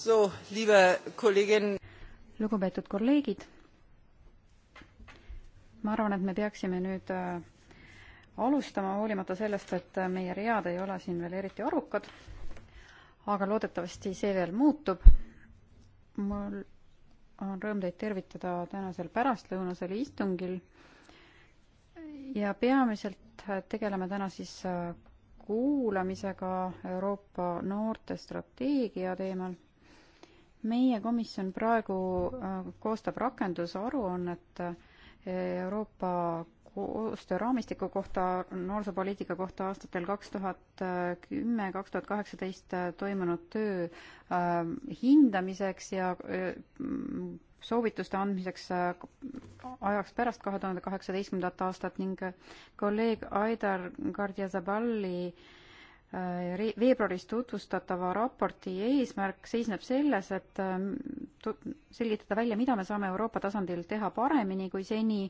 So, liebe Kollegin. lugupeetud kolleegid, ma arvan, et me peaksime nüüd äh, alustama, hoolimata sellest, et äh, meie read ei ole siin veel eriti arvukad, aga loodetavasti see veel muutub. mul on rõõm teid tervitada tänasel pärastlõunasel istungil ja peamiselt äh, tegeleme täna siis kuulamisega Euroopa noortestrateegia teemal meie komisjon praegu äh, koostab rakendusaruannet äh, Euroopa koostööraamistiku kohta, noorsoopoliitika kohta aastatel kaks tuhat kümme, kaks tuhat kaheksateist äh, toimunud töö hindamiseks ja soovituste andmiseks ajaks pärast kahe tuhande kaheksateistkümnendat aastat ning kolleeg Aidar Kardjazaballi äh, Äh, veebruaris tutvustatava raporti eesmärk seisneb selles, et ähm, selgitada välja, mida me saame Euroopa tasandil teha paremini kui seni,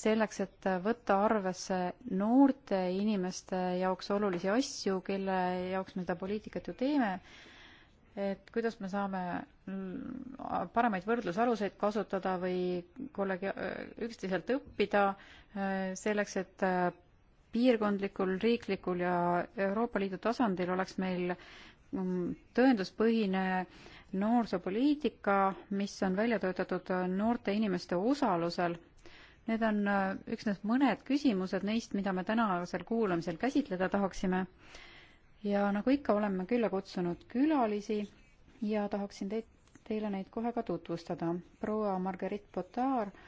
selleks, et võtta arvesse noorte inimeste jaoks olulisi asju, kelle jaoks me seda poliitikat ju teeme, et kuidas me saame äh, paremaid võrdlusaluseid kasutada või kollegi-, üksteiselt õppida äh, selleks, et piirkondlikul, riiklikul ja Euroopa Liidu tasandil oleks meil mm, tõenduspõhine noorsoopoliitika, mis on välja töötatud noorte inimeste osalusel. Need on äh, üksnes mõned küsimused neist, mida me tänasel kuulamisel käsitleda tahaksime. ja nagu ikka, oleme külla kutsunud külalisi ja tahaksin teid, teile neid kohe ka tutvustada. proua Margarit Potar äh,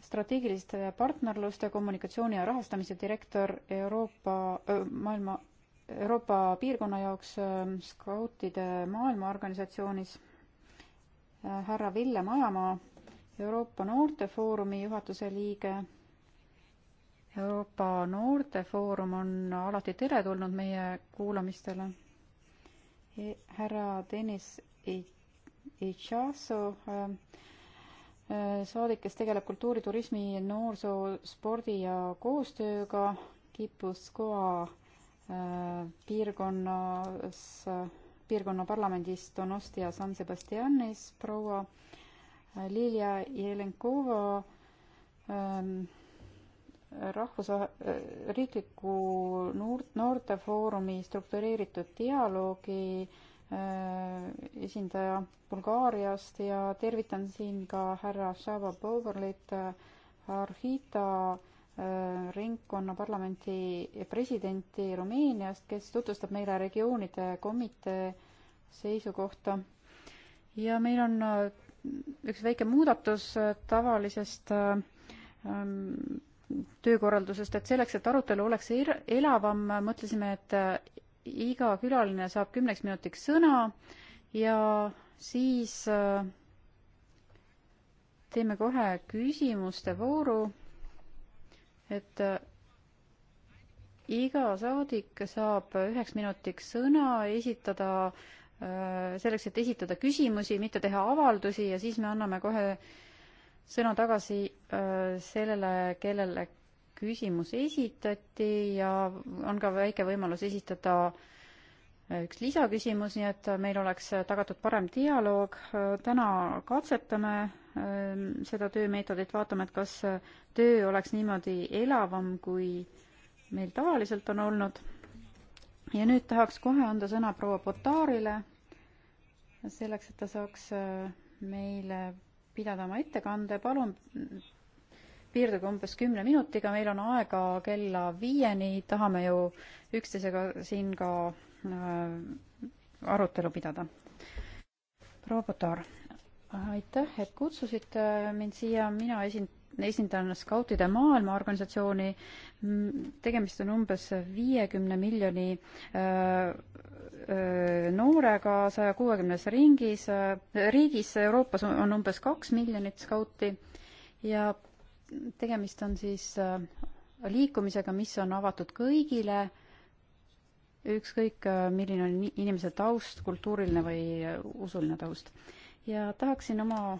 strateegiliste partnerluste, kommunikatsiooni ja rahastamise direktor Euroopa, maailma, Euroopa piirkonna jaoks Skautide Maailmaorganisatsioonis, härra Villem Ajamaa, Euroopa Noortefoorumi juhatuse liige. Euroopa Noortefoorum on alati teretulnud meie kuulamistele. E, härra Deniss Itšaso, saadik, kes tegeleb kultuuri, turismi, noorsoo, spordi ja koostööga, kippus Koa äh, piirkonnas, piirkonna parlamendis Donosti ja San Sebastianis proua äh, Lilia Jelenkova ähm, rahvus-, äh, riikliku noort-, noortefoorumi struktureeritud dialoogi äh, Äh, esindaja Bulgaariast ja tervitan siin ka härra Šava Boverlit, Arhita äh, ringkonnaparlamenti presidenti Rumeeniast, kes tutvustab meile regioonide komitee seisukohta. ja meil on äh, üks väike muudatus tavalisest ähm, töökorraldusest, et selleks, et arutelu oleks elavam, mõtlesime, et iga külaline saab kümneks minutiks sõna ja siis äh, teeme kohe küsimuste vooru, et äh, iga saadik saab üheks minutiks sõna esitada äh, selleks, et esitada küsimusi, mitte teha avaldusi ja siis me anname kohe sõna tagasi sellele, kellele küsimus esitati ja on ka väike võimalus esitada äh, üks lisaküsimus, nii et äh, meil oleks äh, tagatud parem dialoog. täna katsetame ähm, seda töömeetodit, vaatame, et kas töö oleks niimoodi elavam, kui meil tavaliselt on olnud. ja nüüd tahaks kohe anda sõna proua Potaarile, selleks et ta saaks meile pidada oma ettekande. palun piirduge umbes kümne minutiga, meil on aega kella viieni, tahame ju üksteisega siin ka äh, arutelu pidada. proua Potar, aitäh, et kutsusite mind siia, mina esin-, esindan Skautide Maailma organisatsiooni, tegemist on umbes viiekümne miljoni öö, äh, äh, noorega saja kuuekümnes ringis, riigis Euroopas on umbes kaks miljonit skauti ja tegemist on siis äh, liikumisega, mis on avatud kõigile, ükskõik äh, milline on inimese taust, kultuuriline või äh, usuline taust. ja tahaksin oma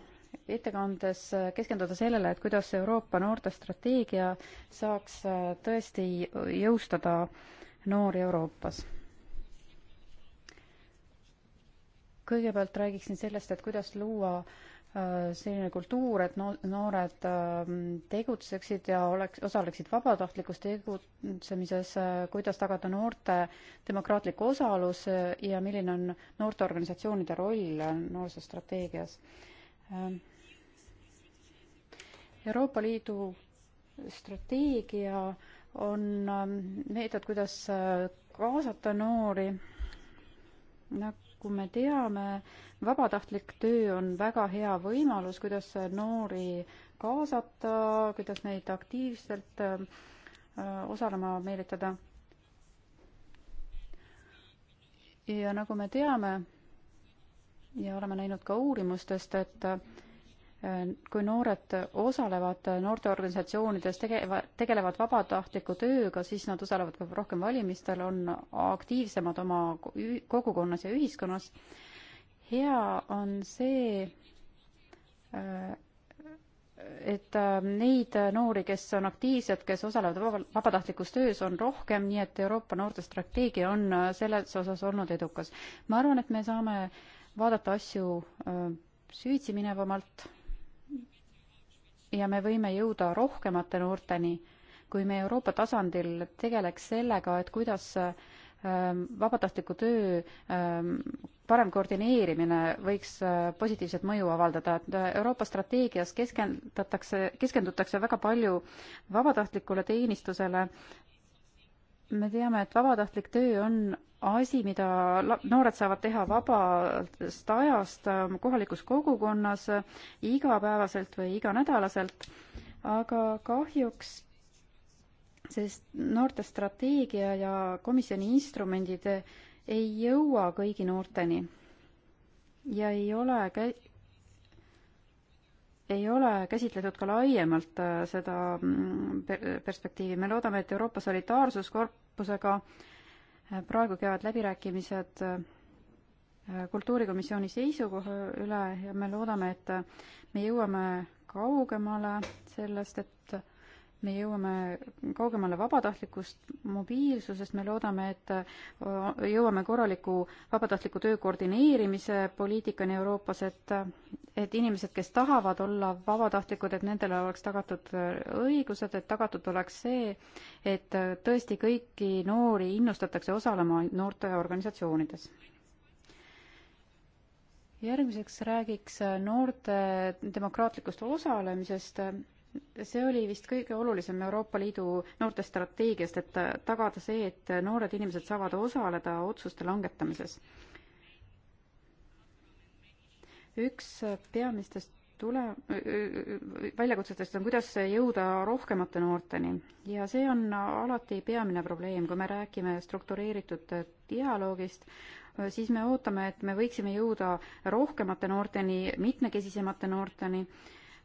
ettekandes keskenduda sellele, et kuidas Euroopa noortestrateegia saaks tõesti jõustada noori Euroopas. kõigepealt räägiksin sellest, et kuidas luua äh, Äh, selline kultuur, et noored ähm, tegutseksid ja oleks, osaleksid vabatahtlikus tegutsemises, äh, kuidas tagada noorte demokraatlik osalus äh, ja milline on noorteorganisatsioonide roll noorsoostrateegias? Ähm, Euroopa Liidu strateegia on ähm, meetod, kuidas kaasata noori, nagu nagu me teame, vabatahtlik töö on väga hea võimalus, kuidas noori kaasata, kuidas neid aktiivselt äh, osalema meelitada. ja nagu me teame ja oleme näinud ka uurimustest, et kui noored osalevad noorteorganisatsioonides, tegevad, tegelevad vabatahtliku tööga, siis nad osalevad ka rohkem valimistel, on aktiivsemad oma kogukonnas ja ühiskonnas. hea on see, äh, et äh, neid noori, kes on aktiivsed, kes osalevad vabatahtlikus töös, on rohkem, nii et Euroopa noortestrateegia on äh, selles osas olnud edukas. ma arvan, et me saame vaadata asju süüdsi minevamalt ja me võime jõuda rohkemate noorteni, kui me Euroopa tasandil tegeleks sellega, et kuidas ähm, vabatahtliku töö ähm, parem koordineerimine võiks äh, positiivset mõju avaldada, et äh, Euroopa strateegias keskendatakse, keskendutakse väga palju vabatahtlikule teenistusele me teame, et vabatahtlik töö on asi, mida noored saavad teha vabast ajast ähm, kohalikus kogukonnas igapäevaselt või iganädalaselt, aga kahjuks sest noorte strateegia ja komisjoni instrumendid ei jõua kõigi noorteni ja ei ole ei ole käsitletud ka laiemalt äh, seda mm, perspektiivi. me loodame, et Euroopa Solidaarsuskorpusega äh, praegu käivad läbirääkimised äh, kultuurikomisjoni seisukoha üle ja me loodame, et me jõuame kaugemale sellest, et me jõuame kaugemale vabatahtlikust mobiilsusest, me loodame, et äh, jõuame korraliku vabatahtliku töö koordineerimise poliitikani Euroopas, et et inimesed, kes tahavad olla vabatahtlikud, et nendele oleks tagatud äh, õigused, et tagatud oleks see, et äh, tõesti kõiki noori innustatakse osalema noorteorganisatsioonides. järgmiseks räägiks noorte demokraatlikust osalemisest see oli vist kõige olulisem Euroopa Liidu noortestrateegiast, et tagada see, et noored inimesed saavad osaleda otsuste langetamises. üks peamistest tule-, väljakutsetest on, kuidas jõuda rohkemate noorteni. ja see on alati peamine probleem, kui me räägime struktureeritud dialoogist, siis me ootame, et me võiksime jõuda rohkemate noorteni, mitmekesisemate noorteni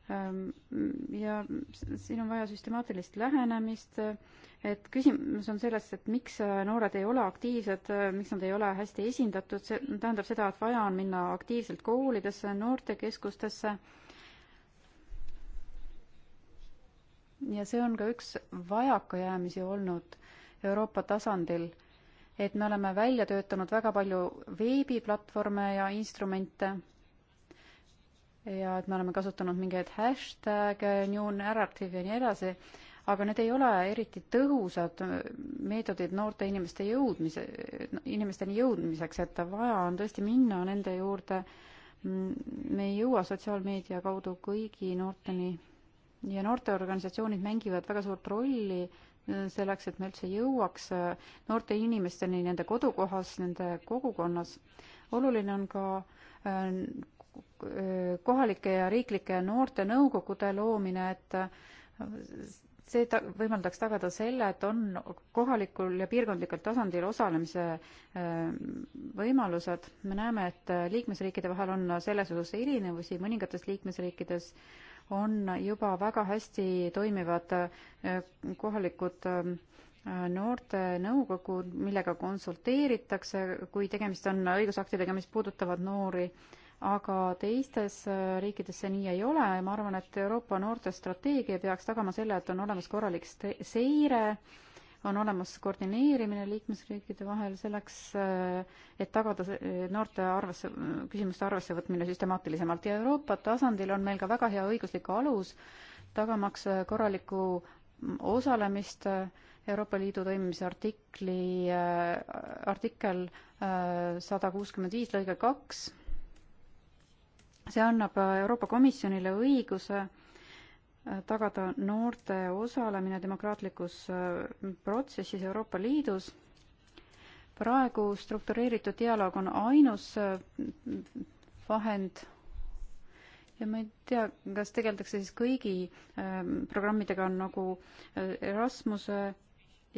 Ehm, ja siin on vaja süstemaatilist lähenemist, et küsimus on selles, et miks äh, noored ei ole aktiivsed, äh, miks nad ei ole hästi esindatud, see tähendab seda, et vaja on minna aktiivselt koolidesse, noortekeskustesse. ja see on ka üks vajakajäämisi olnud Euroopa tasandil, et me oleme välja töötanud väga palju veebiplatvorme ja instrumente ja et me oleme kasutanud mingeid hashtag'e, new narrative ja nii edasi, aga need ei ole eriti tõhusad meetodid noorte inimeste jõudmise, inimesteni jõudmiseks, et vaja on tõesti minna nende juurde. me ei jõua sotsiaalmeedia kaudu kõigi noorteni ja noorteorganisatsioonid mängivad väga suurt rolli selleks, et me üldse jõuaks noorte inimesteni nende kodukohas, nende kogukonnas. oluline on ka kohalike ja riiklike noortenõukogude loomine, et äh, see ta-, võimaldaks tagada selle, et on kohalikul ja piirkondlikul tasandil osalemise äh, võimalused. me näeme, et äh, liikmesriikide vahel on selles osas erinevusi, mõningates liikmesriikides on juba väga hästi toimivad kohalikud noortenõukogud, millega konsulteeritakse, kui tegemist on õigusaktidega, mis puudutavad noori aga teistes äh, riikides see nii ei ole ja ma arvan, et Euroopa noortestrateegia peaks tagama selle, et on olemas korralik seire, on olemas koordineerimine liikmesriikide vahel selleks, äh, et tagada noorte arvesse, küsimuste arvessevõtmine süstemaatilisemalt ja Euroopa tasandil on meil ka väga hea õiguslik alus, tagamaks äh, korralikku mm, osalemist Euroopa Liidu toimimise artikli, artikkel sada kuuskümmend viis lõige kaks see annab Euroopa Komisjonile õiguse äh, tagada noorte osalemine demokraatlikus äh, protsessis Euroopa Liidus. praegu struktureeritud dialoog on ainus äh, vahend ja ma ei tea, kas tegeldakse siis kõigi programmidega nagu Erasmuse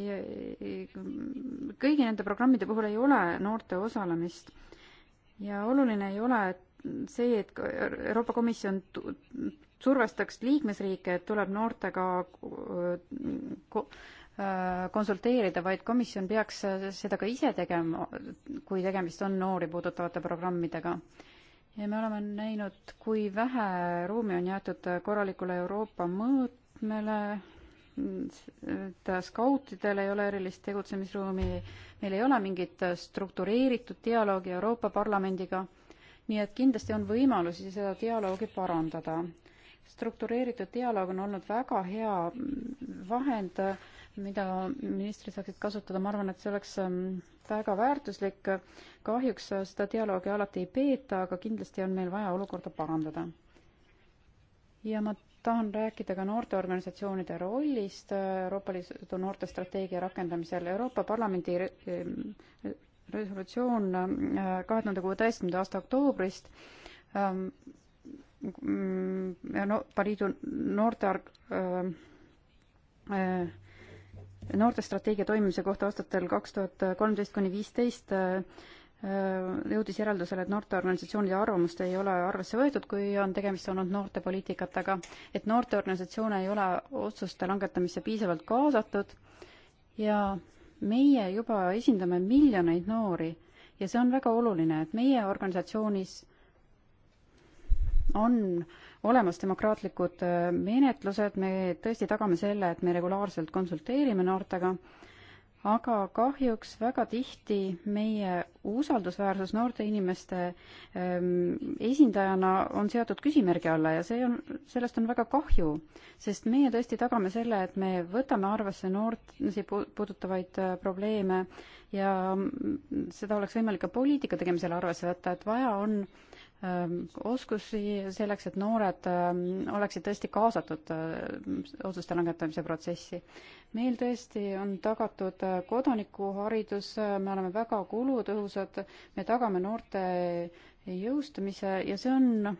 ja kõigi nende programmide puhul ei ole noorte osalemist ja oluline ei ole, et see, et Euroopa Komisjon survestaks liikmesriike, et tuleb noortega äh, konsulteerida, vaid komisjon peaks seda ka ise tegema, kui tegemist on noori puudutavate programmidega. ja me oleme näinud, kui vähe ruumi on jäetud korralikule Euroopa mõõtmele, et skautidel ei ole erilist tegutsemisruumi, meil ei ole mingit struktureeritud dialoogi Euroopa Parlamendiga nii et kindlasti on võimalusi seda dialoogi parandada. struktureeritud dialoog on olnud väga hea vahend, mida ministrid saaksid kasutada, ma arvan, et see oleks ähm, väga väärtuslik. kahjuks seda dialoogi alati ei peeta, aga kindlasti on meil vaja olukorda parandada. ja ma tahan rääkida ka noorteorganisatsioonide rollist Euroopa Liidu noortestrateegia rakendamisel. Euroopa Parlamendi resolutsioon äh, kahe tuhande kuueteistkümnenda aasta oktoobrist ähm, mm, Euroopa Liidu noorte äh, äh, noortestrateegia toimimise kohta aastatel kaks tuhat kolmteist kuni viisteist jõudis järeldusele, et noorteorganisatsioonide arvamust ei ole arvesse võetud, kui on tegemist olnud noortepoliitikatega, et noorteorganisatsioone ei ole otsuste langetamisse piisavalt kaasatud ja meie juba esindame miljoneid noori ja see on väga oluline, et meie organisatsioonis on olemas demokraatlikud äh, menetlused, me tõesti tagame selle, et me regulaarselt konsulteerime noortega aga kahjuks väga tihti meie usaldusväärsus noorte inimeste ähm, esindajana on seatud küsimärgi alla ja see on, sellest on väga kahju, sest meie tõesti tagame selle, et me võtame arvesse noortesi puudutavaid äh, probleeme ja mm, seda oleks võimalik ka poliitika tegemisel arvesse võtta, et vaja on äh, oskusi selleks, et noored oleksid tõesti kaasatud otsuste langetamise protsessi. meil tõesti on tagatud kodanikuharidus, me oleme väga kulutõhusad, me tagame noorte jõustumise ja see on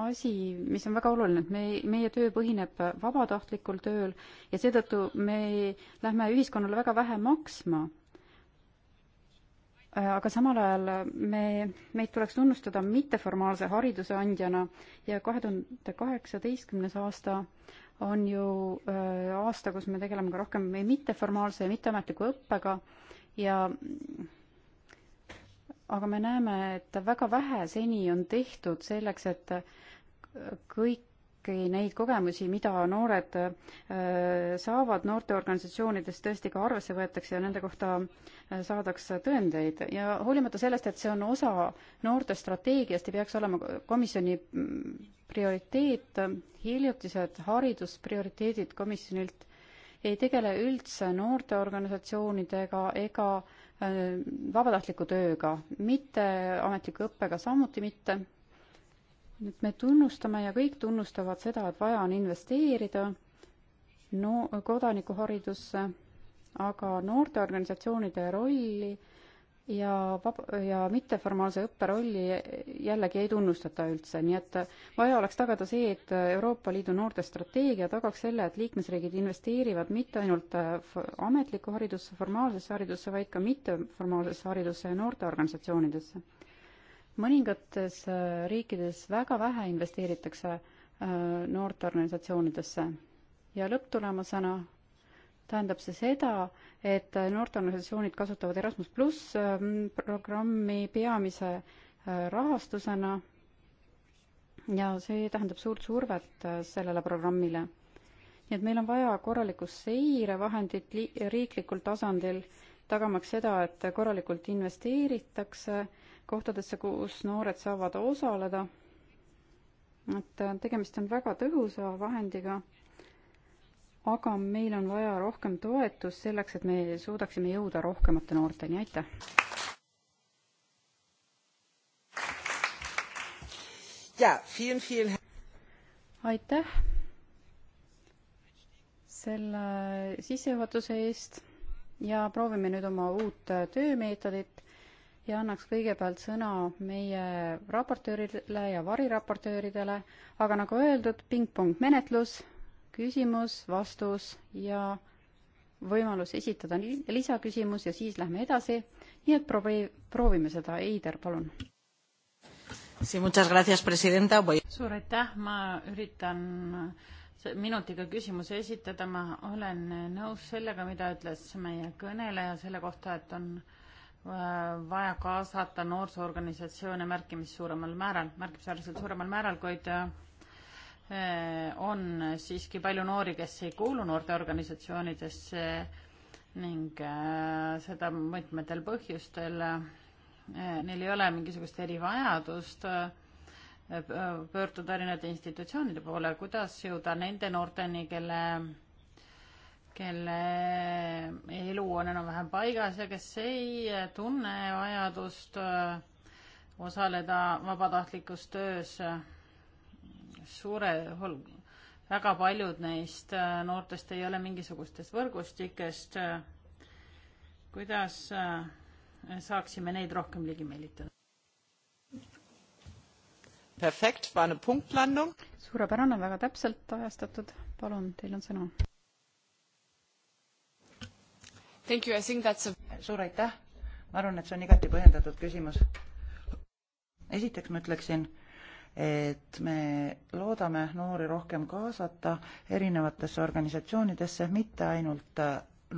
asi, mis on väga oluline, et me, meie töö põhineb vabatahtlikul tööl ja seetõttu me lähme ühiskonnale väga vähe maksma Äh, aga samal ajal me, meid tuleks tunnustada mitteformaalse hariduse andjana ja kahe tuhande kaheksateistkümnes aasta on ju äh, aasta, kus me tegeleme ka rohkem mitteformaalse ja mitteametliku õppega ja aga me näeme, et väga vähe seni on tehtud selleks, et kõik kõiki neid kogemusi, mida noored äh, saavad noorteorganisatsioonides, tõesti ka arvesse võetakse ja nende kohta äh, saadakse tõendeid ja hoolimata sellest, et see on osa noortestrateegiast ja peaks olema komisjoni mm, prioriteet, hiljutised haridusprioriteedid komisjonilt ei tegele üldse noorteorganisatsioonidega ega äh, vabatahtliku tööga, mitte ametliku õppega samuti mitte et me tunnustame ja kõik tunnustavad seda, et vaja on investeerida no kodanikuharidusse, aga noorteorganisatsioonide rolli ja vab-, ja mitteformaalse õppe rolli jällegi ei tunnustata üldse, nii et vaja oleks tagada see, et Euroopa Liidu noortestrateegia tagaks selle, et liikmesriigid investeerivad mitte ainult äh, ametlikku haridusse, formaalsesse haridusse, vaid ka mitteformaalsesse haridusse ja noorteorganisatsioonidesse mõningates äh, riikides väga vähe investeeritakse äh, noorteorganisatsioonidesse ja lõpptulemusena tähendab see seda, et äh, noorteorganisatsioonid kasutavad Erasmus pluss programmi peamise rahastusena ja see tähendab suurt survet sellele programmile. nii et meil on vaja korralikku seirevahendit riiklikul tasandil, tagamaks seda, et korralikult investeeritakse äh, kohtadesse, kus noored saavad osaleda. et äh, tegemist on väga tõhusa vahendiga, aga meil on vaja rohkem toetust selleks, et me suudaksime jõuda rohkemate noorteni, aitäh! jaa, vielen, vielen aitäh selle sissejuhatuse eest ja proovime nüüd oma uut töömeetodit ja annaks kõigepealt sõna meie raportöörile ja variraportööridele, aga nagu öeldud, pingpong menetlus, küsimus, vastus ja võimalus esitada lisaküsimus ja siis lähme edasi. nii et proovi, proovime seda. Eider, palun. suur aitäh, ma üritan minutiga küsimuse esitada, ma olen nõus sellega, mida ütles meie kõneleja selle kohta, et on äh, vaja kaasata noorsoorganisatsioone märkimist suuremal määral, märkimisväärselt suuremal määral, kuid eh, on siiski palju noori, kes ei kuulu noorteorganisatsioonidesse ning eh, seda mitmetel põhjustel. Eh, neil ei ole mingisugust erivajadust pöörduda erinevate institutsioonide poole, kuidas jõuda nende noorteni, kelle kelle elu on enam-vähem paigas ja kes ei tunne vajadust äh, osaleda vabatahtlikus töös. suure hol-, väga paljud neist äh, noortest ei ole mingisugustest võrgustikest. kuidas äh, saaksime neid rohkem ligi meelitada? perfekt, suurepärane, väga täpselt ajastatud. palun, teil on sõna suur aitäh, ma arvan, et see on igati põhjendatud küsimus. esiteks ma ütleksin, et me loodame noori rohkem kaasata erinevatesse organisatsioonidesse, mitte ainult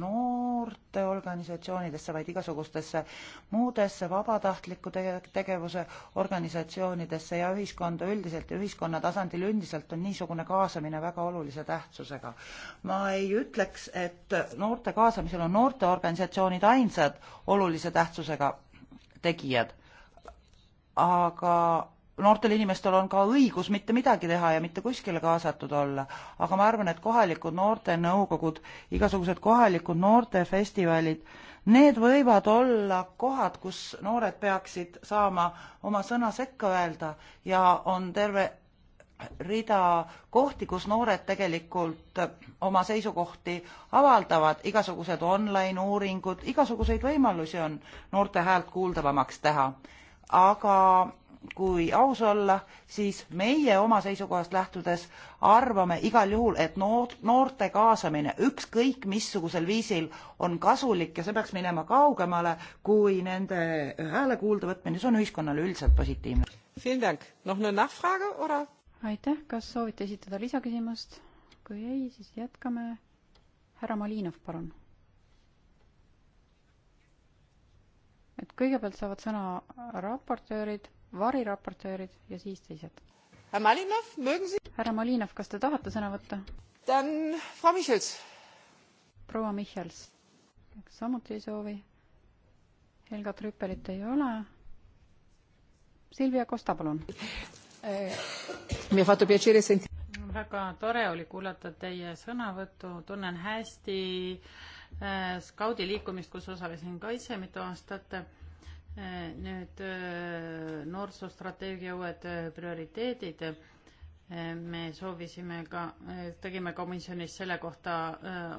noorteorganisatsioonidesse, vaid igasugustesse muudesse vabatahtliku tegevuse organisatsioonidesse ja ühiskonda üldiselt ja ühiskonna tasandil üldiselt on niisugune kaasamine väga olulise tähtsusega. ma ei ütleks, et noorte kaasamisel on noorteorganisatsioonid ainsad olulise tähtsusega tegijad, aga noortel inimestel on ka õigus mitte midagi teha ja mitte kuskile kaasatud olla, aga ma arvan, et kohalikud noortenõukogud, igasugused kohalikud noortefestivalid, need võivad olla kohad, kus noored peaksid saama oma sõna sekka öelda ja on terve rida kohti, kus noored tegelikult oma seisukohti avaldavad, igasugused online uuringud, igasuguseid võimalusi on noorte häält kuuldavamaks teha. aga kui aus olla, siis meie oma seisukohast lähtudes arvame igal juhul, et noor, noorte kaasamine ükskõik missugusel viisil on kasulik ja see peaks minema kaugemale kui nende hääle kuulda võtmine, see on ühiskonnale üldiselt positiivne. aitäh, kas soovite esitada lisaküsimust? kui ei, siis jätkame. härra Malinov, palun. et kõigepealt saavad sõna raportöörid variraportöörid ja siis teised. härra Malinov, kas te tahate sõna võtta? proua Michals, samuti ei soovi. Helga Trüppelit ei ole. Silvia Kosta, palun. väga tore oli kuulata teie sõnavõttu, tunnen hästi äh, skaudi liikumist, kus osalesin ka ise mitu aastat nüüd äh, noorsoostrateegia uued äh, prioriteedid. Äh, me soovisime ka, tegime komisjonis selle kohta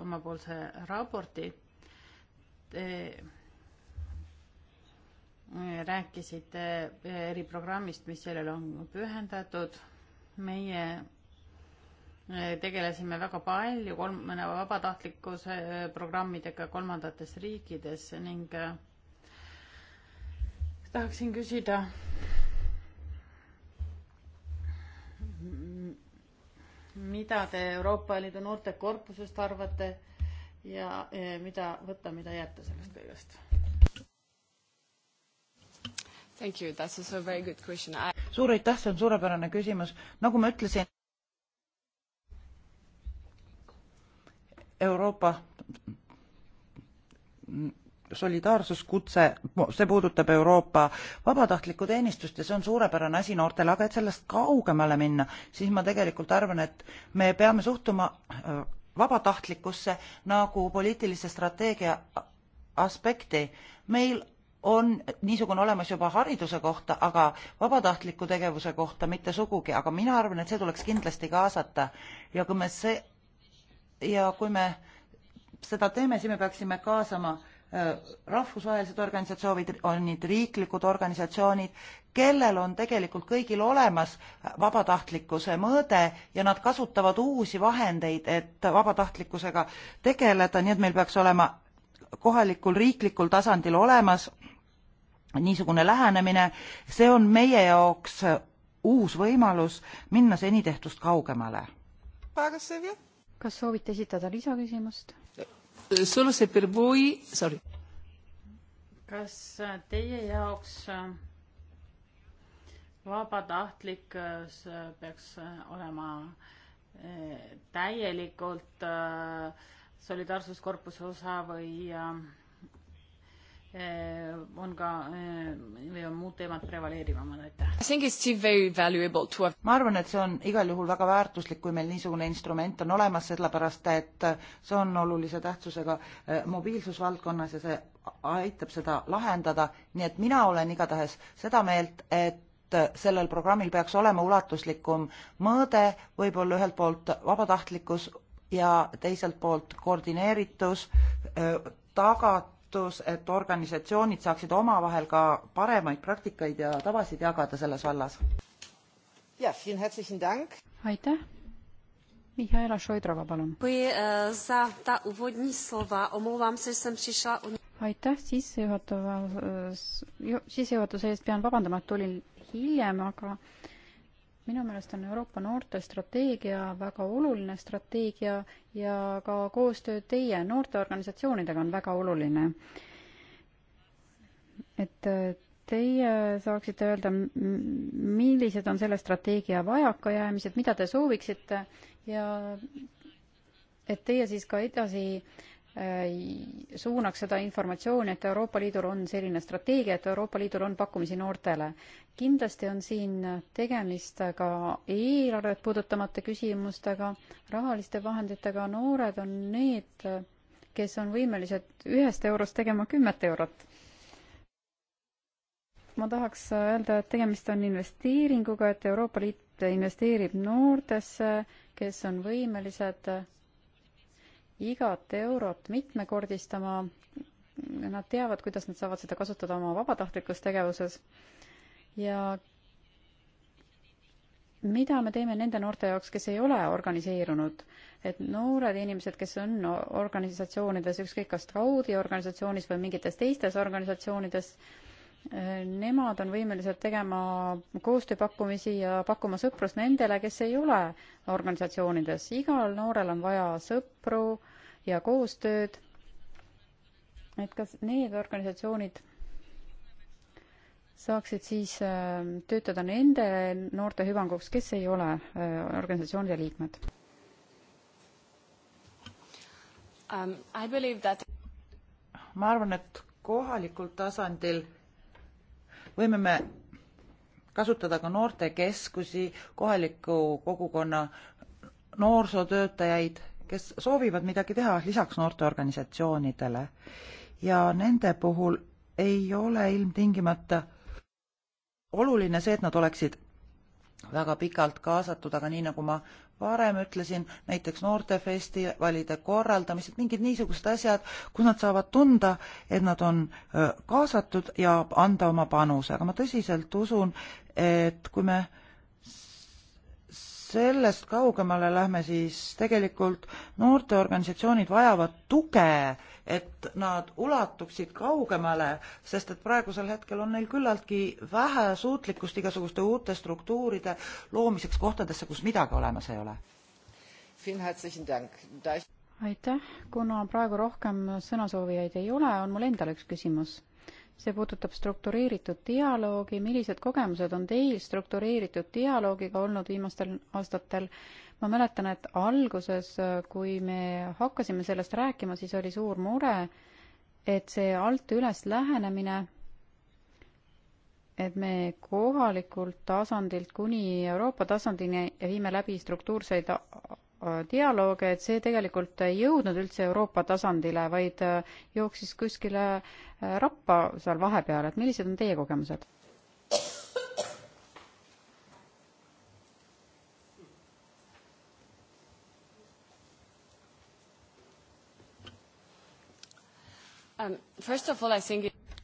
omapoolse raporti. Te rääkisite eriprogrammist, mis sellele on pühendatud. meie tegelesime väga palju kolm-, vabatahtlikkuse programmidega kolmandates riikides ning äh, tahaksin küsida. mida te Euroopa Liidu noortekorpusest arvate ja eh, mida võtta, mida jätta sellest kõigest? Thank you, that is a very good question I.... suur aitäh, see on suurepärane küsimus. nagu ma ütlesin, Euroopa solidaarsuskutse, see puudutab Euroopa vabatahtlikku teenistust ja see on suurepärane asi noortele, aga et sellest kaugemale minna, siis ma tegelikult arvan, et me peame suhtuma äh, vabatahtlikkusse nagu poliitilise strateegia aspekti. meil on niisugune olemas juba hariduse kohta, aga vabatahtliku tegevuse kohta mitte sugugi, aga mina arvan, et see tuleks kindlasti kaasata ja kui me see ja kui me seda teeme, siis me peaksime kaasama Äh, rahvusvahelised organisatsioonid, on need riiklikud organisatsioonid, kellel on tegelikult kõigil olemas vabatahtlikkuse mõõde ja nad kasutavad uusi vahendeid, et vabatahtlikkusega tegeleda, nii et meil peaks olema kohalikul riiklikul tasandil olemas niisugune lähenemine, see on meie jaoks uus võimalus minna seni tehtust kaugemale. kas soovite esitada lisaküsimust? solo se per voi, sorry. kas teie jaoks äh, vabatahtlik äh, peaks äh, olema täielikult solidaarsuskorpuse osa või Eh, on ka eh, või on muud teemad prevaleerivamad, aitäh. ma arvan, et see on igal juhul väga väärtuslik, kui meil niisugune instrument on olemas, sellepärast et see on olulise tähtsusega eh, mobiilsusvaldkonnas ja see aitab seda lahendada, nii et mina olen igatahes seda meelt, et sellel programmil peaks olema ulatuslikum mõõde, võib-olla ühelt poolt vabatahtlikkus ja teiselt poolt koordineeritus, tagat-, kohtus, et organisatsioonid saaksid omavahel ka paremaid praktikaid ja tavasid jagada selles vallas. aitäh. Mihaela Šoidrova, palun. Eh, aitäh sissejuhatava, eh, sissejuhatuse eest pean vabandama, et tulin hiljem, aga äh, minu meelest on Euroopa noortestrateegia väga oluline strateegia ja ka koostöö teie noorteorganisatsioonidega on väga oluline. et äh, teie saaksite öelda, millised on selle strateegia vajakajäämised, mida te sooviksite ja et teie siis ka edasi Äh, suunaks seda informatsiooni, et Euroopa Liidul on selline strateegia, et Euroopa Liidul on pakkumisi noortele. kindlasti on siin tegemist ka eelarvet puudutamata küsimustega, rahaliste vahenditega, noored on need, kes on võimelised ühest eurost tegema kümmet eurot. ma tahaks öelda, et tegemist on investeeringuga, et Euroopa Liit investeerib noortesse, kes on võimelised igat eurot mitmekordistama. Nad teavad, kuidas nad saavad seda kasutada oma vabatahtlikus tegevuses ja mida me teeme nende noorte jaoks, kes ei ole organiseerunud, et noored inimesed, kes on organisatsioonides, ükskõik kas kaudiorganisatsioonis või mingites teistes organisatsioonides, nemad on võimelised tegema koostööpakkumisi ja pakkuma sõprust nendele, kes ei ole organisatsioonides. igal noorel on vaja sõpru ja koostööd. et kas need organisatsioonid saaksid siis äh, töötada nende noorte hüvanguks, kes ei ole äh, organisatsioonide liikmed um,? That... ma arvan, et kohalikul tasandil võime me kasutada ka noortekeskusi, kohaliku kogukonna noorsootöötajaid, kes soovivad midagi teha lisaks noorteorganisatsioonidele. ja nende puhul ei ole ilmtingimata oluline see, et nad oleksid väga pikalt kaasatud, aga nii, nagu ma varem ütlesin, näiteks noortefestivalide korraldamised, mingid niisugused asjad, kus nad saavad tunda, et nad on kaasatud ja anda oma panuse, aga ma tõsiselt usun, et kui me sellest kaugemale lähme, siis tegelikult noorteorganisatsioonid vajavad tuge et nad ulatuksid kaugemale, sest et praegusel hetkel on neil küllaltki vähe suutlikkust igasuguste uute struktuuride loomiseks kohtadesse, kus midagi olemas ei ole. aitäh, kuna praegu rohkem sõnasoovijaid ei ole, on mul endal üks küsimus see puudutab struktureeritud dialoogi, millised kogemused on teil struktureeritud dialoogiga olnud viimastel aastatel ma mäletan, et alguses, kui me hakkasime sellest rääkima, siis oli suur mure, et see alt üles lähenemine, et me kohalikult tasandilt kuni Euroopa tasandini viime läbi struktuurseid äh, dialoog, et see tegelikult ei jõudnud üldse Euroopa tasandile, vaid äh, jooksis kuskile äh, rappa seal vahepeal, et millised on teie kogemused?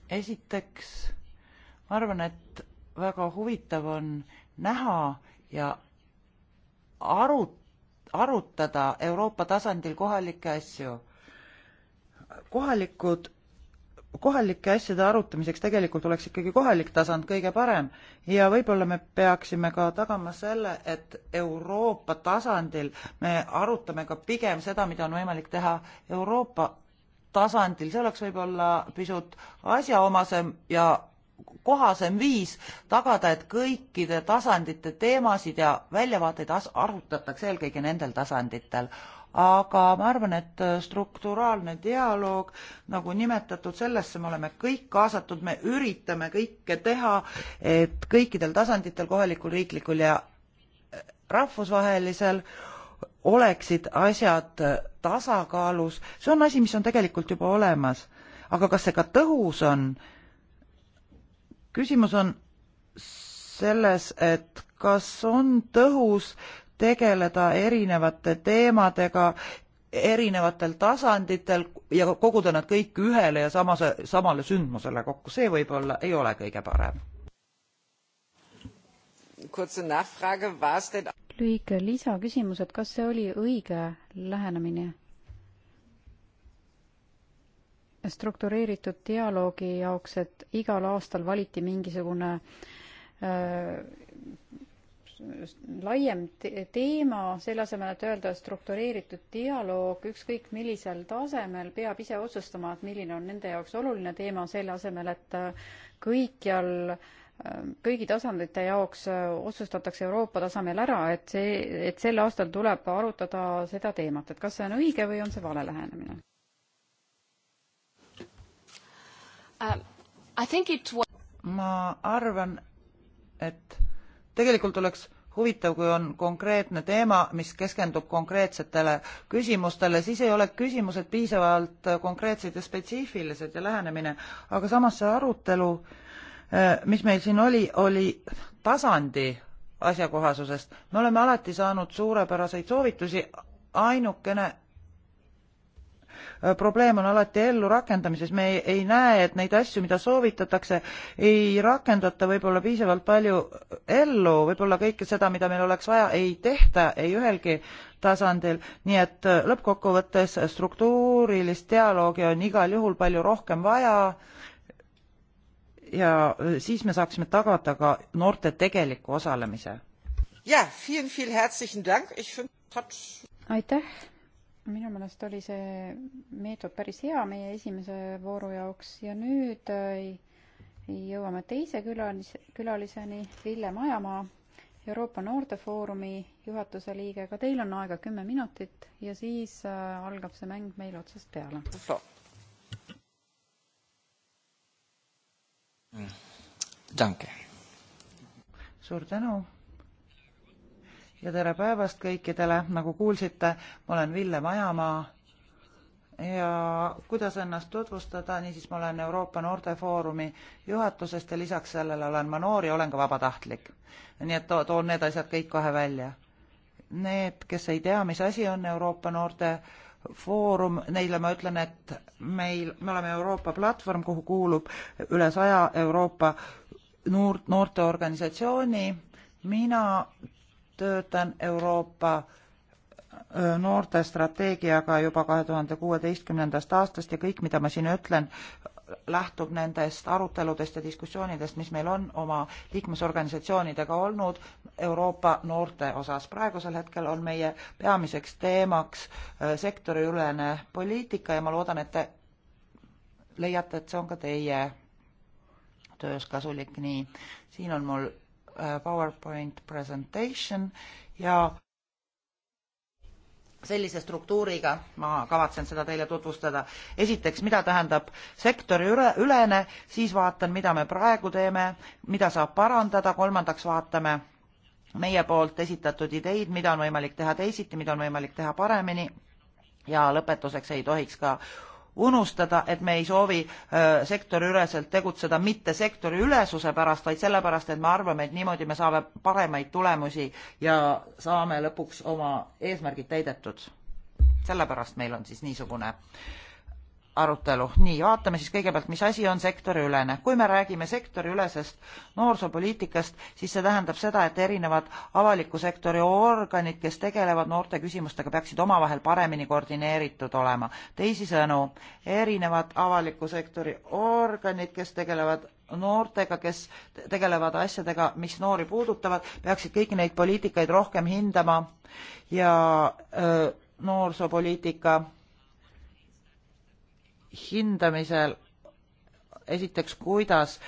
esiteks, ma arvan, et väga huvitav on näha ja aru, arutada Euroopa tasandil kohalikke asju. kohalikud, kohalike asjade arutamiseks tegelikult oleks ikkagi kohalik tasand kõige parem ja võib-olla me peaksime ka tagama selle, et Euroopa tasandil me arutame ka pigem seda, mida on võimalik teha Euroopa tasandil, see oleks võib-olla pisut asjaomasem ja kohasem viis tagada, et kõikide tasandite teemasid ja väljavaateid arutatakse eelkõige nendel tasanditel. aga ma arvan, et äh, strukturaalne dialoog, nagu nimetatud, sellesse me oleme kõik kaasatud, me üritame kõike teha, et kõikidel tasanditel, kohalikul, riiklikul ja äh, rahvusvahelisel äh, oleksid asjad äh, tasakaalus, see on asi, mis on tegelikult juba olemas. aga kas see ka tõhus on? küsimus on selles, et kas on tõhus tegeleda erinevate teemadega erinevatel tasanditel ja koguda nad kõik ühele ja samas, samale sündmusele kokku, see võib-olla ei ole kõige parem lühike lisaküsimus, et kas see oli õige lähenemine? struktureeritud dialoogi jaoks, et igal aastal valiti mingisugune äh, laiem teema, selle asemel, et öelda struktureeritud dialoog ükskõik millisel tasemel, peab ise otsustama, et milline on nende jaoks oluline teema, selle asemel, et äh, kõikjal äh, kõigi tasandite jaoks äh, otsustatakse Euroopa tasemel ära, et see, et sel aastal tuleb arutada seda teemat, et kas see on õige või on see vale lähenemine uh,? ma arvan, et tegelikult oleks huvitav, kui on konkreetne teema, mis keskendub konkreetsetele küsimustele, siis ei ole küsimused piisavalt konkreetsed ja spetsiifilised ja lähenemine, aga samas see arutelu äh, Äh, mis meil siin oli, oli tasandi asjakohasusest. me oleme alati saanud suurepäraseid soovitusi, ainukene äh, probleem on alati ellurakendamises, me ei, ei näe, et neid asju, mida soovitatakse, ei rakendata võib-olla piisavalt palju äh, ellu, võib-olla kõike seda, mida meil oleks vaja, ei tehta ei ühelgi tasandil, nii et lõppkokkuvõttes struktuurilist dialoogi on igal juhul palju rohkem vaja ja äh, siis me saaksime tagada ka noorte tegeliku osalemise. aitäh, minu meelest oli see meetod päris hea meie esimese vooru jaoks ja nüüd äh, jõuame teise külalis, külaliseni, Ville Majamaa, Euroopa Noortefoorumi juhatuse liige, ka teil on aega kümme minutit ja siis äh, algab see mäng meil otsast peale. Mm. Danke. suur tänu ja tere päevast kõikidele, nagu kuulsite, ma olen Ville Majamaa ja kuidas ennast tutvustada, niisiis ma olen Euroopa Noortefoorumi juhatusest ja lisaks sellele olen ma noor ja olen ka vabatahtlik. nii et to toon need asjad kõik kohe välja. Need, kes ei tea, mis asi on Euroopa Noorte Foorum, neile ma ütlen, et meil, me oleme Euroopa platvorm, kuhu kuulub üle saja Euroopa noor, noorteorganisatsiooni. mina töötan Euroopa äh, noortestrateegiaga juba kahe tuhande kuueteistkümnendast aastast ja kõik, mida ma siin ütlen, lähtub nendest aruteludest ja diskussioonidest, mis meil on oma liikmesorganisatsioonidega olnud Euroopa noorte osas. praegusel hetkel on meie peamiseks teemaks äh, sektoriülene poliitika ja ma loodan, et te leiate, et see on ka teie töös kasulik, nii. siin on mul äh, PowerPoint presentation ja sellise struktuuriga, ma kavatsen seda teile tutvustada. esiteks, mida tähendab sektori üle, ülene, siis vaatan, mida me praegu teeme, mida saab parandada, kolmandaks vaatame meie poolt esitatud ideid, mida on võimalik teha teisiti, mida on võimalik teha paremini ja lõpetuseks ei tohiks ka unustada, et me ei soovi sektoriüleselt tegutseda mitte sektoriülesuse pärast, vaid sellepärast, et me arvame, et niimoodi me saame paremaid tulemusi ja saame lõpuks oma eesmärgid täidetud. sellepärast meil on siis niisugune äh, arutelu. nii, vaatame siis kõigepealt, mis asi on sektoriülene. kui me räägime sektoriülesest noorsoopoliitikast, siis see tähendab seda, et erinevad avaliku sektori organid, kes tegelevad noorte küsimustega, peaksid omavahel paremini koordineeritud olema. teisisõnu, erinevad avaliku sektori organid, kes tegelevad noortega, kes tegelevad asjadega, mis noori puudutavad, peaksid kõiki neid poliitikaid rohkem hindama ja öö, noorsoopoliitika hindamisel esiteks, kuidas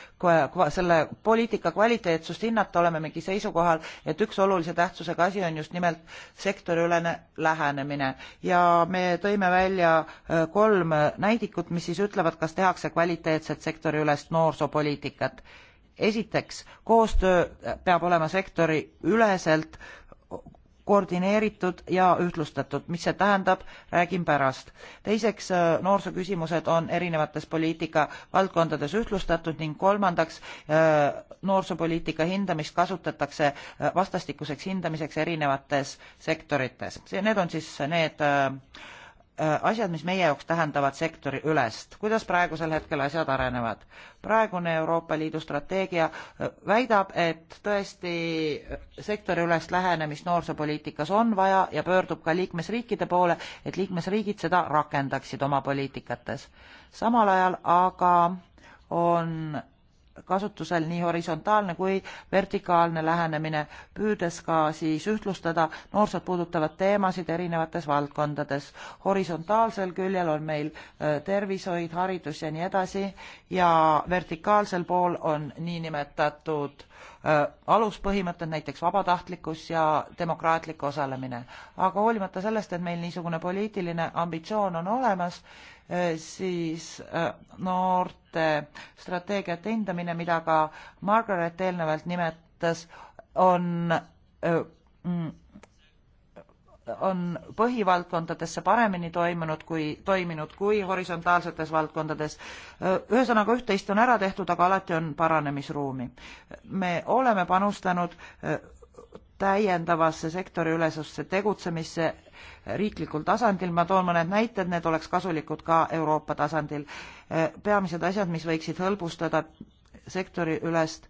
selle poliitika kvaliteetsust hinnata, oleme mingi seisukohal, et üks olulise tähtsusega asi on just nimelt sektoriülene lähenemine ja me tõime välja äh, kolm näidikut, mis siis ütlevad, kas tehakse kvaliteetset sektoriülest noorsoopoliitikat. esiteks, koostöö peab olema sektoriüleselt koordineeritud ja ühtlustatud, mis see tähendab, räägin pärast. teiseks, äh, noorsooküsimused on erinevates poliitika valdkondades ühtlustatud ning kolmandaks, äh, noorsoopoliitika hindamist kasutatakse äh, vastastikuseks hindamiseks erinevates sektorites. see, need on siis need Äh, asjad, mis meie jaoks tähendavad sektori ülest. kuidas praegusel hetkel asjad arenevad? praegune Euroopa Liidu strateegia äh, väidab, et tõesti äh, sektoriülest lähenemist noorsoopoliitikas on vaja ja pöördub ka liikmesriikide poole, et liikmesriigid seda rakendaksid oma poliitikates. samal ajal aga on kasutusel nii horisontaalne kui vertikaalne lähenemine, püüdes ka siis ühtlustada noorsoolt puudutavad teemasid erinevates valdkondades. horisontaalsel küljel on meil tervishoid, haridus ja nii edasi ja vertikaalsel pool on niinimetatud aluspõhimõtted, näiteks vabatahtlikkus ja demokraatlik osalemine. aga hoolimata sellest, et meil niisugune poliitiline ambitsioon on olemas, siis noort uute strateegiate hindamine, mida ka Margaret eelnevalt nimetas, on mm, on põhivaldkondadesse paremini toimunud kui, toiminud kui horisontaalsetes valdkondades. ühesõnaga, üht-teist on ära tehtud, aga alati on paranemisruumi. me oleme panustanud täiendavasse sektoriülesesse tegutsemisse riiklikul tasandil. ma toon mõned näited, need oleks kasulikud ka Euroopa tasandil. Eh, peamised asjad, mis võiksid hõlbustada sektoriülest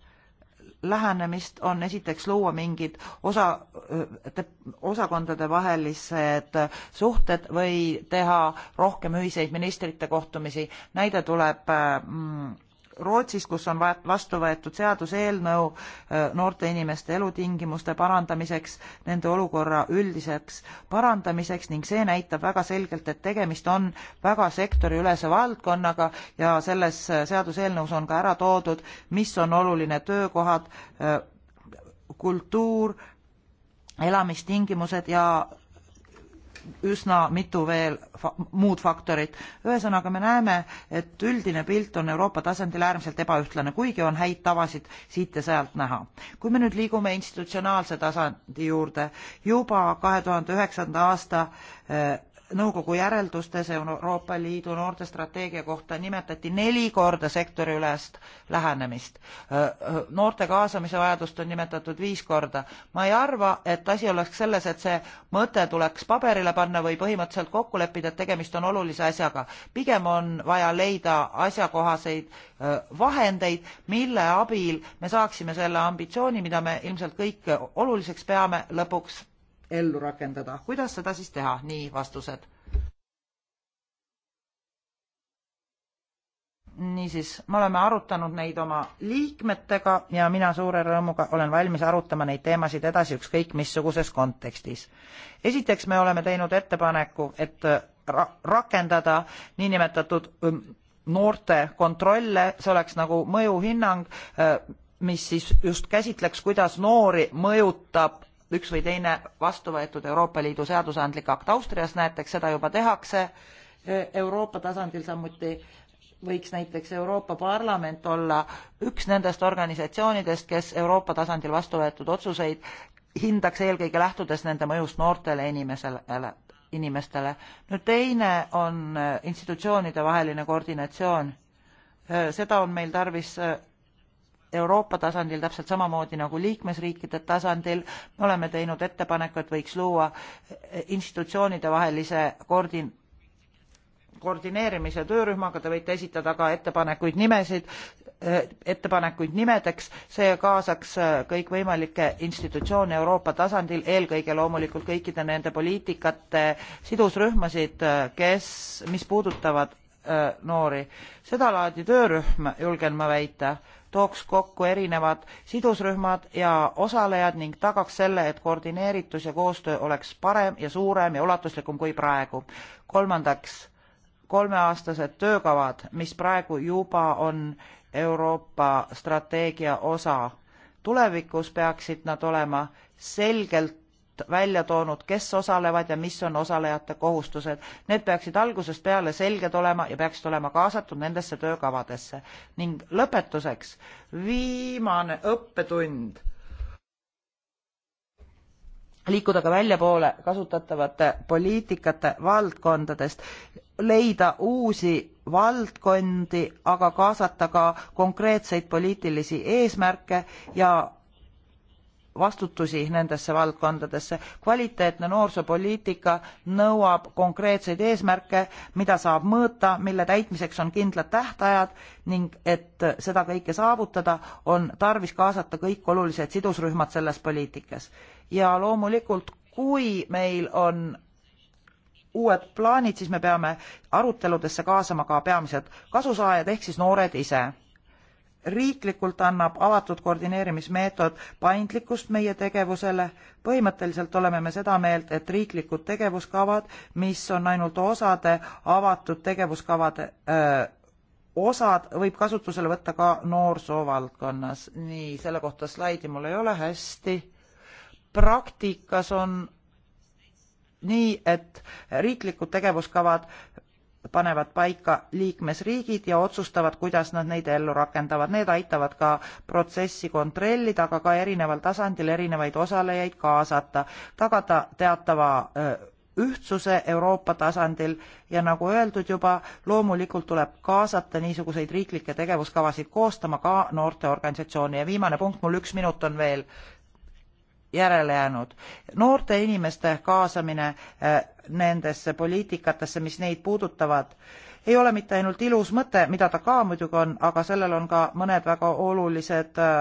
lähenemist, on esiteks luua mingid osa, eh, osakondade vahelised suhted või teha rohkem ühiseid ministrite kohtumisi. näide tuleb eh, mm, Rootsis, kus on vastu võetud seaduseelnõu äh, noorte inimeste elutingimuste parandamiseks, nende olukorra üldiseks parandamiseks ning see näitab väga selgelt, et tegemist on väga sektoriülese valdkonnaga ja selles äh, seaduseelnõus on ka ära toodud, mis on oluline töökohad, äh, kultuur, elamistingimused ja üsna mitu veel fa muud faktorit. ühesõnaga, me näeme, et üldine pilt on Euroopa tasandil äärmiselt ebaühtlane, kuigi on häid tavasid siit ja sealt näha. kui me nüüd liigume institutsionaalse tasandi juurde, juba kahe tuhande üheksanda aasta äh, nõukogu järeldustes Euroopa Liidu noortestrateegia kohta nimetati neli korda sektoriülest lähenemist. noorte kaasamise vajadust on nimetatud viis korda. ma ei arva, et asi oleks selles, et see mõte tuleks paberile panna või põhimõtteliselt kokku leppida, et tegemist on olulise asjaga. pigem on vaja leida asjakohaseid vahendeid, mille abil me saaksime selle ambitsiooni, mida me ilmselt kõik oluliseks peame, lõpuks ellu rakendada. kuidas seda siis teha? nii, vastused. niisiis, me oleme arutanud neid oma liikmetega ja mina suure rõõmuga olen valmis arutama neid teemasid edasi ükskõik missuguses kontekstis. esiteks me oleme teinud ettepaneku, et ra-, rakendada niinimetatud ähm, noorte kontrolle, see oleks nagu mõjuhinnang, äh, mis siis just käsitleks, kuidas noori mõjutab üks või teine vastu võetud Euroopa Liidu seadusandlik akt Austrias, näiteks seda juba tehakse e, Euroopa tasandil samuti võiks näiteks Euroopa Parlament olla üks nendest organisatsioonidest, kes Euroopa tasandil vastu võetud otsuseid hindaks eelkõige lähtudes nende mõjust noortele inimesele, inimestele. nüüd teine on institutsioonide vaheline koordinatsioon. E, seda on meil tarvis e, Euroopa tasandil täpselt samamoodi nagu liikmesriikide tasandil me oleme teinud ettepaneku, et võiks luua institutsioonide vahelise koordin-, koordineerimise töörühmaga, te võite esitada ka ettepanekuid nimesid, ettepanekuid nimedeks, see kaasaks kõikvõimalikke institutsioone Euroopa tasandil, eelkõige loomulikult kõikide nende poliitikate sidusrühmasid, kes, mis puudutavad äh, noori. sedalaadi töörühm, julgen ma väita tooks kokku erinevad sidusrühmad ja osalejad ning tagaks selle, et koordineeritus ja koostöö oleks parem ja suurem ja ulatuslikum kui praegu. kolmandaks, kolmeaastased töökavad, mis praegu juba on Euroopa strateegia osa. tulevikus peaksid nad olema selgelt välja toonud, kes osalevad ja mis on osalejate kohustused. Need peaksid algusest peale selged olema ja peaksid olema kaasatud nendesse töökavadesse. ning lõpetuseks viimane õppetund. liikuda ka väljapoole kasutatavate poliitikate valdkondadest, leida uusi valdkondi, aga kaasata ka konkreetseid poliitilisi eesmärke ja vastutusi nendesse valdkondadesse. kvaliteetne noorsoopoliitika nõuab konkreetseid eesmärke, mida saab mõõta, mille täitmiseks on kindlad tähtajad ning et seda kõike saavutada, on tarvis kaasata kõik olulised sidusrühmad selles poliitikas. ja loomulikult, kui meil on uued plaanid, siis me peame aruteludesse kaasama ka peamised kasusaajad ehk siis noored ise riiklikult annab avatud koordineerimismeetod paindlikkust meie tegevusele. põhimõtteliselt oleme me seda meelt, et riiklikud tegevuskavad, mis on ainult osade avatud tegevuskavade öö, osad, võib kasutusele võtta ka noorsoovaldkonnas. nii, selle kohta slaidi mul ei ole hästi. praktikas on nii, et riiklikud tegevuskavad panevad paika liikmesriigid ja otsustavad, kuidas nad neid ellu rakendavad. Need aitavad ka protsessi kontrollida, aga ka erineval tasandil erinevaid osalejaid kaasata, tagada teatava ühtsuse Euroopa tasandil ja nagu öeldud juba, loomulikult tuleb kaasata niisuguseid riiklikke tegevuskavasid koostama ka noorteorganisatsioone ja viimane punkt, mul üks minut on veel, järele jäänud. noorte inimeste kaasamine eh, nendesse poliitikatesse, mis neid puudutavad, ei ole mitte ainult ilus mõte, mida ta ka muidugi on, aga sellel on ka mõned väga olulised eh,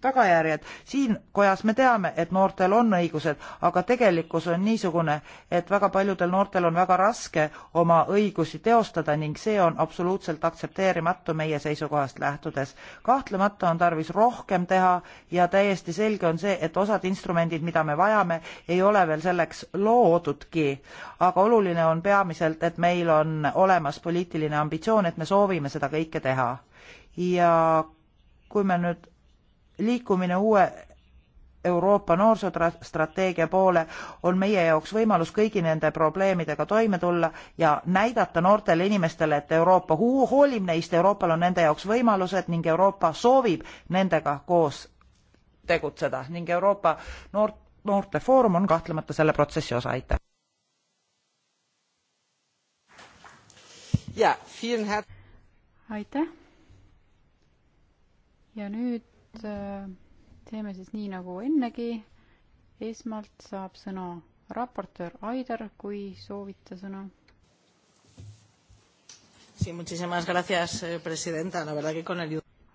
tagajärjed. siin kojas me teame, et noortel on õigused, aga tegelikkus on niisugune, et väga paljudel noortel on väga raske oma õigusi teostada ning see on absoluutselt aktsepteerimatu meie seisukohast lähtudes. kahtlemata on tarvis rohkem teha ja täiesti selge on see, et osad instrumendid, mida me vajame, ei ole veel selleks loodudki. aga oluline on peamiselt, et meil on olemas poliitiline ambitsioon, et me soovime seda kõike teha. ja kui me nüüd liikumine uue Euroopa noorsoostrateegia poole on meie jaoks võimalus kõigi nende probleemidega toime tulla ja näidata noortele inimestele, et Euroopa hoolib neist, Euroopal on nende jaoks võimalused ning Euroopa soovib nendega koos tegutseda ning Euroopa noort, noortefoorum on kahtlemata selle protsessi osa, aitäh. aitäh. ja nüüd nüüd äh, teeme siis nii nagu ennegi. esmalt saab sõna raportöör Aidar, kui soovite sõna. Eh,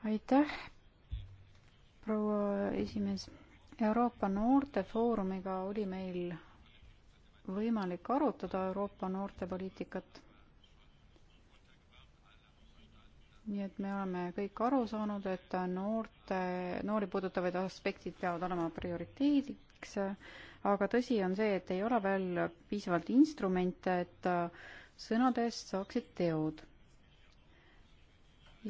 aitäh, proua esimees. Euroopa Noortefoorumiga oli meil võimalik arutada Euroopa noortepoliitikat nii et me oleme kõik aru saanud, et noorte, noori puudutavad aspektid peavad olema prioriteediks, aga tõsi on see, et ei ole veel piisavalt instrumente, et sõnadest saaksid teod.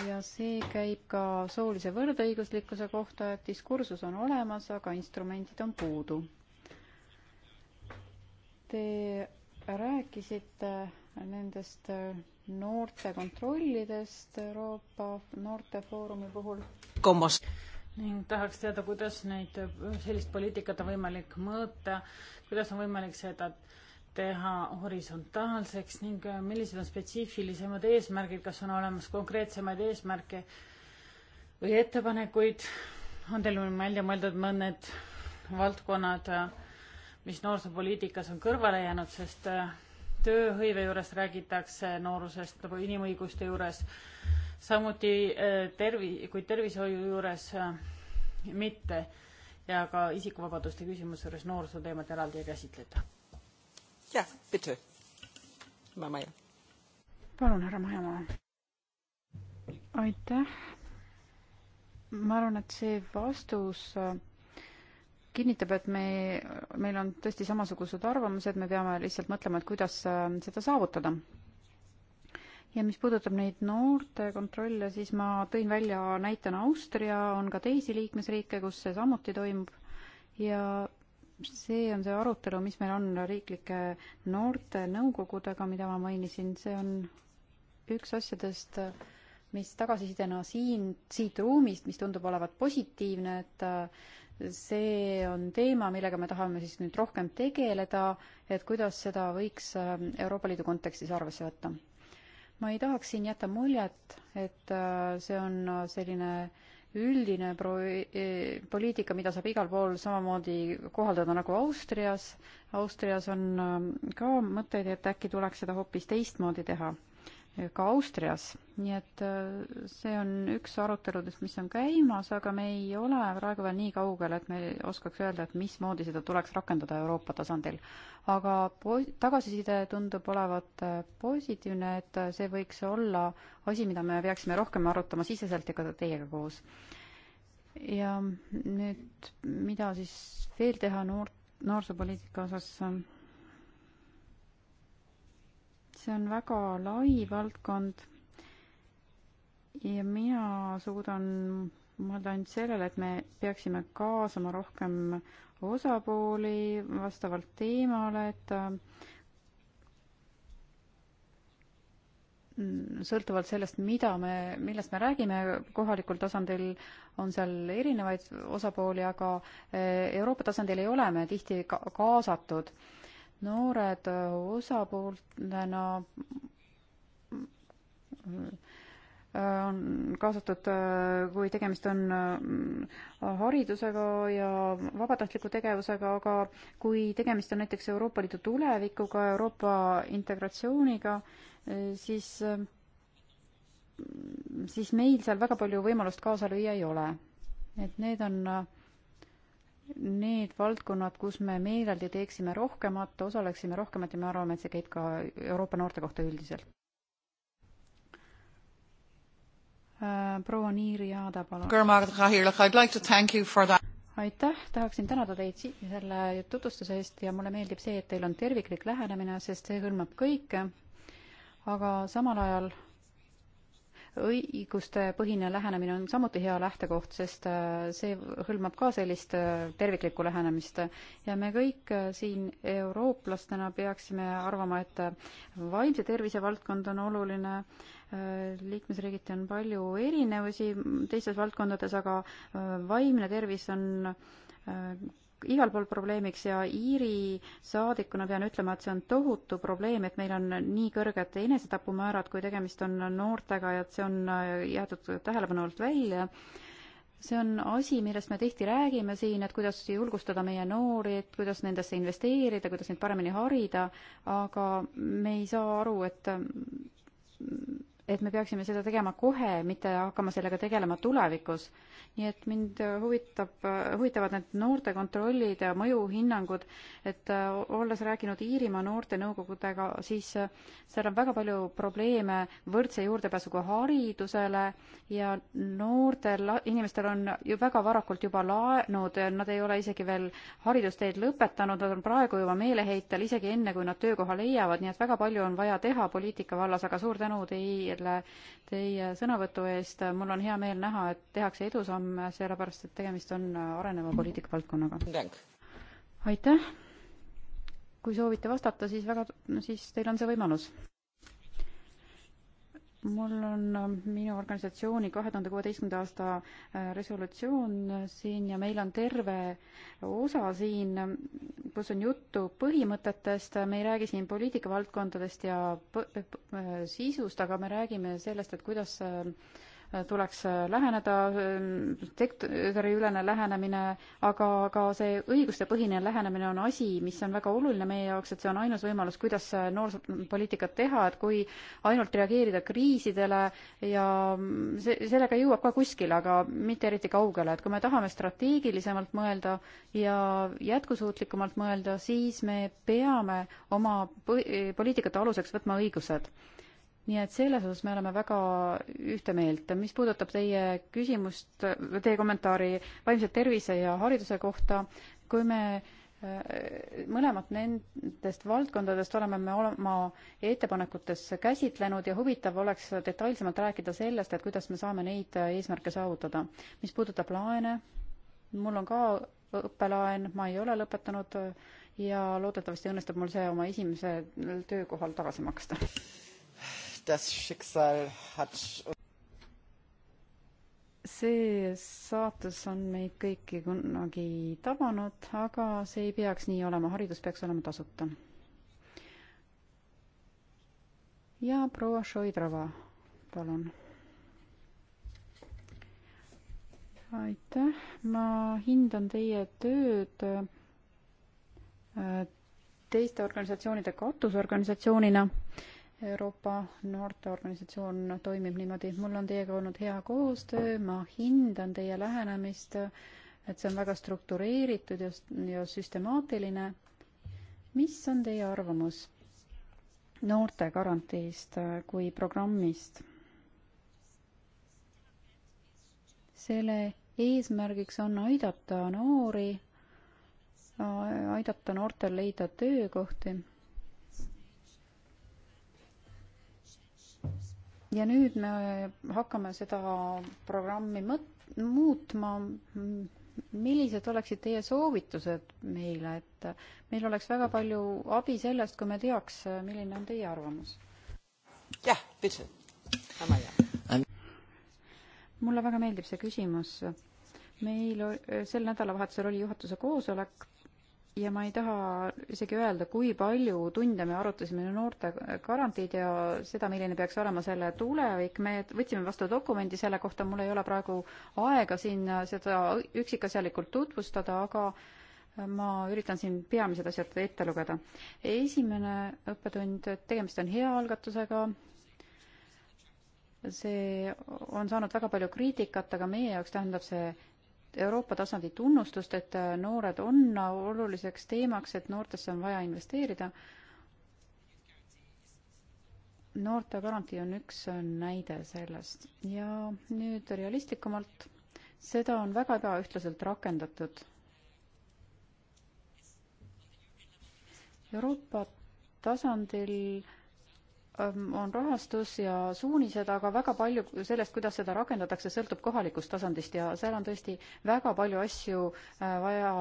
ja see käib ka soolise võrdõiguslikkuse kohta, et diskursus on olemas, aga instrumendid on puudu. Te rääkisite nendest noorte kontrollidest Euroopa Noortefoorumi puhul. ning tahaks teada, kuidas neid, sellist poliitikat on võimalik mõõta, kuidas on võimalik seda teha horisontaalseks ning millised on spetsiifilisemad eesmärgid, kas on olemas konkreetsemaid eesmärke või ettepanekuid, on teil välja mõeldud mõned valdkonnad, mis noorsoopoliitikas on kõrvale jäänud, sest tööhõive juures räägitakse noorusest või inimõiguste juures, samuti eh, tervi-, kuid tervishoiu juures eh, mitte ja ka isikuvabaduste küsimuse juures noorsooteemat eraldi ei käsitleta. jah, bitte, ma Maia. palun, härra Majamaa. aitäh. ma arvan, et see vastus kinnitab, et me, meil on tõesti samasugused arvamused, me peame lihtsalt mõtlema, et kuidas äh, seda saavutada. ja mis puudutab neid noorte kontrolle, siis ma tõin välja näitena Austria, on ka teisi liikmesriike, kus see samuti toimub ja see on see arutelu, mis meil on riiklike noortenõukogudega, mida ma mainisin, see on üks asjadest, mis tagasisidena siin, siit ruumist, mis tundub olevat positiivne, et äh, see on teema, millega me tahame siis nüüd rohkem tegeleda, et kuidas seda võiks ähm, Euroopa Liidu kontekstis arvesse võtta. ma ei tahaks siin jätta muljet, et äh, see on äh, selline üldine pro-, e, poliitika, mida saab igal pool samamoodi kohaldada nagu Austrias. Austrias on ähm, ka mõtteid, et äkki tuleks seda hoopis teistmoodi teha ka Austrias. nii et äh, see on üks aruteludest, mis on käimas, aga me ei ole praegu veel nii kaugel, et me oskaks öelda, et mismoodi seda tuleks rakendada Euroopa tasandil. aga tagasiside tundub olevat äh, positiivne, et äh, see võiks olla asi, mida me peaksime rohkem arutama siseselt ja ka teiega koos. ja nüüd, mida siis veel teha noor, noorsoopoliitika osas? see on väga lai valdkond ja mina suudan mõelda ainult sellele, et me peaksime kaasama rohkem osapooli vastavalt teemale, et mm, sõltuvalt sellest, mida me, millest me räägime, kohalikul tasandil on seal erinevaid osapooli, aga eh, Euroopa tasandil ei ole me tihti ka kaasatud noored osapoolena on kaasatud, kui tegemist on mm, haridusega ja vabatahtliku tegevusega, aga kui tegemist on näiteks Euroopa Liidu tulevikuga, Euroopa integratsiooniga, siis, siis meil seal väga palju võimalust kaasa lüüa ei ole. et need on äh, need valdkonnad, kus me meeleldi teeksime rohkemat, osaleksime rohkemat ja me arvame, et see käib ka Euroopa noorte kohta üldiselt. Äh, proua Niiri Aada, palun. aitäh, tahaksin tänada teid selle tutvustuse eest ja mulle meeldib see, et teil on terviklik lähenemine, sest see hõlmab kõike, aga samal ajal õigustepõhine lähenemine on samuti hea lähtekoht, sest äh, see hõlmab ka sellist äh, terviklikku lähenemist. ja me kõik äh, siin eurooplastena peaksime arvama, et vaimse tervise valdkond on oluline, liikmesriigiti on palju erinevusi teistes valdkondades, aga vaimne tervis on igal pool probleemiks ja Iiri saadikuna pean ütlema, et see on tohutu probleem, et meil on nii kõrged enesetapumäärad, kui tegemist on noortega ja et see on äh, jäetud tähelepanu alt välja. see on asi, millest me tihti räägime siin, et kuidas julgustada meie noori, et kuidas nendesse investeerida, kuidas neid paremini harida, aga me ei saa aru, et et me peaksime seda tegema kohe, mitte hakkama sellega tegelema tulevikus. nii et mind huvitab, huvitavad need noortekontrollid ja mõjuhinnangud, et äh, olles rääkinud Iirimaa noortenõukogudega, siis äh, seal on väga palju probleeme võrdse juurdepääsuga haridusele ja noortel inimestel on ju väga varakult juba laenud, nad ei ole isegi veel haridusteed lõpetanud, nad on praegu juba meeleheitel, isegi enne, kui nad töökoha leiavad, nii et väga palju on vaja teha poliitika vallas, aga suur tänu teie Peeterile teie sõnavõtu eest. mul on hea meel näha, et tehakse edusamme, sellepärast et tegemist on areneva poliitikavaldkonnaga. aitäh! kui soovite vastata, siis väga, siis teil on see võimalus mul on äh, minu organisatsiooni kahe tuhande kuueteistkümnenda aasta äh, resolutsioon siin ja meil on terve osa siin, kus on juttu põhimõtetest, me ei räägi siin poliitikavaldkondadest ja äh, sisust, aga me räägime sellest, et kuidas äh, tuleks äh, läheneda, ähm, sektoriülene lähenemine, aga ka see õigustepõhine lähenemine on asi, mis on väga oluline meie jaoks, et see on ainus võimalus, kuidas äh, noorsoopoliitikat teha, et kui ainult reageerida kriisidele ja mm, see, sellega jõuab ka kuskile, aga mitte eriti kaugele, et kui me tahame strateegilisemalt mõelda ja jätkusuutlikumalt mõelda, siis me peame oma poliitikate aluseks võtma õigused nii et selles osas me oleme väga ühte meelt. mis puudutab teie küsimust, teie kommentaari vaimse tervise ja hariduse kohta, kui me äh, mõlemat nendest valdkondadest oleme me oma ettepanekutes käsitlenud ja huvitav oleks detailsemalt rääkida sellest, et kuidas me saame neid eesmärke saavutada. mis puudutab laene, mul on ka õppelaen, ma ei ole lõpetanud ja loodetavasti õnnestub mul see oma esimesel töökohal tagasi maksta das Schicksal hat see saatus on meid kõiki kunagi tabanud, aga see ei peaks nii olema, haridus peaks olema tasuta. ja proua Šoidrova, palun. aitäh, ma hindan teie tööd äh, teiste organisatsioonide katusorganisatsioonina ka Euroopa noorteorganisatsioon toimib niimoodi. mul on teiega olnud hea koostöö, ma hindan teie lähenemist, et see on väga struktureeritud ja, ja süstemaatiline. mis on teie arvamus noortegarantiist kui programmist? selle eesmärgiks on aidata noori, aidata noortel leida töökohti ja nüüd me hakkame seda programmi mõt-, muutma. millised oleksid teie soovitused meile, et meil oleks väga palju abi sellest, kui me teaks, milline on teie arvamus? jah, Pitsen, sama hea. mulle väga meeldib see küsimus. meil sel nädalavahetusel oli juhatuse koosolek ja ma ei taha isegi öelda, kui palju tunde me arutasime noorte garantiid ja seda, milline peaks olema selle tulevik. me võtsime vastu dokumendi selle kohta, mul ei ole praegu aega siin seda üksikasjalikult tutvustada, aga ma üritan siin peamised asjad ette lugeda. esimene õppetund, et tegemist on hea algatusega, see on saanud väga palju kriitikat, aga meie jaoks tähendab see Euroopa tasandi tunnustust, et äh, noored on oluliseks teemaks, et noortesse on vaja investeerida. noortegarantii on üks äh, näide sellest ja nüüd realistlikumalt, seda on väga ebaühtlaselt rakendatud. Euroopa tasandil on rahastus ja suunised, aga väga palju sellest, kuidas seda rakendatakse, sõltub kohalikust tasandist ja seal on tõesti väga palju asju vaja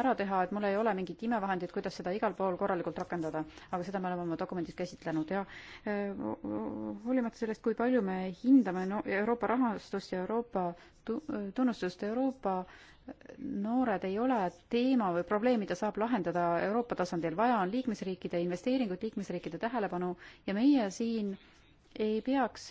ära teha, et mul ei ole mingit imevahendit, kuidas seda igal pool korralikult rakendada. aga seda me oleme oma dokumendis käsitlenud ja hoolimata sellest, kui palju me hindame no, Euroopa rahastust ja Euroopa tunnustust, Euroopa noored ei ole teema või probleem, mida saab lahendada Euroopa tasandil, vaja on liikmesriikide investeeringuid, liikmesriikide tähelepanu ja meie siin ei peaks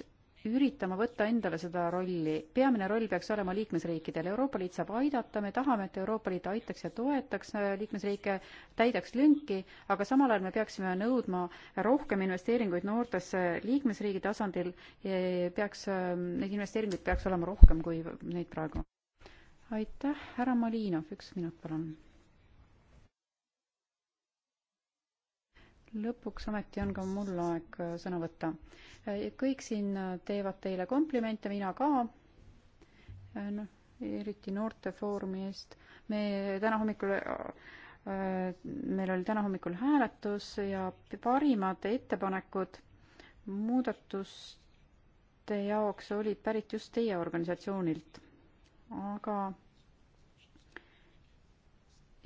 üritama võtta endale seda rolli, peamine roll peaks olema liikmesriikidel, Euroopa Liit saab aidata, me tahame, et Euroopa Liit aitaks ja toetaks äh, liikmesriike, täidaks lünki, aga samal ajal me peaksime nõudma rohkem investeeringuid noortesse liikmesriigi tasandil, peaks, äh, neid investeeringuid peaks olema rohkem, kui neid praegu on aitäh, härra Malinov, üks minut, palun. lõpuks ometi on ka mul aeg äh, sõna võtta. Äh, kõik siin äh, teevad teile komplimente, mina ka. noh, eriti noortefoorumi eest. me täna hommikul meil oli täna hommikul hääletus ja parimad ettepanekud muudatuste jaoks olid pärit just teie organisatsioonilt aga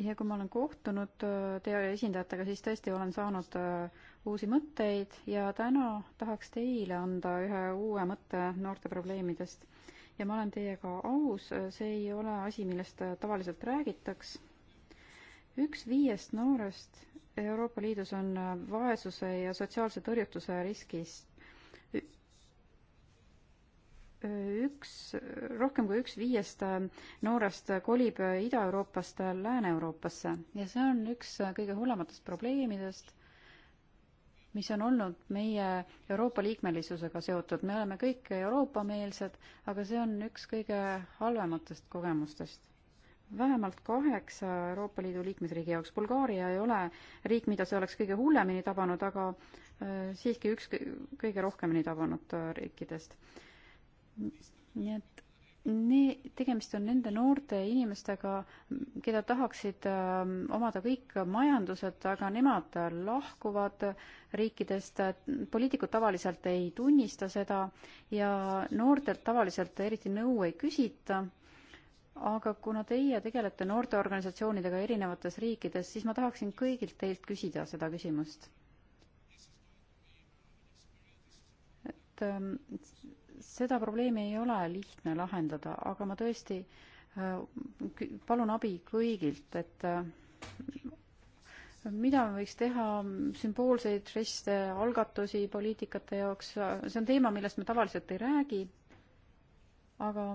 ja kui ma olen kohtunud äh, teie esindajatega, siis tõesti olen saanud äh, uusi mõtteid ja täna tahaks teile anda ühe uue mõtte noorte probleemidest. ja ma olen teiega aus, äh, see ei ole asi, millest tavaliselt räägitaks. üks viiest noorest Euroopa Liidus on vaesuse ja sotsiaalse tõrjutuse riskist üks, rohkem kui üks viiest noorest kolib Ida-Euroopast Lääne-Euroopasse ja see on üks kõige hullematest probleemidest, mis on olnud meie Euroopa liikmelisusega seotud. me oleme kõik Euroopa-meelsed, aga see on üks kõige halvematest kogemustest. vähemalt kaheksa Euroopa Liidu liikmesriigi jaoks. Bulgaaria ei ole riik, mida see oleks kõige hullemini tabanud, aga äh, siiski üks kõige rohkemini tabanud äh, riikidest nii et nii, tegemist on nende noorte inimestega, keda tahaksid äh, omada kõik majandused, aga nemad lahkuvad riikidest, poliitikud tavaliselt ei tunnista seda ja noortelt tavaliselt eriti nõu ei küsita, aga kuna teie tegelete noorteorganisatsioonidega erinevates riikides, siis ma tahaksin kõigilt teilt küsida seda küsimust. et äh, seda probleemi ei ole lihtne lahendada, aga ma tõesti äh, palun abi kõigilt, et äh, mida võiks teha, sümboolseid žeste, algatusi poliitikate jaoks, see on teema, millest me tavaliselt ei räägi, aga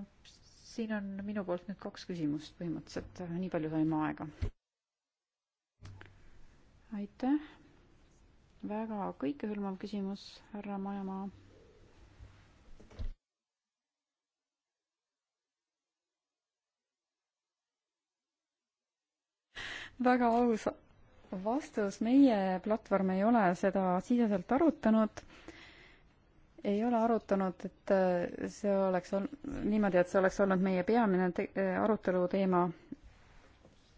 siin on minu poolt nüüd kaks küsimust põhimõtteliselt, nii palju saime aega. aitäh, väga kõikehõlmav küsimus, härra Majamaa väga aus vastus, meie platvorm ei ole seda siseselt arutanud ei ole arutanud, et äh, see oleks olnud niimoodi, et see oleks olnud meie peamine te äh, arutelu teema.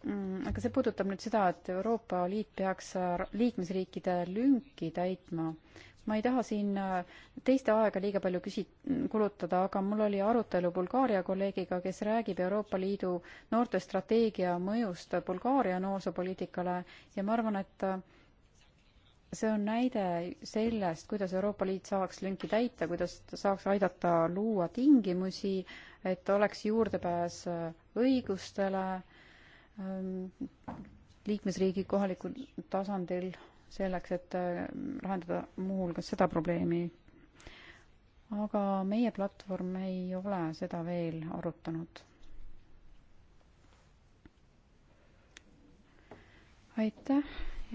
Mm, aga see puudutab nüüd seda, et Euroopa Liit peaks äh, liikmesriikide lünki täitma ma ei taha siin äh, teiste aega liiga palju küsi-, kulutada, aga mul oli arutelu Bulgaaria kolleegiga, kes räägib Euroopa Liidu noortestrateegia mõjust Bulgaaria noorsoopoliitikale ja ma arvan, et äh, see on näide sellest, kuidas Euroopa Liit saaks lünki täita, kuidas ta saaks aidata luua tingimusi, et oleks juurdepääs äh, õigustele ähm, liikmesriigi kohalikul tasandil selleks, et äh, lahendada muuhulgas seda probleemi. aga meie platvorm ei ole seda veel arutanud. aitäh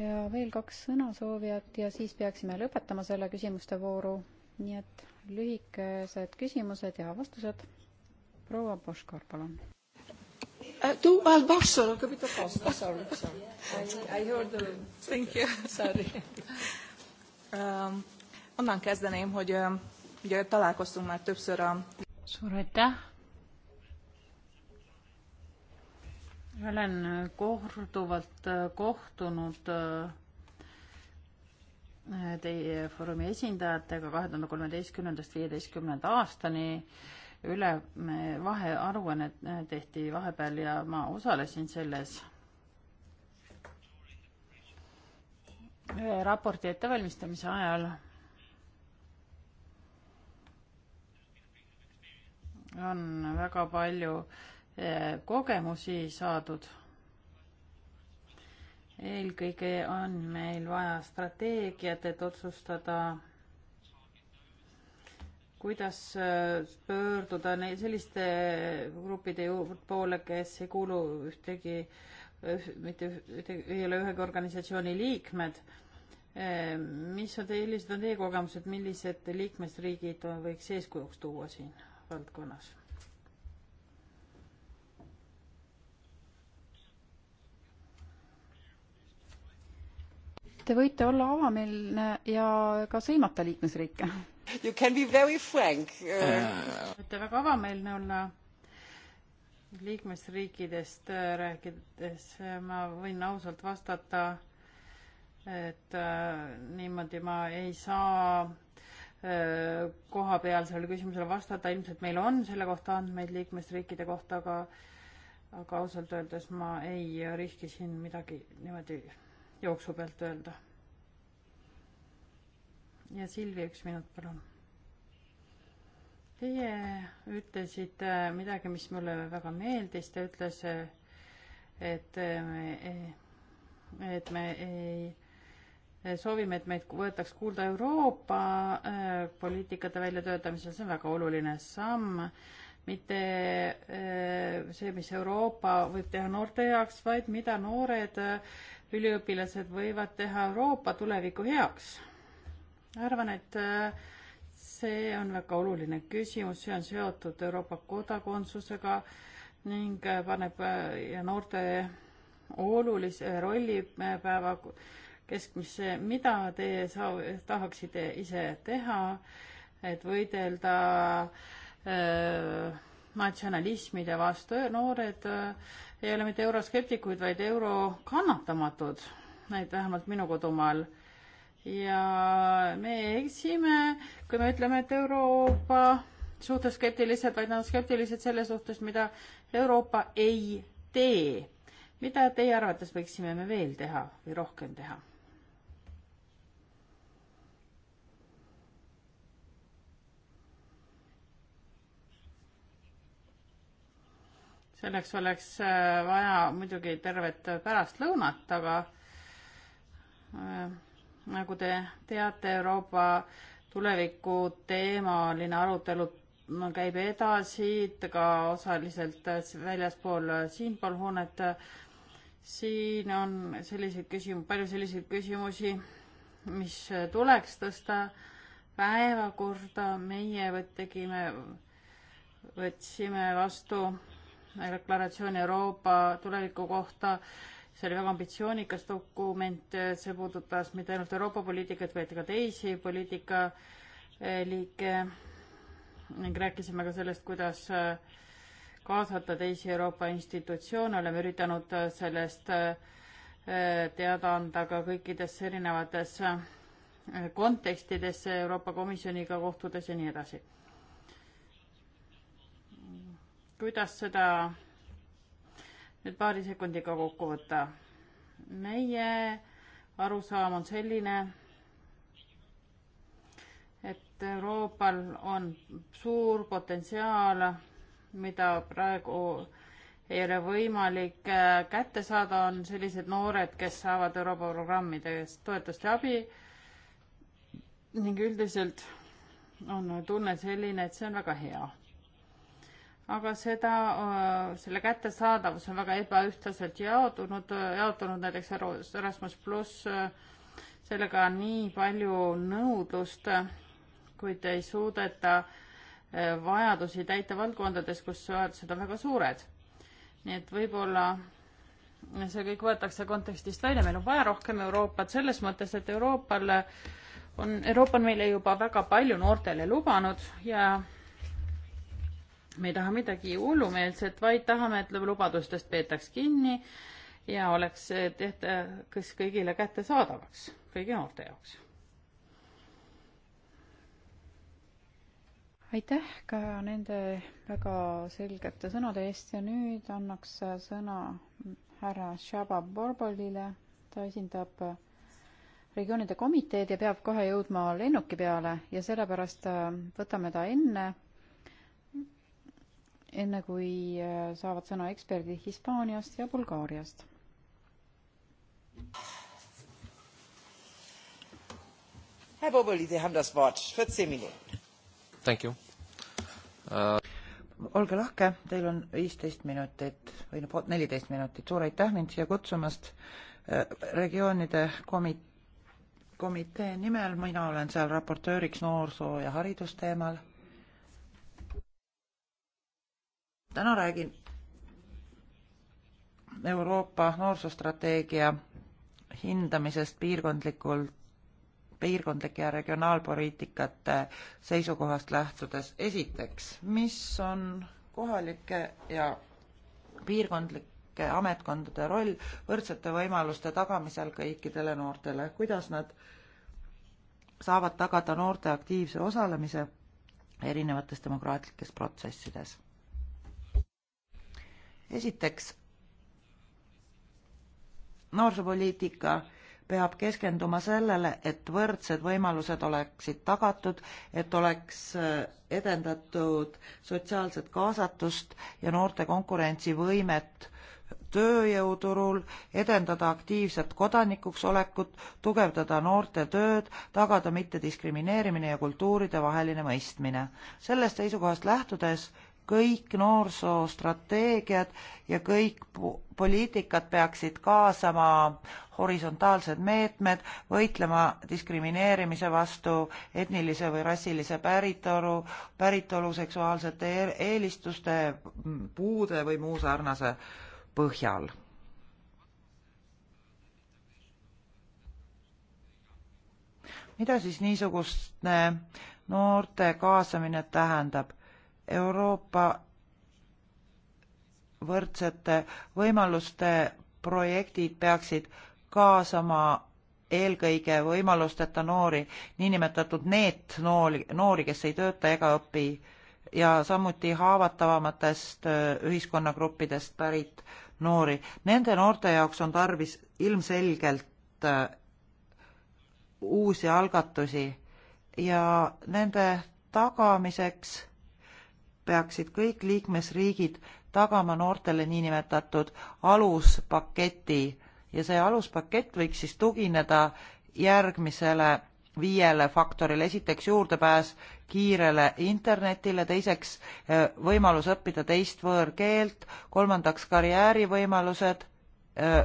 ja veel kaks sõnasoovijat ja siis peaksime lõpetama selle küsimuste vooru. nii et lühikesed küsimused ja vastused. proua Poškor, palun Uh, tu al basso, l'ho capito apposta. Sorry, sorry. I, I heard the... Thank you. Sorry. Um, onnan kezdeném, hogy um, ugye találkoztunk már többször a... Suur aitäh! olen uh, korduvalt uh, kohtunud uh, teie foorumi esindajatega kahe tuhande kolmeteistkümnendast viieteistkümnenda aastani üle vahearuanne tehti vahepeal ja ma osalesin selles raporti ettevalmistamise ajal. on väga palju eh, kogemusi saadud eelkõige on meil vaja strateegiat, et otsustada kuidas äh, pöörduda neil selliste gruppide poole, kes ei kuulu ühtegi, mitte ühtegi, ei ole ühegi organisatsiooni liikmed. Ehm, mis on teie, millised on teie kogemused, millised liikmesriigid võiks eeskujuks tuua siin valdkonnas? Te võite olla avameelne ja ka sõimata liikmesriike You can be very frank uh.... võite äh. väga avameelne olla liikmesriikidest äh, rääkides, ma võin ausalt vastata, et äh, niimoodi ma ei saa kohapealsele küsimusele vastata, ilmselt meil on selle kohta andmeid liikmesriikide kohta, aga aga ausalt öeldes ma ei riski siin midagi niimoodi jooksu pealt öelda ja Silvi, üks minut, palun. Teie ütlesite midagi, mis mulle väga meeldis, ta ütles, et me, et me ei soovime, et meid võetaks kuulda Euroopa äh, poliitikate väljatöötamisel, see on väga oluline samm, mitte äh, see, mis Euroopa võib teha noorte heaks, vaid mida noored äh, üliõpilased võivad teha Euroopa tuleviku heaks arvan, et äh, see on väga oluline küsimus, see on seotud Euroopa kodakondsusega ning äh, paneb äh, ja noorte olulise rolli päeva keskmisse, mida teie saav, tahaksite ise teha, et võidelda öö, natsionalismide vastu, noored öö, ei ole mitte euroskeptikuid, vaid euro kannatamatud, neid vähemalt minu kodumaal öö, ja me eksime, kui me ütleme, et Euroopa suhtes skeptilised, vaid nad on skeptilised selle suhtes, mida Euroopa ei tee. mida teie arvates võiksime me veel teha või rohkem teha? selleks oleks äh, vaja muidugi tervet pärastlõunat, aga äh, nagu te teate, Euroopa tuleviku teemaline arutelu käib edasi, ka osaliselt väljaspool siinpool hoonet. siin on selliseid küsimusi, palju selliseid küsimusi, mis tuleks tõsta päevakorda. meie tegime, võtsime vastu deklaratsiooni Euroopa tuleviku kohta see oli väga ambitsioonikas dokument, see puudutas mitte ainult Euroopa poliitikat, vaid ka teisi poliitikaliike ning rääkisime ka sellest, kuidas äh, kaasata teisi Euroopa institutsioone, oleme üritanud sellest äh, teada anda ka kõikidesse erinevates äh, kontekstidesse Euroopa Komisjoniga kohtudes ja nii edasi. kuidas seda nüüd paari sekundiga kokku võtta. meie arusaam on selline, et Euroopal on suur potentsiaal, mida praegu ei ole võimalik äh, kätte saada, on sellised noored, kes saavad Euroopa programmidest toetust ja abi ning üldiselt on tunne selline, et see on väga hea aga seda, äh, selle kättesaadavus on väga ebaühtlaselt jaotunud, äh, jaotunud näiteks Erasmus pluss, äh, sellega on nii palju nõudlust, kuid ei suudeta vajadusi täita valdkondades, kus vajadused on väga suured. nii et võib-olla see kõik võetakse kontekstist välja, meil on vaja rohkem Euroopat selles mõttes, et Euroopal on, Euroopa on meile juba väga palju noortele lubanud ja me ei taha midagi hullumeelset, vaid tahame, et lubadustest peetaks kinni ja oleks tehta, kas kõigile kättesaadavaks, kõigi noorte jaoks. aitäh ka nende väga selgete sõnade eest ja nüüd annaks sõna härra Shaba Borbolile, ta esindab regioonide komiteed ja peab kohe jõudma lennuki peale ja sellepärast võtame ta enne enne kui äh, saavad sõna eksperdid Hispaaniast ja Bulgaariast. Herr Boboli, Sie haben das Wort. 14 Minuten. Thank you uh.... olge lahke, teil on viisteist minutit või no neliteist minutit. suur aitäh mind siia kutsumast. Äh, regioonide komi-, komitee nimel, mina olen seal raportööriks noorsoo- ja haridusteemal täna räägin Euroopa noorsustrateegia hindamisest piirkondlikult piirkondlike ja regionaalpoliitikate seisukohast lähtudes. esiteks, mis on kohalike ja piirkondlike ametkondade roll võrdsete võimaluste tagamisel kõikidele noortele, kuidas nad saavad tagada noorte aktiivse osalemise erinevates demokraatlikes protsessides? esiteks, noorsoopoliitika peab keskenduma sellele, et võrdsed võimalused oleksid tagatud, et oleks äh, edendatud sotsiaalset kaasatust ja noorte konkurentsivõimet tööjõuturul, edendada aktiivset kodanikuks olekut, tugevdada noorte tööd, tagada mittediskrimineerimine ja kultuuride vaheline mõistmine. sellest seisukohast lähtudes kõik noorsoostrateegiad ja kõik poliitikad peaksid kaasama horisontaalsed meetmed, võitlema diskrimineerimise vastu etnilise või rassilise päritolu, päritolu seksuaalsete e-, eelistuste, puude või muu sarnase põhjal mida siis niisugustne eh, noorte kaasamine tähendab? Euroopa võrdsete võimaluste projektid peaksid kaasama eelkõige võimalusteta noori, niinimetatud NEET-noori, noori, kes ei tööta ega õpi ja samuti haavatavamatest ühiskonnagruppidest pärit noori. Nende noorte jaoks on tarvis ilmselgelt uusi algatusi ja nende tagamiseks peaksid kõik liikmesriigid tagama noortele niinimetatud aluspaketi ja see aluspakett võiks siis tugineda järgmisele viiele faktorile. esiteks juurdepääs kiirele internetile, teiseks eh, võimalus õppida teist võõrkeelt, kolmandaks karjäärivõimalused, eh,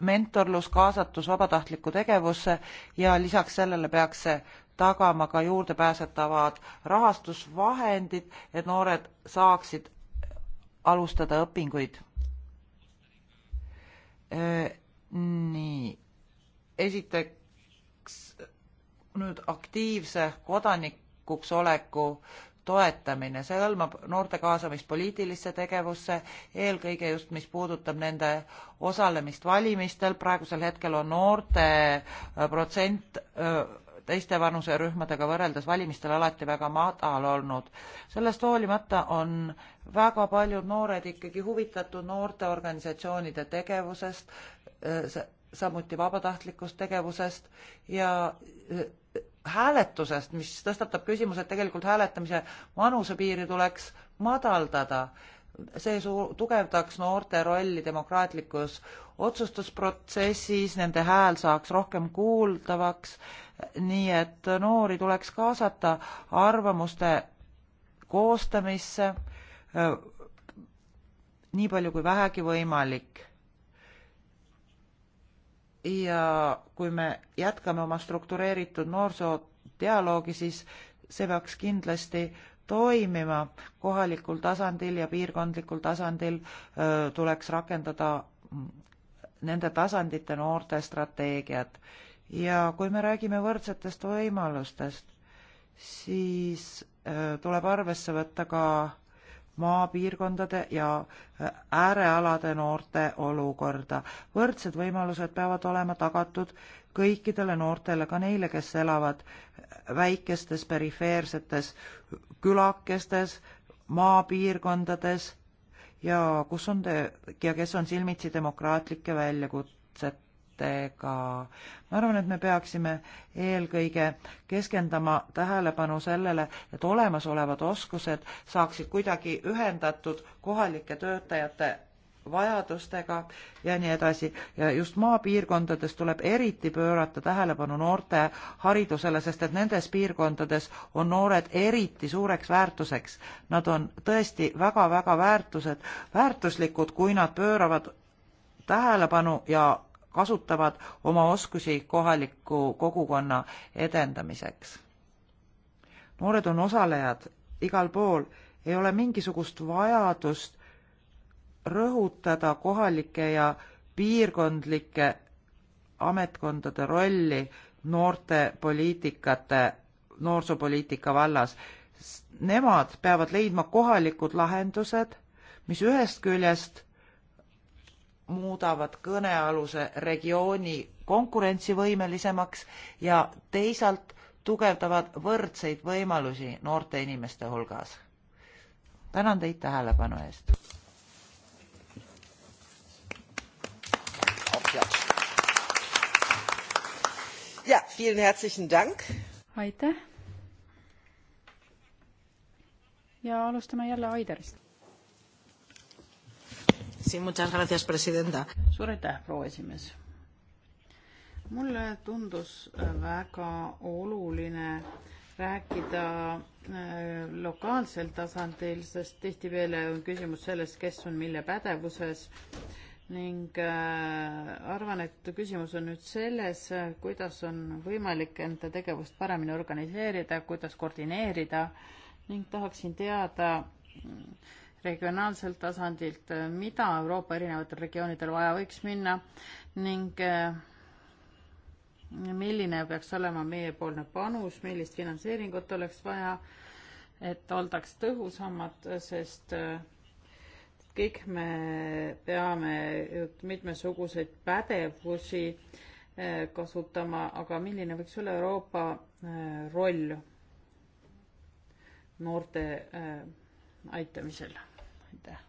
mentorlus, kaasatus vabatahtlikku tegevusse ja lisaks sellele peaks see tagama ka juurdepääsetavad rahastusvahendid, et noored saaksid alustada õpinguid. nii, esiteks nüüd aktiivse kodanikuks oleku toetamine, see hõlmab noorte kaasamist poliitilisse tegevusse, eelkõige just, mis puudutab nende osalemist valimistel, praegusel hetkel on noorte äh, protsent öö, äh, teiste vanuserühmadega võrreldes valimistel alati väga madal olnud. sellest hoolimata on väga paljud noored ikkagi huvitatud noorteorganisatsioonide tegevusest, äh, samuti vabatahtlikust tegevusest ja äh, hääletusest, mis tõstatab küsimuse, et tegelikult hääletamise vanusepiiri tuleks madaldada see suur, tugevdaks noorte rolli demokraatlikus otsustusprotsessis, nende hääl saaks rohkem kuuldavaks, nii et noori tuleks kaasata arvamuste koostamisse nii palju kui vähegi võimalik. ja kui me jätkame oma struktureeritud noorsoodialoogi, siis see peaks kindlasti toimima kohalikul tasandil ja piirkondlikul tasandil tuleks rakendada mm, nende tasandite noorte strateegiat. ja kui me räägime võrdsetest võimalustest, siis tuleb arvesse võtta ka maapiirkondade ja äärealade noorte olukorda. võrdsed võimalused peavad olema tagatud kõikidele noortele, ka neile, kes elavad väikestes perifeersetes külakestes, maapiirkondades ja kus on te- ja kes on silmitsi demokraatlike väljakutsetega. ma arvan, et me peaksime eelkõige keskendama tähelepanu sellele, et olemasolevad oskused saaksid kuidagi ühendatud kohalike töötajate vajadustega ja nii edasi. ja just maapiirkondades tuleb eriti pöörata tähelepanu noorte haridusele, sest et nendes piirkondades on noored eriti suureks väärtuseks. Nad on tõesti väga-väga väärtused, väärtuslikud, kui nad pööravad tähelepanu ja kasutavad oma oskusi kohaliku kogukonna edendamiseks. noored on osalejad igal pool, ei ole mingisugust vajadust rõhutada kohalike ja piirkondlike ametkondade rolli noorte poliitikate, noorsoopoliitika vallas. Nemad peavad leidma kohalikud lahendused, mis ühest küljest muudavad kõnealuse regiooni konkurentsivõimelisemaks ja teisalt tugevdavad võrdseid võimalusi noorte inimeste hulgas. tänan teid tähelepanu eest! Applaus. Ja, vielen herzlichen Dank. aitäh. ja alustame jälle Aiderist. suur aitäh, proua esimees. mulle tundus äh, väga oluline rääkida äh, lokaalsel tasandil, sest tihtipeale on küsimus selles, kes on mille pädevuses ning äh, arvan, et küsimus on nüüd selles, kuidas on võimalik enda tegevust paremini organiseerida, kuidas koordineerida ning tahaksin teada mm, regionaalselt tasandilt, mida Euroopa erinevatel regioonidel vaja võiks minna ning äh, milline peaks olema meiepoolne panus, millist finantseeringut oleks vaja, et oldaks tõhusamad, sest äh, kõik me peame mitmesuguseid pädevusi eh, kasutama, aga milline võiks olla Euroopa eh, roll noorte eh, aitamisel? aitäh.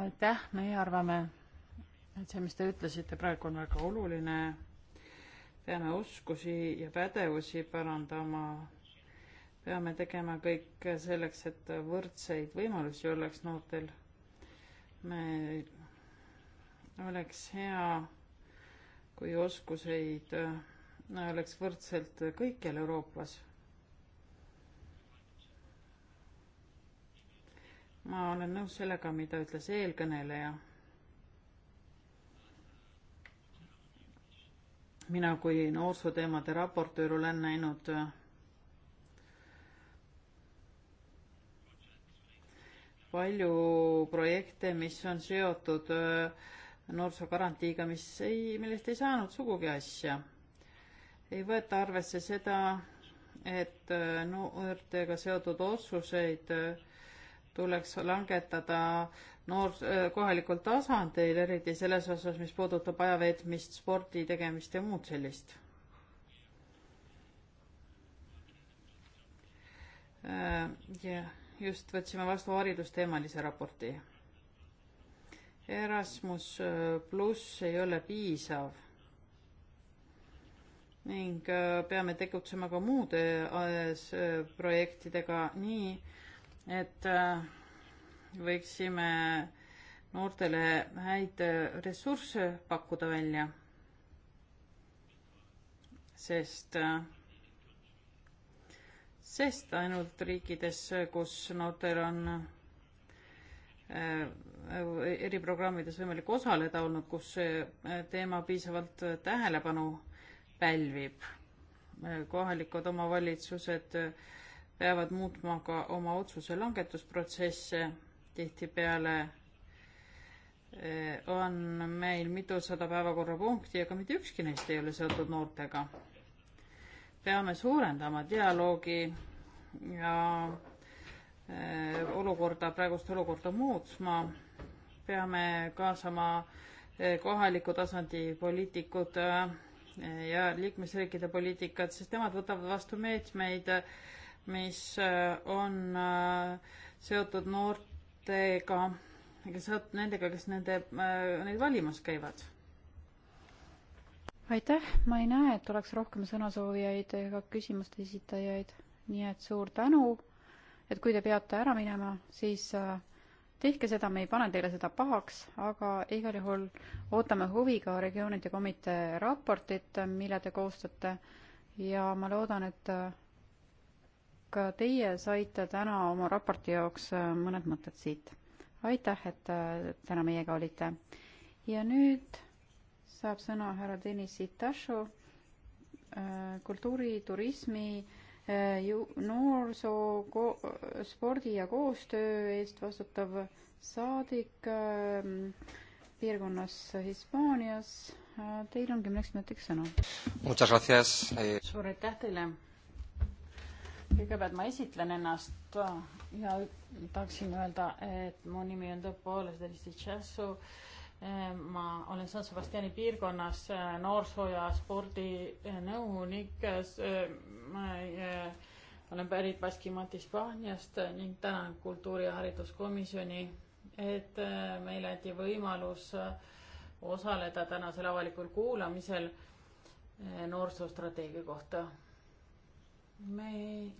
aitäh, meie arvame, et see, mis te ütlesite praegu, on väga oluline. peame oskusi ja pädevusi parandama peame tegema kõik selleks, et võrdseid võimalusi oleks noortel. me, oleks hea, kui oskuseid äh, oleks võrdselt kõikjal Euroopas. ma olen nõus sellega, mida ütles eelkõneleja. mina kui noorsooteemade raportöör olen näinud äh, palju projekte, mis on seotud äh, noorsoogarantiiga, mis ei, millest ei saanud sugugi asja. ei võeta arvesse seda, et äh, noortega seotud otsuseid äh, tuleks langetada noor-, kohalikul tasandil, eriti selles osas, mis puudutab ajaveetmist, spordi tegemist ja muud sellist. jah just võtsime vastu haridusteemalise raporti. Erasmus äh, pluss ei ole piisav ning äh, peame tegutsema ka muude äh, projektidega nii, et võiksime noortele häid ressursse pakkuda välja, sest äh, sest ainult riikides, kus noortel on äh, eriprogrammides võimalik osaleda olnud, kus see äh, teema piisavalt äh, tähelepanu pälvib. kohalikud omavalitsused peavad muutma ka oma otsuse langetusprotsesse, tihtipeale on meil mitusada päevakorrapunkti, aga mitte ükski neist ei ole seotud noortega peame suurendama dialoogi ja eh, olukorda, praegust olukorda muutma, peame kaasama eh, kohaliku tasandi poliitikud eh, ja liikmesriikide poliitikat, sest nemad võtavad vastu meetmeid, mis on seotud noortega, kes, nendega, kes nende, neid valimas käivad aitäh, ma ei näe, et oleks rohkem sõnasoovijaid ega küsimuste esitajaid, nii et suur tänu, et kui te peate ära minema, siis äh, tehke seda, me ei pane teile seda pahaks, aga igal juhul ootame huviga regioonide komitee raportit, mille te koostate ja ma loodan, et äh, ka teie saite täna oma raporti jaoks äh, mõned mõtted siit. aitäh, et täna meiega olite. ja nüüd saab sõna härra Deniss Itašo äh, kultuuri, turismi, äh, noorsoo, spordi ja koostöö eest vastutav saadik ähm, piirkonnas Hispaanias. Äh, teil on kümneks minutiks sõna. Eh. suur aitäh teile. kõigepealt ma esitlen ennast ja tahaksin öelda, et mu nimi on tõepoolest Deniss Itašo ma olen San Sebastiani piirkonnas äh, noorsoo- ja spordinõunik. Äh, äh, ma olen pärit Baskimaalt Hispaaniast ning tänan kultuuri- ja hariduskomisjoni, et meile anti võimalus osaleda tänasel avalikul kuulamisel noorsoostrateegia kohta. me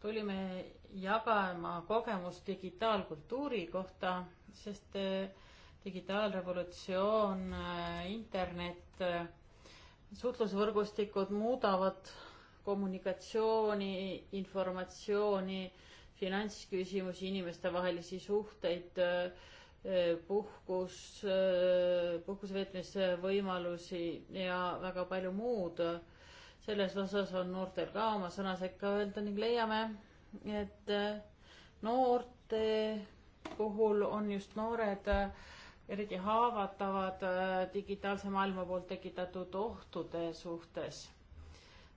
tulime jagama kogemust digitaalkultuuri kohta, sest äh, digitaalrevolutsioon, äh, internet, äh, suhtlusvõrgustikud muudavad kommunikatsiooni, informatsiooni, finantsküsimusi, inimestevahelisi suhteid, äh, puhkus, puhkuse veetmise võimalusi ja väga palju muud. selles osas on noortel ka oma sõna sekka öelda ning leiame, et noorte puhul on just noored äh, eriti haavatavad äh, digitaalse maailma poolt tekitatud ohtude suhtes.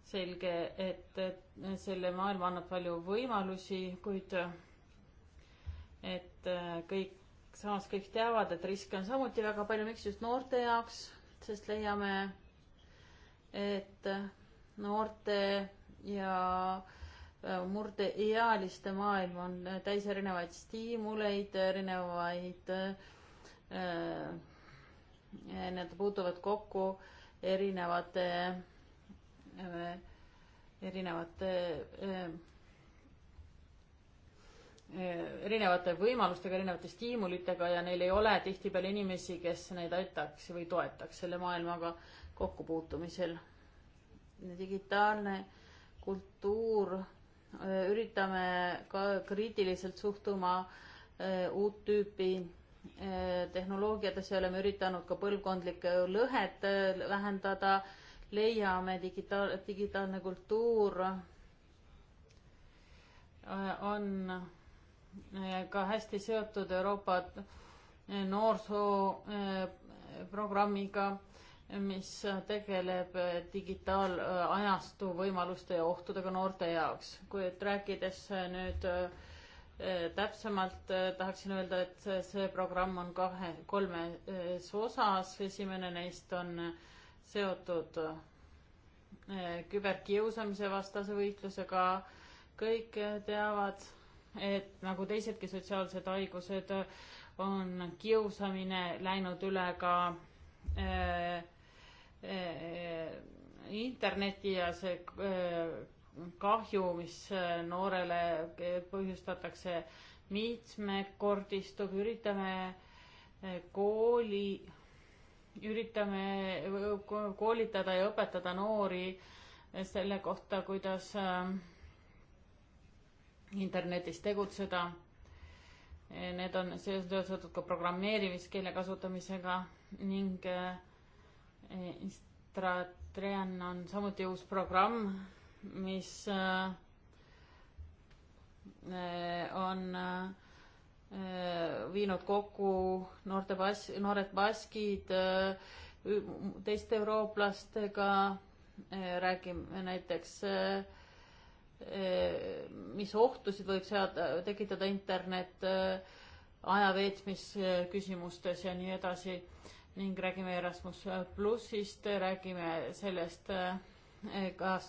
selge, et, et selle maailm annab palju võimalusi, kuid et äh, kõik, samas kõik teavad, et riske on samuti väga palju, miks just noorte jaoks, sest leiame, et äh, noorte ja murdeealiste maailm on täis erinevaid stiimuleid, erinevaid äh, Äh, need puutuvad kokku erinevate, äh, erinevate, äh, erinevate võimalustega, erinevate stiimulitega ja neil ei ole tihtipeale inimesi, kes neid aitaks või toetaks selle maailmaga kokkupuutumisel. digitaalne kultuur, üritame ka kriitiliselt suhtuma uut tüüpi Äh, tehnoloogiatesse oleme üritanud ka põlvkondlikke lõhet äh, vähendada, leiame digitaal, digitaalne kultuur äh, on ka hästi seotud Euroopa noorsooprogrammiga, mis tegeleb digitaalajastu võimaluste ja ohtudega noorte jaoks, kuid rääkides nüüd äh, Äh, täpsemalt äh, tahaksin öelda, et see programm on kahe, kolmes äh, osas, esimene neist on seotud küberkiusamise vastase võitlusega. kõik teavad, et nagu teisedki sotsiaalsed haigused, on kiusamine läinud üle ka äh, äh, interneti ja see äh, kahju, mis äh, noorele äh, põhjustatakse, mitmekordistub, üritame äh, kooli, üritame koolitada ja õpetada noori selle kohta, kuidas internetis tegutseda. Need on seotud ka programmeerimiskeele kasutamisega ning Instratrean on samuti uus programm mis äh, äh, on äh, viinud kokku noorte bas-, noored baskid teiste eurooplastega, räägime näiteks, mis ohtusid võib seada, tekitada internet aja veetmisküsimustes ja nii edasi ning räägime Erasmus plussist, räägime sellest, kas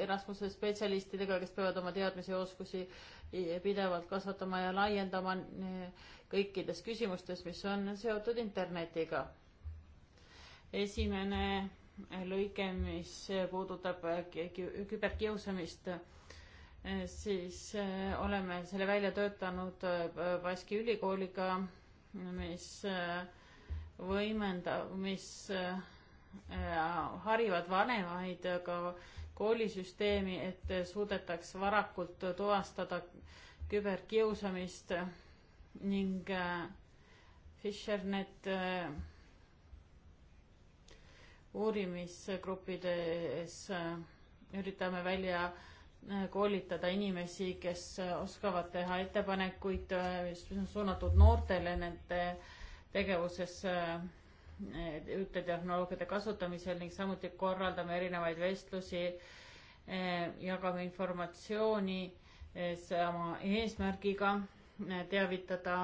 Erasmuse spetsialistidega, kes peavad oma teadmisi ja oskusi pidevalt kasvatama ja laiendama eh, kõikides küsimustes, mis on seotud internetiga. esimene eh, lõige, mis puudutab eh, küberkiusamist, siis oleme selle välja töötanud Baski ülikooliga, mis võimendab, mis harivad vanemaid ka koolisüsteemi, et suudetaks varakult tuvastada küberkiusamist ning äh, Fishernet äh, uurimisgruppides äh, üritame välja koolitada inimesi, kes oskavad teha ettepanekuid, mis on suunatud noortele nende tegevuses uute tehnoloogiate kasutamisel ning samuti korraldame erinevaid vestlusi, eh, jagame informatsiooni eh, sama eesmärgiga eh, teavitada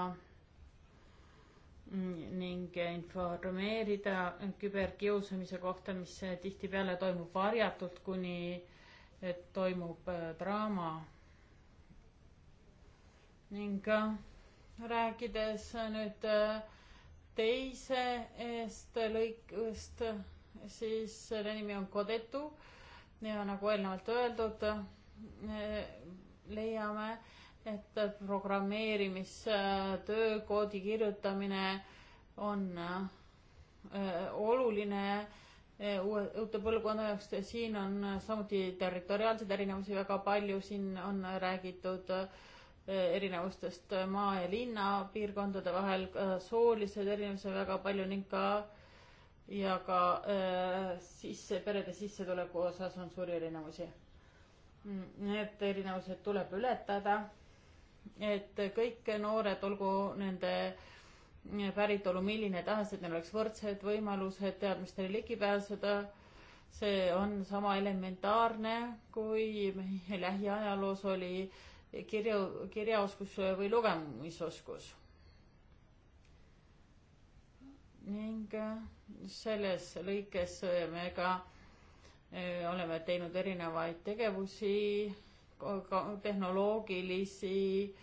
mm, ning informeerida küberkiusamise kohta, mis tihtipeale toimub varjatult, kuni toimub draama. ning rääkides nüüd äh, teise eest lõikest, siis selle nimi on Kodetu ja nagu eelnevalt öeldud, leiame, et programmeerimistöö, koodi kirjutamine on äh, oluline äh, uue, uute põlvkonna jaoks, siin on samuti territoriaalseid erinevusi väga palju, siin on räägitud äh, Eh, erinevustest maa ja linna piirkondade vahel, soolised erinevused väga palju ning ka ja ka äh, sisse, perede sissetuleku osas on suuri erinevusi. Mm, need erinevused tuleb ületada, et kõik noored, olgu nende päritolu milline tahes, et neil oleks võrdsed võimalused teadmistele ligi pääseda see on sama elementaarne, kui meie lähiajaloos oli kirju, kirjaoskus või lugemisoskus. ning äh, selles lõikes äh, me ka äh, oleme teinud erinevaid tegevusi, tehnoloogilisi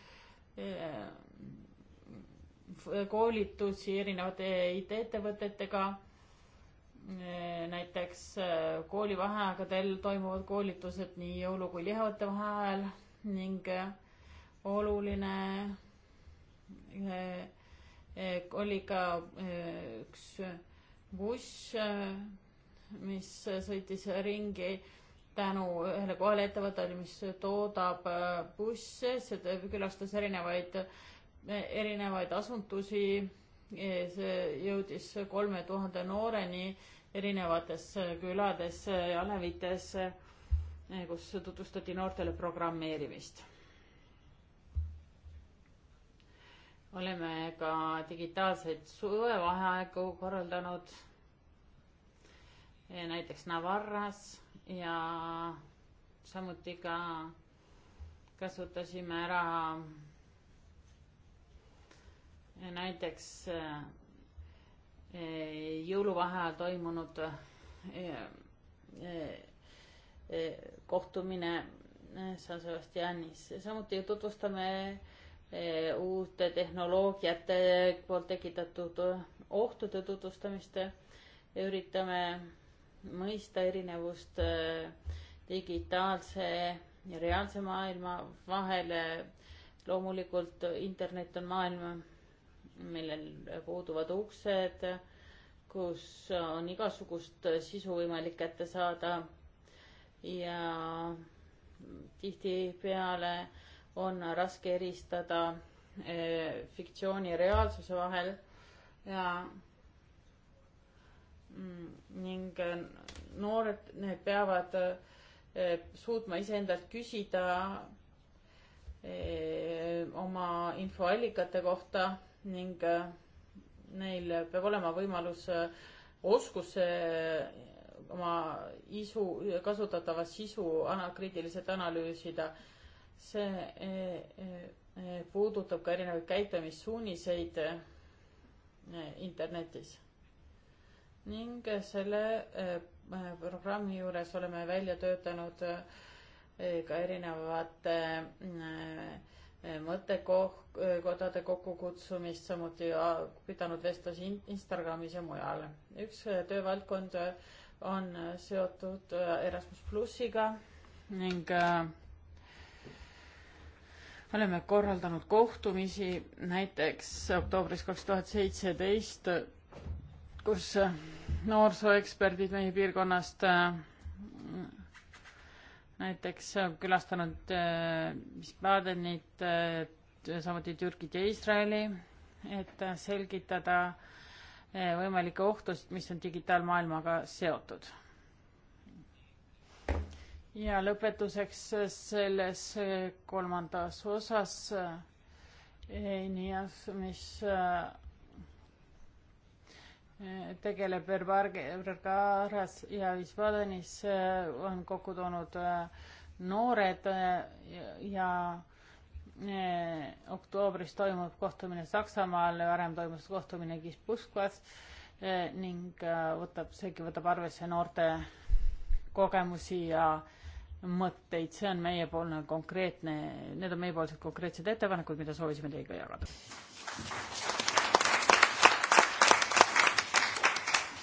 koolitusi erinevate IT-ettevõtetega. näiteks koolivaheaegadel toimuvad koolitused nii jõulu kui lihavõtte vaheajal ning eh, oluline eh, oli ka eh, üks buss, mis sõitis ringi tänu ühele kohale ettevõttele, mis toodab busse, see külastas erinevaid, erinevaid asundusi. see jõudis kolme tuhande nooreni erinevates külades ja alevites Eh, kus tutvustati noortele programmeerimist. oleme ka digitaalseid suvevaheaegu korraldanud eh, näiteks Navarras ja samuti ka kasutasime ära eh, näiteks jõuluvaheajal toimunud Eh, kohtumine eh, San Sebastianis. samuti tutvustame eh, uute tehnoloogiate poolt tekitatud ohtude tutvustamist. üritame mõista erinevust digitaalse ja reaalse maailma vahel. loomulikult internet on maailm, millel puuduvad uksed, kus on igasugust sisu võimalik kätte saada ja tihtipeale on raske eristada eh, fiktsiooni ja reaalsuse vahel ja mm, ning eh, noored need peavad eh, suutma iseendalt küsida oma infoallikate kohta ning neil peab olema võimalus oskuse oma isu, kasutatava sisu ana-, kriitiliselt analüüsida. see e, e, e, puudutab ka erinevaid käitumissuuniseid internetis. ning selle programmi juures oleme välja töötanud ka erinevate mõttekodade kokkukutsumist, samuti pidanud vestlusi Instagramis ja mujal. üks töövaldkond on äh, seotud äh, Erasmus plussiga ning äh, oleme korraldanud kohtumisi näiteks oktoobris kaks tuhat seitseteist, kus noorsooeksperdid meie piirkonnast näiteks külastanud Badenit, samuti Türgit ja Iisraeli, et selgitada äh, Eh, võimalikke ohtusid, mis on digitaalmaailmaga seotud. ja lõpetuseks selles kolmandas osas eh, ENIAS, mis eh, tegeleb Bergaras ja Wiesbadenis, on kokku toonud noored ja, ja Eh, oktoobris toimub kohtumine Saksamaal, varem toimus kohtumine Kispuskas eh, ning äh, võtab, seegi võtab arvesse noorte kogemusi ja mõtteid, see on meiepoolne konkreetne, need on meiepoolsed konkreetsed ettepanekud, mida soovisime teiega jagada.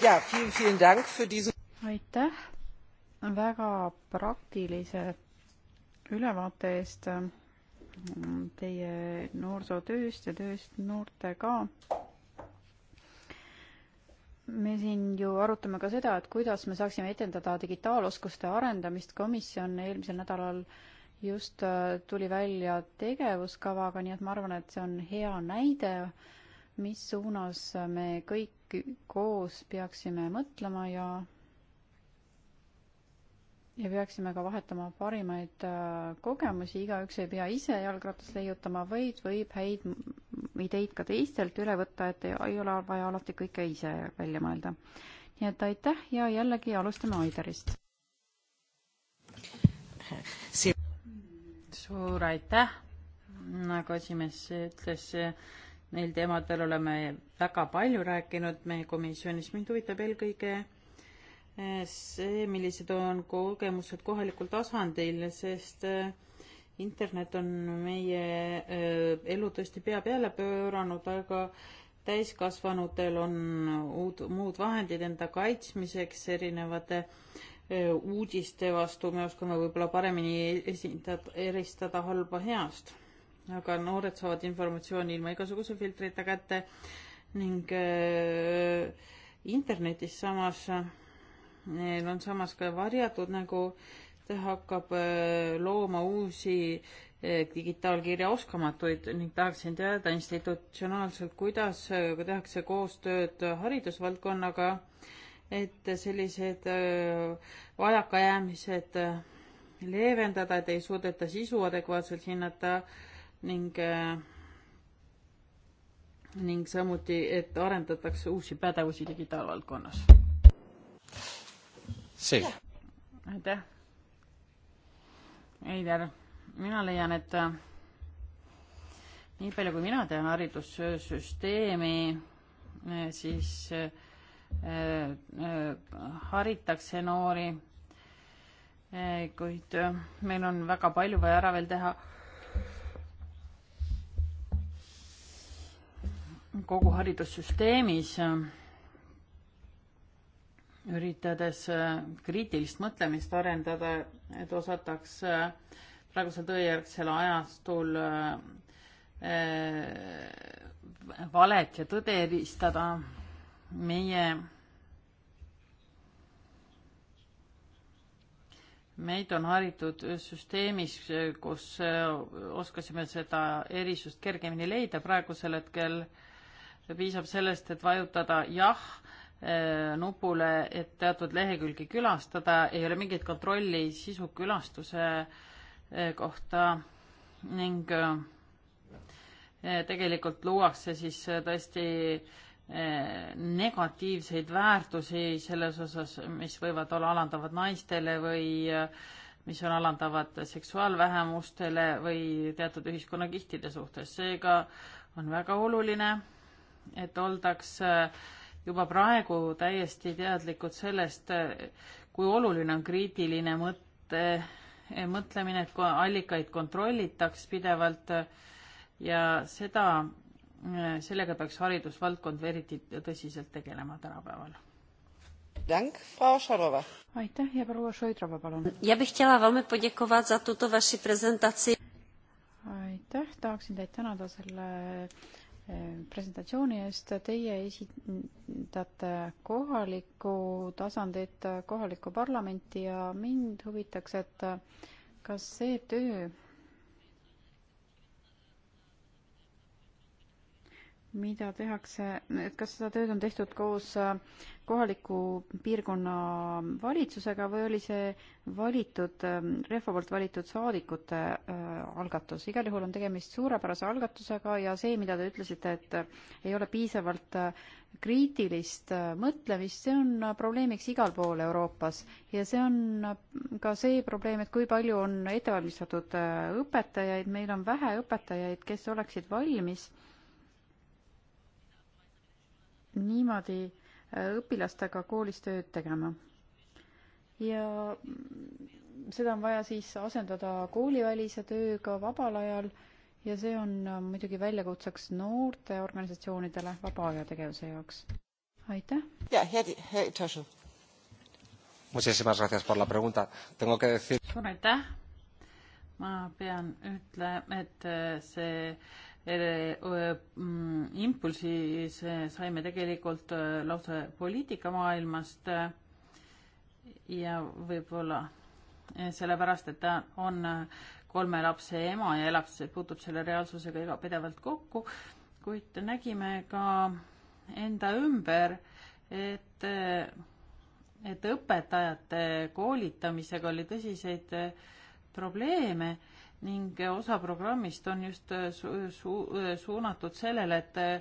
ja, aitäh väga praktilise ülevaate eest teie noorsootööst ja tööst noortega. me siin ju arutame ka seda, et kuidas me saaksime etendada digitaaloskuste arendamist. komisjon eelmisel nädalal just äh, tuli välja tegevuskavaga, nii et ma arvan, et see on hea näide, mis suunas me kõik koos peaksime mõtlema ja ja peaksime ka vahetama parimaid äh, kogemusi, igaüks ei pea ise jalgratast leiutama, vaid võib häid ideid ka teistelt üle võtta, et ei, ei ole vaja alati kõike ise välja mõelda. nii et aitäh ja jällegi alustame Aidarist. suur aitäh, nagu esimees ütles, neil teemadel oleme väga palju rääkinud meie komisjonis, mind huvitab eelkõige see, millised on kogemused kohalikul tasandil, sest äh, internet on meie äh, elu tõesti pea peale pööranud, aga täiskasvanutel on uud, muud vahendid enda kaitsmiseks erinevate äh, uudiste vastu, me oskame võib-olla paremini esindada, eristada halba heast. aga noored saavad informatsiooni ilma igasuguse filtrita kätte ning äh, internetis samas äh, neil on samas ka varjatud nagu ta hakkab äh, looma uusi äh, digitaalkirja oskamatuid ning tahaksin teada institutsionaalselt, kuidas äh, tehakse koostööd haridusvaldkonnaga, et sellised vajakajäämised leevendada, et ei suudeta sisu adekvaatselt hinnata ning, ning samuti, et arendatakse uusi pädevusi digitaalvaldkonnas selge. aitäh. Eider, mina leian, et äh, nii palju, kui mina tean haridussüsteemi, äh, siis äh, haritakse noori, kuid meil on väga palju vaja ära veel teha. kogu haridussüsteemis üritades äh, kriitilist mõtlemist arendada, et osataks äh, praegusel tõejärgsel ajastul äh, valet ja tõde eristada. meie, meid on haritud süsteemis, kus oskasime seda erisust kergemini leida, praegusel hetkel piisab sellest, et vajutada jah Äh, nupule, et teatud lehekülgi külastada, ei ole mingit kontrolli sisu külastuse äh, kohta ning äh, tegelikult luuakse siis tõesti negatiivseid väärtusi selles osas, mis võivad olla alandavad naistele või mis on alandavad seksuaalvähemustele või teatud ühiskonnkihtide suhtes. seega on väga oluline, et oldaks äh, juba praegu täiesti teadlikud sellest, kui oluline on kriitiline mõte, mõtlemine, et allikaid kontrollitaks pidevalt ja seda, sellega peaks haridusvaldkond eriti tõsiselt tegelema tänapäeval. Dank, Frau Šarova. Aitäh ja proua Šoidrova, palun. Ja bih htjela velmi podjekovat za tuto vaši prezentaci. Aitäh, tahaksin teid tänada selle äh, presentatsiooni eest. Teie esindate kohalikku tasandit, kohalikku parlamenti ja mind huvitaks, et kas see töö, mida tehakse, et kas seda tööd on tehtud koos äh, kohaliku piirkonna valitsusega või oli see valitud, ähm, rehva poolt valitud saadikute äh, algatus? igal juhul on tegemist suurepärase algatusega ja see, mida te ütlesite, et äh, ei ole piisavalt kriitilist mõtlemist, see on probleemiks igal pool Euroopas ja see on ka see probleem, et kui palju on ettevalmistatud õpetajaid, meil on vähe õpetajaid, kes oleksid valmis äh, niimoodi äh, õpilastega koolis tööd tegema. ja seda on vaja siis asendada koolivälise tööga vabal ajal ja see on äh, muidugi väljakutseks noorte organisatsioonidele vaba aja tegevuse jaoks. aitäh! Muchísimas gracias por la pregunta. Tengo que decir. Suur aitäh! ma pean ütlema, et äh, see Mm, impulsi saime tegelikult lausa poliitikamaailmast ja võib-olla sellepärast, et ta on kolme lapse ema ja elab, puutub selle reaalsusega igapidevalt kokku, kuid nägime ka enda ümber, et, et õpetajate koolitamisega oli tõsiseid probleeme ning osa programmist on just äh, su su äh, suunatud sellele, et äh,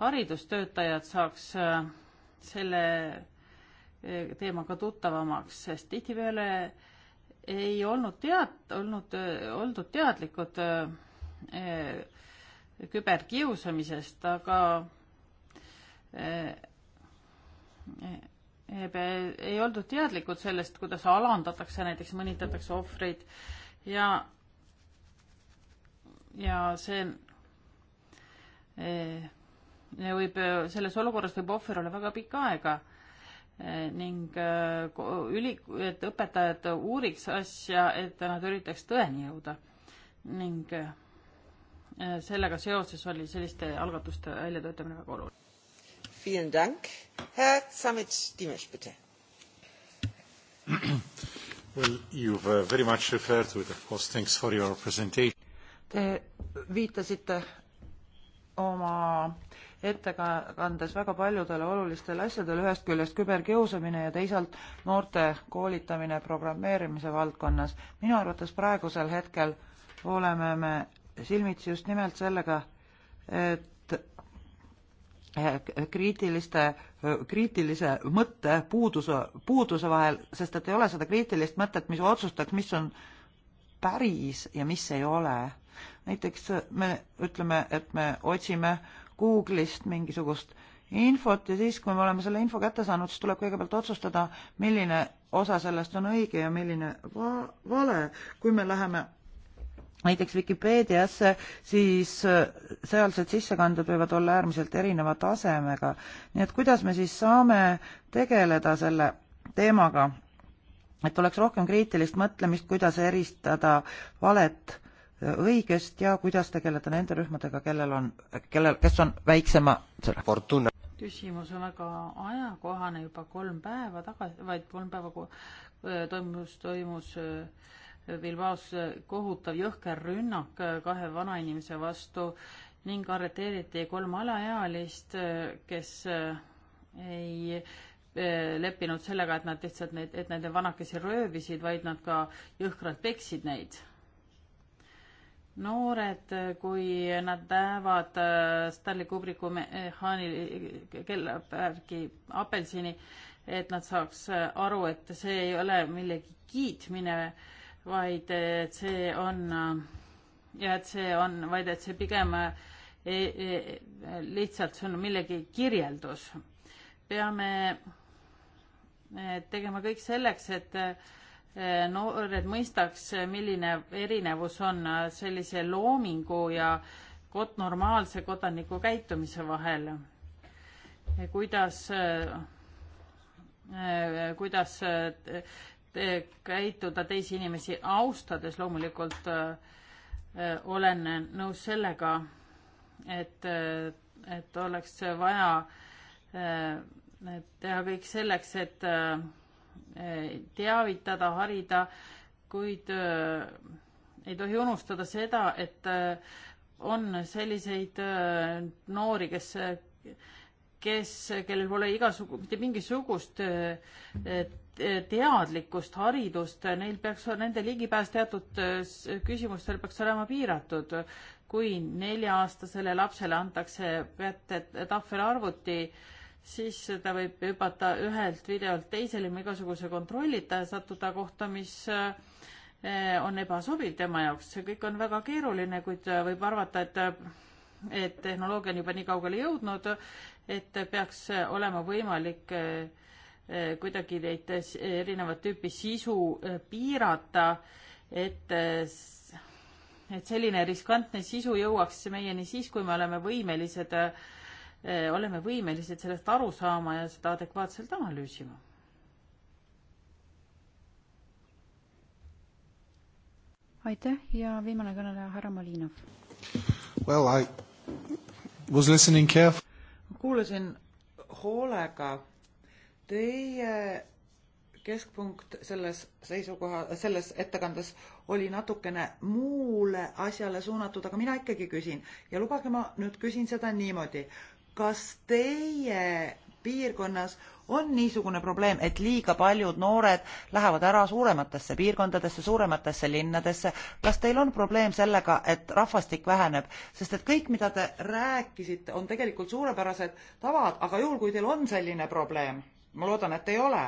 haridustöötajad saaks selle teemaga tuttavamaks, sest tihtipeale ei olnud tead-, olnud, oldud teadlikud äh, küberkiusamisest, aga äh, äh, ei oldud teadlikud sellest, kuidas alandatakse, näiteks mõnitatakse ohvreid ja ja see eh, võib, selles olukorras võib ohver olla väga pikka aega eh, ning eh, üli, et õpetajad uuriks asja, et nad üritaks tõeni jõuda. ning sellega seoses oli selliste algatuste väljatöötamine väga oluline. Vielen Dank. Herr Samit Dimesh, bitte. Well, you've uh, very much referred to it, of course. Thanks for your presentation. Te viitasite oma ettekandes väga paljudele olulistele asjadele, ühest küljest küberkiusamine ja teisalt noorte koolitamine programmeerimise valdkonnas. minu arvates praegusel hetkel oleme me silmitsi just nimelt sellega, et eh, kriitiliste, kriitilise mõtte puuduse, puuduse vahel, sest et ei ole seda kriitilist mõtet, mis otsustaks, mis on päris ja mis ei ole näiteks äh, me ütleme, et me otsime Google'ist mingisugust infot ja siis, kui me oleme selle info kätte saanud, siis tuleb kõigepealt otsustada, milline osa sellest on õige ja milline va vale. kui me läheme näiteks Vikipeediasse, siis äh, sealsed sissekanded võivad olla äärmiselt erineva tasemega. nii et kuidas me siis saame tegeleda selle teemaga, et oleks rohkem kriitilist mõtlemist, kuidas eristada valet õigest ja kuidas tegeleda nende rühmadega, kellel on, kellel, kes on väiksema fortuna. küsimus on väga ajakohane, juba kolm päeva tagasi, vaid kolm päeva toimus, toimus äh, Bilbaos äh, kohutav jõhker rünnak äh, kahe vanainimese vastu ning arreteeriti kolm alaealist, kes ei leppinud sellega, et nad lihtsalt neid, et nende vanakesi röövisid, vaid nad ka jõhkralt peksid neid noored, kui nad näevad äh, Stanley Kubricku mehaani äh, äh, kellapäevki apelsini, et nad saaks aru, et see ei ole millegi kiitmine, vaid et see on ja et see on, vaid et see pigem e-, e, e, lihtsalt see on millegi kirjeldus. peame tegema kõik selleks, et noored mõistaks, milline erinevus on sellise loomingu ja kot-, normaalse kodaniku käitumise vahel. kuidas, kuidas käituda teisi inimesi austades, loomulikult olen nõus sellega, et, et oleks vaja teha kõik selleks, et Eh, teavitada, harida, kuid eh, ei tohi unustada seda, et eh, on selliseid noori, kes, kes, kellel pole igasugu, mitte mingisugust teadlikkust, haridust, neil peaks, nende ligipääs teatud küsimustel peaks olema piiratud. kui nelja-aastasele lapsele antakse kätte tahvelarvuti, siis ta võib hüpata ühelt videolt teisele ilma igasuguse kontrollita ja sattuda kohta, mis eh, on ebasobiv tema jaoks. see kõik on väga keeruline, kuid eh, võib arvata, et eh, et tehnoloogia on juba nii kaugele jõudnud, et peaks olema võimalik kuidagi neid erinevat tüüpi sisu piirata, et, et selline riskantne sisu jõuaks meieni siis, kui me oleme võimelised äh, Äh, oleme võimelised sellest aru saama ja seda adekvaatselt analüüsima. aitäh ja viimane kõneleja, härra Malinov. Well, I was listening carefully. kuulasin hoolega teie keskpunkt selles seisukoha, selles ettekandes oli natukene muule asjale suunatud, aga mina ikkagi küsin ja lubage, ma nüüd küsin seda niimoodi kas teie piirkonnas on niisugune probleem, et liiga paljud noored lähevad ära suurematesse piirkondadesse, suurematesse linnadesse. kas teil on probleem sellega, et rahvastik väheneb, sest et kõik, mida te rääkisite, on tegelikult suurepärased tavad, aga juhul, kui teil on selline probleem, ma loodan, et ei ole,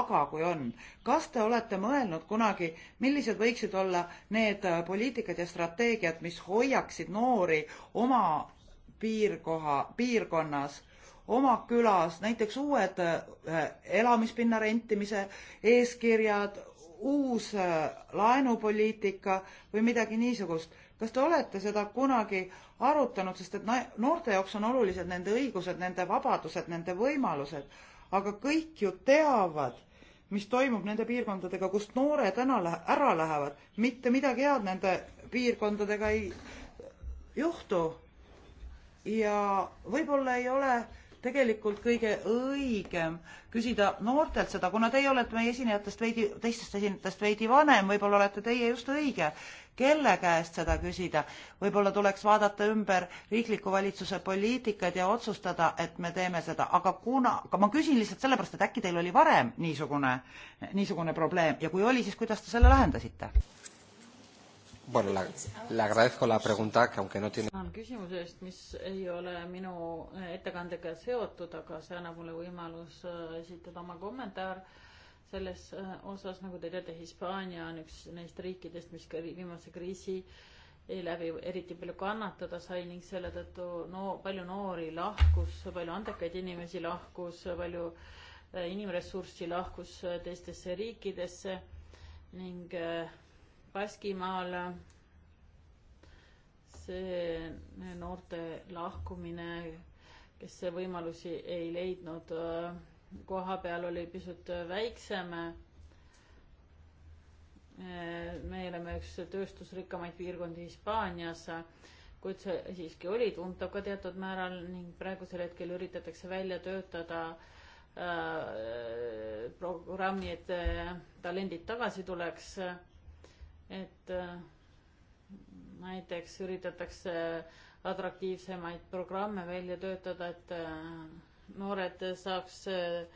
aga kui on, kas te olete mõelnud kunagi, millised võiksid olla need poliitikad ja strateegiad, mis hoiaksid noori oma piirkoha, piirkonnas, oma külas, näiteks uued äh, elamispinna rentimise eeskirjad, uus äh, laenupoliitika või midagi niisugust. kas te olete seda kunagi arutanud, sest et noorte jaoks on olulised nende õigused, nende vabadused, nende võimalused, aga kõik ju teavad, mis toimub nende piirkondadega, kust noored täna lähe, ära lähevad, mitte midagi head nende piirkondadega ei juhtu ja võib-olla ei ole tegelikult kõige õigem küsida noortelt seda, kuna teie olete meie esinejatest veidi, teistest esinejatest veidi vanem, võib-olla olete teie just õige, kelle käest seda küsida. võib-olla tuleks vaadata ümber riikliku valitsuse poliitikad ja otsustada, et me teeme seda, aga kuna, aga ma küsin lihtsalt sellepärast, et äkki teil oli varem niisugune, niisugune probleem ja kui oli, siis kuidas te selle lahendasite? Bueno, la, le agradezco la pregunta, que aunque no tiene... tänan küsimuse eest, mis ei ole minu äh, ettekandega seotud, aga see annab mulle võimalus äh, esitada oma kommentaar selles äh, osas, nagu te teate, Hispaania on üks neist riikidest, mis ka viimase kriisi läbi eriti palju kannatada sai ning selle tõttu no palju noori lahkus, palju andekaid inimesi lahkus, palju inimressurssi lahkus teistesse riikidesse ning äh, Baskimaal see noorte lahkumine, kes võimalusi ei leidnud, koha peal oli pisut väiksem. me oleme üks tööstusrikkamaid piirkondi Hispaanias, kuid see siiski oli tuntav ka teatud määral ning praegusel hetkel üritatakse välja töötada äh, programmi, et äh, talendid tagasi tuleks et äh, näiteks üritatakse atraktiivsemaid programme välja töötada, et äh, noored saaks äh,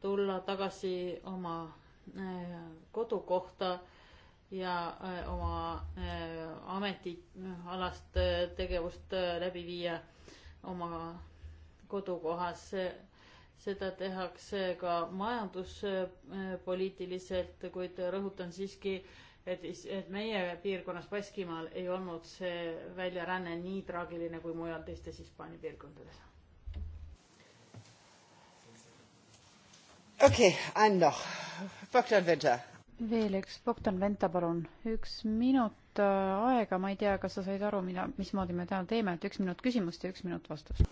tulla tagasi oma kodukohta ja oma ametialast tegevust läbi viia oma kodukohas. seda tehakse ka majanduspoliitiliselt, kuid rõhutan siiski, et, et meie piirkonnas Baskimaal ei olnud see väljaränne nii traagiline kui mujal teistes Hispaania piirkondades. okei okay,, Anno, Bogdan Venta. veel üks, Bogdan Venta, palun, üks minut äh, aega, ma ei tea, kas sa said aru, mida, mismoodi me täna teeme, et üks minut küsimust ja üks minut vastust.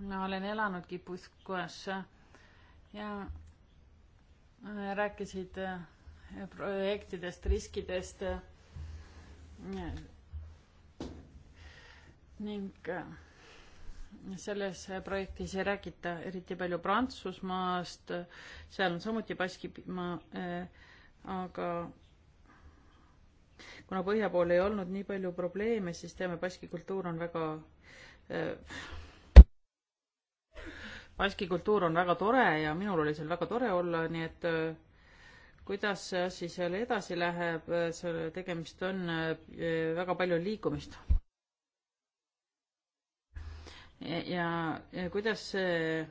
mina olen elanudki Puskuas ja rääkisid äh, projektidest, riskidest äh, ning äh, selles projektis ei räägita eriti palju Prantsusmaast, seal on samuti Baskimaa, aga kuna põhja pool ei olnud nii palju probleeme, siis teame, baski kultuur on väga baski kultuur on väga tore ja minul oli seal väga tore olla, nii et äh, kuidas see asi seal edasi läheb, äh, selle tegemist on äh, väga palju liikumist. ja kuidas see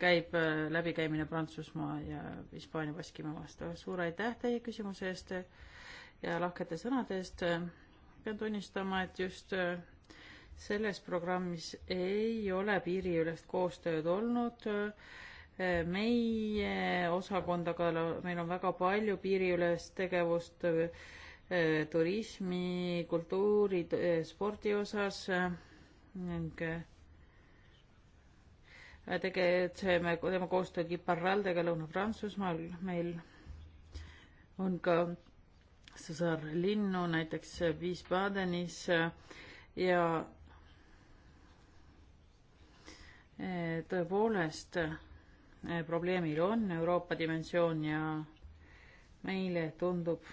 käib läbikäimine Prantsusmaa ja Hispaania Baskimaa vastu. suur aitäh teie küsimuse eest ja lahkete sõnade eest. pean tunnistama, et just selles programmis ei ole piiriülest koostööd olnud. meie osakondaga, meil on väga palju piiriülest tegevust turismi, kultuuri, spordi osas ning tegutseme, teeme koostööd Gibraldariga Lõuna-Prantsusmaal, meil on ka sõsarlinnu näiteks Wiesbadenis ja tõepoolest eh, probleemil on Euroopa dimensioon ja meile tundub,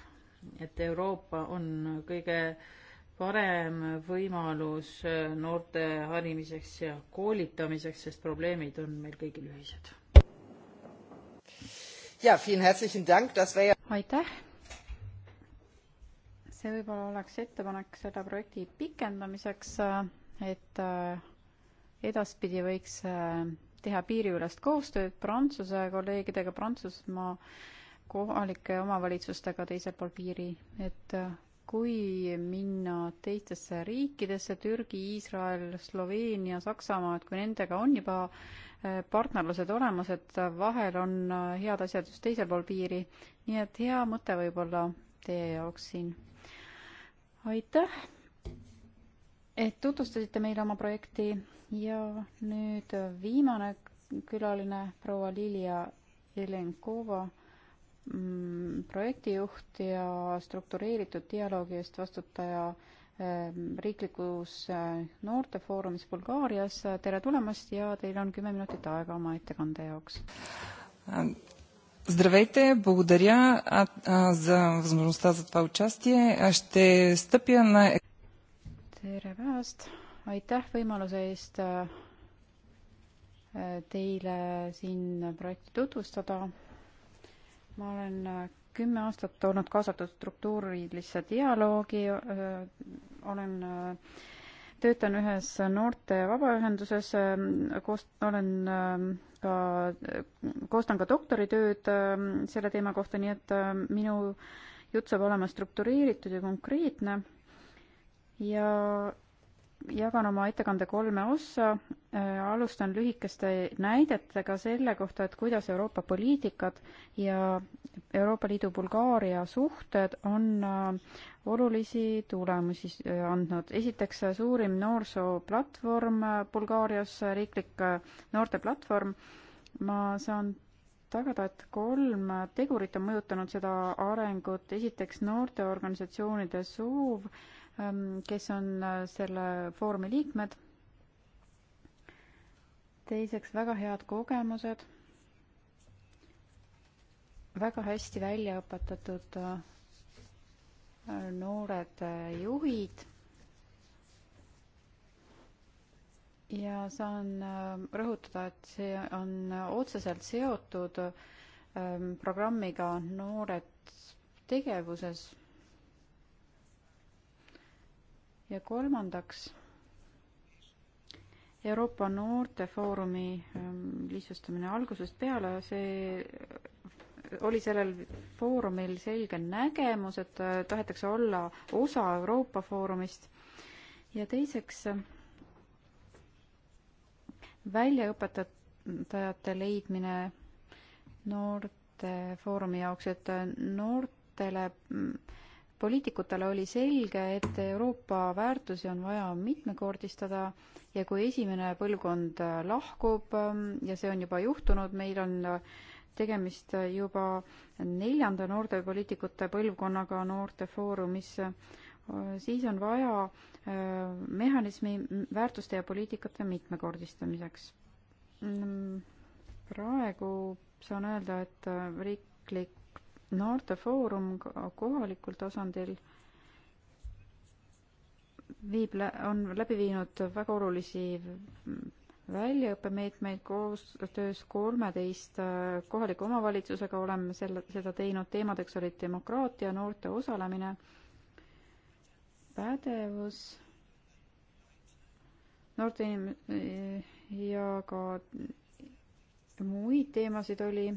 et Euroopa on kõige parem võimalus eh, noorte harimiseks ja koolitamiseks, sest probleemid on meil kõigil ühised. aitäh! see võib-olla oleks ettepanek selle projekti pikendamiseks, eh, et edaspidi võiks äh, teha piiriülest koostööd Prantsuse kolleegidega, Prantsusmaa kohalike omavalitsustega teisel pool piiri, et äh, kui minna teistesse riikidesse, Türgi, Iisrael, Sloveenia, Saksamaa, et kui nendega on juba äh, partnerlused olemas, et vahel on head asjad just teisel pool piiri, nii et hea mõte võib-olla teie jaoks siin. aitäh, et tutvustasite meile oma projekti ja nüüd viimane külaline, proua Lilia Jelenkova, mm, projektijuht ja struktureeritud dialoogi eest vastutaja ehm, riiklikus eh, noortefoorumis Bulgaarias. tere tulemast ja teil on kümme minutit aega oma ettekande jaoks. Здравейте, благодаря а, а, за възможността за това участие. Ще стъпя на... Tere päevast! aitäh võimaluse eest äh, teile siin projekti tutvustada. ma olen äh, kümme aastat olnud kaasatud struktuurilisse dialoogi, äh, olen töötan ühes noorte vabaühenduses, koost-, olen ka, koostan ka doktoritööd selle teema kohta, nii et minu jutt saab olema struktureeritud ja konkreetne ja jagan oma ettekande kolme ossa. Äh, alustan lühikeste näidetega selle kohta, et kuidas Euroopa poliitikad ja Euroopa Liidu Bulgaaria suhted on äh, olulisi tulemusi äh, andnud. esiteks suurim noorsooplatvorm Bulgaarias, riiklik noorteplatvorm. ma saan tagada, et kolm tegurit on mõjutanud seda arengut. esiteks noorteorganisatsioonide soov äh, Ähm, kes on äh, selle foorumi liikmed. teiseks, väga head kogemused, väga hästi välja õpetatud äh, noored äh, juhid ja saan rõhutada, et see on otseselt seotud ähm, programmiga Noored tegevuses ja kolmandaks Euroopa Noortefoorumi ähm, lihtsustamine algusest peale, see oli sellel foorumil selge nägemus, et äh, tahetakse olla osa Euroopa Foorumist ja teiseks äh, väljaõpetajate leidmine noortefoorumi jaoks, et äh, noortele mm, poliitikutele oli selge, et Euroopa väärtusi on vaja mitmekordistada ja kui esimene põlvkond lahkub ähm, ja see on juba juhtunud, meil on äh, tegemist äh, juba neljanda noortepoliitikute põlvkonnaga Noortefoorumis, äh, siis on vaja mehhanismi väärtuste ja poliitikate mitmekordistamiseks. Mm, praegu saan öelda, et riiklik noortefoorum kohalikul tasandil viib, on läbi viinud väga olulisi väljaõppemeetmeid koostöös kolmeteist äh, kohaliku omavalitsusega oleme selle, seda teinud, teemadeks olid demokraatia, noorte osalemine, pädevus, noorte inim- ja ka muid teemasid oli.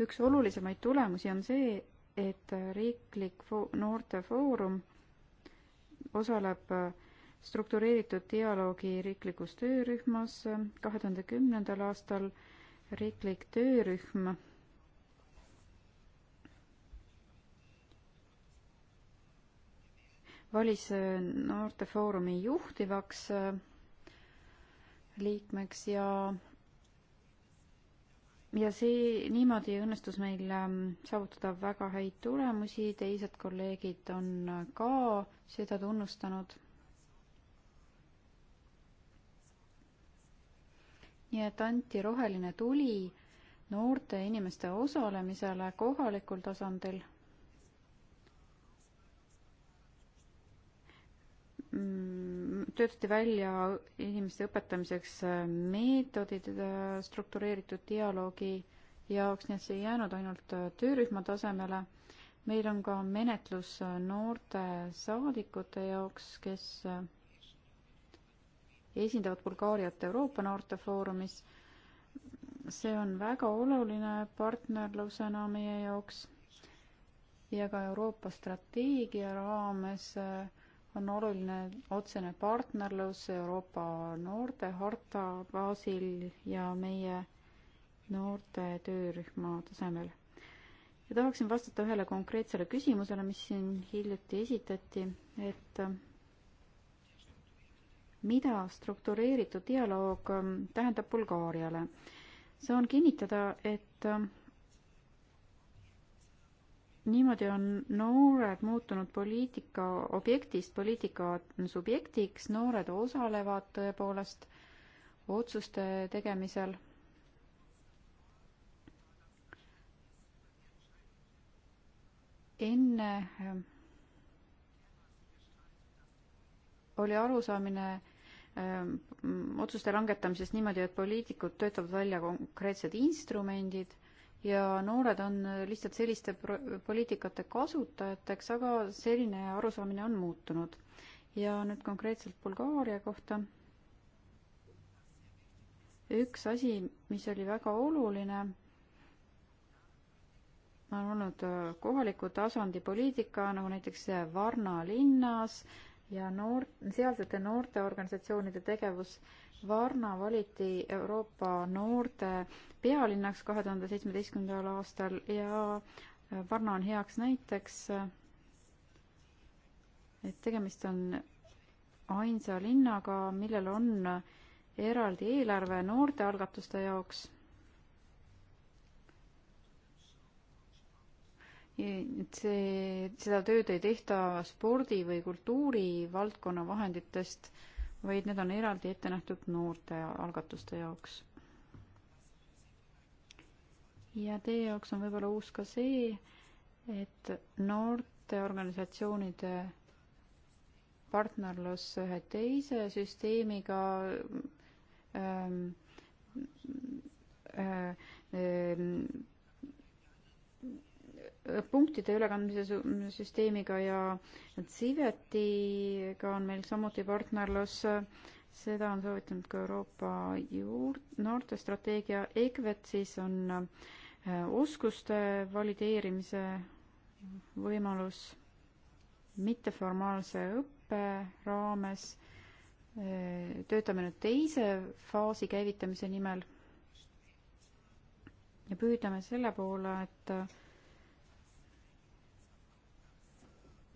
üks olulisemaid tulemusi on see, et riiklik noortefoorum osaleb struktureeritud dialoogi riiklikus töörühmas. kahe tuhande kümnendal aastal riiklik töörühm valis Noortefoorumi juhtivaks liikmeks ja ja see, niimoodi õnnestus meil ähm, saavutada väga häid tulemusi, teised kolleegid on äh, ka seda tunnustanud. nii et anti roheline tuli noorte inimeste osalemisele kohalikul tasandil. Mm töötati välja inimeste õpetamiseks äh, meetodid äh, struktureeritud dialoogi jaoks, nii et see ei jäänud ainult äh, töörühma tasemele. meil on ka menetlus noorte saadikute jaoks, kes esindavad Bulgaariat Euroopa Noortefoorumis. see on väga oluline partnerlusena meie jaoks ja ka Euroopa strateegia raames äh, on oluline otsene partnerlus Euroopa noorteharta baasil ja meie noorte töörühma tasemel. ja tahaksin vastata ühele konkreetsele küsimusele, mis siin hiljuti esitati, et äh, mida struktureeritud dialoog äh, tähendab Bulgaariale. saan kinnitada, et äh, niimoodi on noored muutunud poliitika objektist poliitika subjektiks, noored osalevad tõepoolest otsuste tegemisel. enne eh, oli arusaamine öö, eh, otsuste langetamisest niimoodi, et poliitikud töötavad välja konkreetsed instrumendid ja noored on lihtsalt selliste poliitikate kasutajateks, aga selline arusaamine on muutunud. ja nüüd konkreetselt Bulgaaria kohta. üks asi, mis oli väga oluline, on olnud äh, kohaliku tasandi poliitika, nagu näiteks äh, Varna linnas ja noor, sealsete noorteorganisatsioonide tegevus äh, Varna valiti Euroopa noorte pealinnaks kahe tuhande seitsmeteistkümnendal aastal ja äh, Varna on heaks näiteks, äh, et tegemist on ainsa linnaga, millel on äh, eraldi eelarve noortealgatuste jaoks. et see, seda tööd ei tehta spordi või kultuurivaldkonna vahenditest vaid need on eraldi ette nähtud noorte algatuste jaoks. ja teie jaoks on võib-olla uus ka see, et noorteorganisatsioonide partnerlus ühe teise süsteemiga ähm, ähm, punktide ülekandmise süsteemiga ja Civetiga on meil samuti partnerlus. seda on soovitanud ka Euroopa juur-, noortestrateegia EGVET, siis on äh, oskuste valideerimise võimalus mitteformaalse õppe raames. Äh, töötame nüüd teise faasi käivitamise nimel ja püüdleme selle poole, et äh,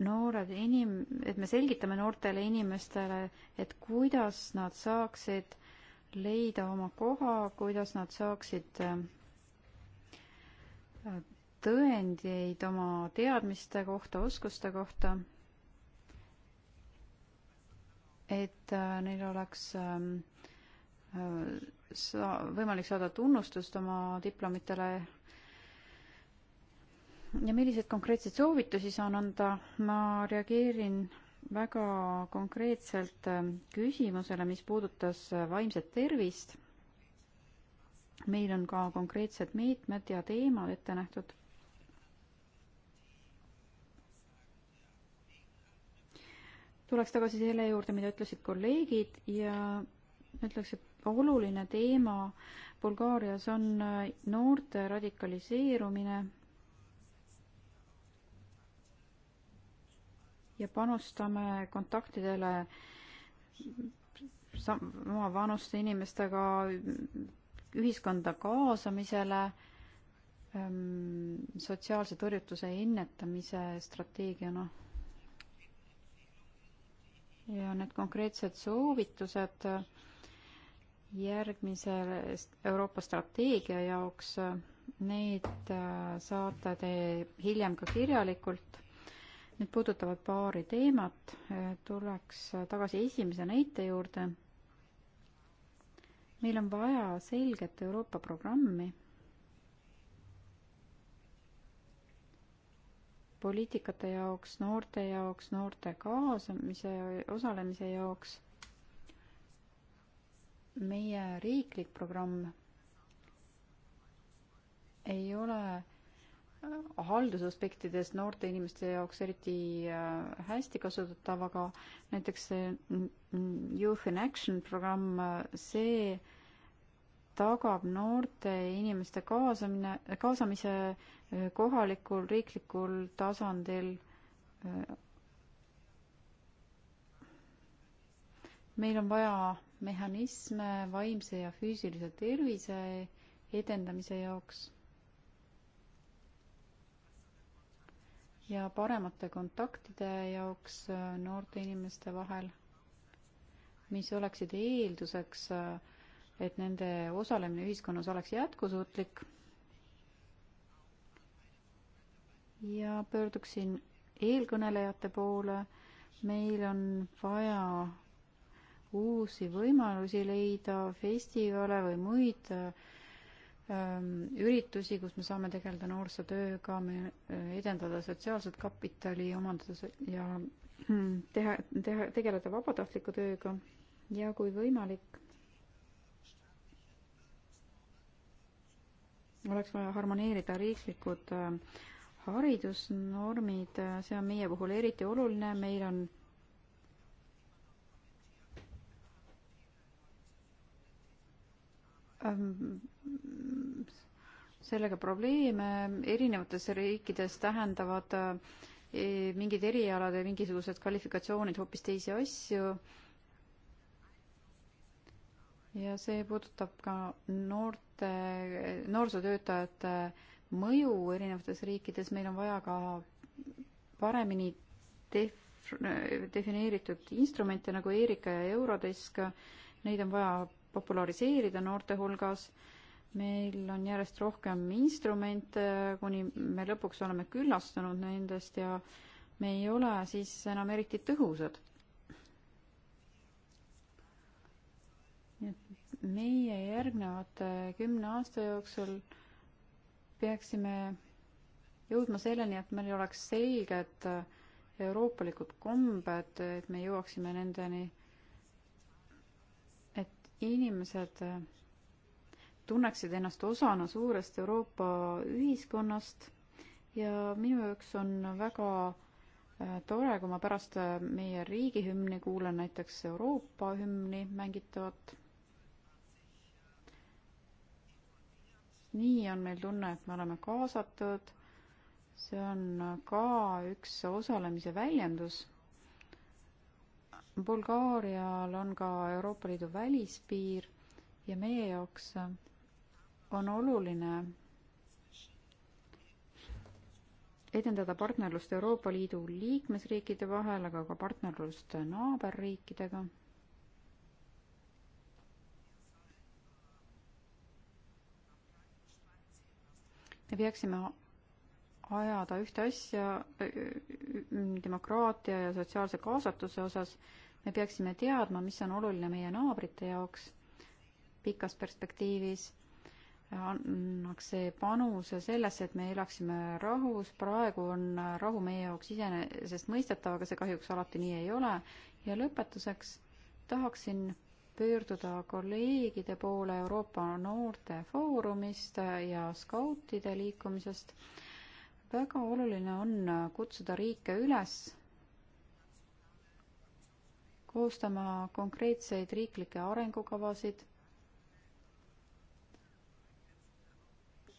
noored inim-, et me selgitame noortele inimestele, et kuidas nad saaksid leida oma koha, kuidas nad saaksid äh, tõendeid oma teadmiste kohta, oskuste kohta, et äh, neil oleks ähm, äh, sa-, võimalik saada tunnustust oma diplomitele ja milliseid konkreetseid soovitusi saan anda, ma reageerin väga konkreetselt ähm, küsimusele, mis puudutas äh, vaimset tervist. meil on ka konkreetsed meetmed ja teemad ette nähtud. tuleks tagasi selle juurde, mida ütlesid kolleegid ja ütleks, et oluline teema Bulgaarias on äh, noorte radikaliseerumine ja panustame kontaktidele sama vanuste inimestega, ühiskonda kaasamisele, ähm, sotsiaalse tõrjutuse ennetamise strateegiana. ja need konkreetsed soovitused äh, järgmise Euroopa strateegia jaoks, äh, neid äh, saate te hiljem ka kirjalikult need puudutavad paari teemat. tuleks tagasi esimese näite juurde. meil on vaja selget Euroopa programmi. poliitikate jaoks, noorte jaoks, noorte kaasamise, osalemise jaoks. meie riiklik programm ei ole haldusaspektidest noorte inimeste jaoks eriti äh, hästi kasutatav, aga näiteks see Youth in Action programm, äh, see tagab noorte inimeste kaasamine, kaasamise äh, kohalikul, riiklikul tasandil. meil on vaja mehhanisme vaimse ja füüsilise tervise edendamise jaoks ja paremate kontaktide jaoks äh, noorte inimeste vahel, mis oleksid eelduseks, äh, et nende osalemine ühiskonnas oleks jätkusuutlik. ja pöörduksin eelkõnelejate poole, meil on vaja uusi võimalusi leida, festivale või muid äh, Ähm, üritusi, kus me saame tegeleda noorsootööga, me äh, edendada sotsiaalset kapitali, omandada ja hmm, teha, teha, tegeleda vabatahtliku tööga ja kui võimalik, oleks vaja harmoneerida riiklikud äh, haridusnormid, äh, see on meie puhul eriti oluline, meil on ähm, sellega probleeme, erinevates riikides tähendavad e, mingid erialad ja mingisugused kvalifikatsioonid hoopis teisi asju. ja see puudutab ka noorte, noorsootöötajate mõju erinevates riikides, meil on vaja ka paremini def-, defineeritud instrumente nagu Erika ja Eurodesk, neid on vaja populariseerida noorte hulgas meil on järjest rohkem instrumente, kuni me lõpuks oleme küllastunud nendest ja me ei ole siis enam eriti tõhusad. nii et meie järgnevate kümne aasta jooksul peaksime jõudma selleni, et meil oleks selged euroopalikud kombed, et me jõuaksime nendeni, et inimesed tunneksid ennast osana suurest Euroopa ühiskonnast ja minu jaoks on väga äh, tore, kui ma pärast äh, meie riigihümni kuulen näiteks Euroopa hümni mängitavat. nii on meil tunne, et me oleme kaasatud. see on ka üks osalemise väljendus. Bulgaarial on ka Euroopa Liidu välispiir ja meie jaoks äh, on oluline edendada partnerlust Euroopa Liidu liikmesriikide vahel, aga ka partnerlust naaberriikidega. me peaksime ajada ühte asja demokraatia ja sotsiaalse kaasatuse osas. me peaksime teadma, mis on oluline meie naabrite jaoks pikas perspektiivis annaks see panuse sellesse, et me elaksime rahus, praegu on rahu meie jaoks iseenesestmõistetav, aga see kahjuks alati nii ei ole. ja lõpetuseks tahaksin pöörduda kolleegide poole Euroopa Noortefoorumist ja skautide liikumisest. väga oluline on kutsuda riike üles koostama konkreetseid riiklikke arengukavasid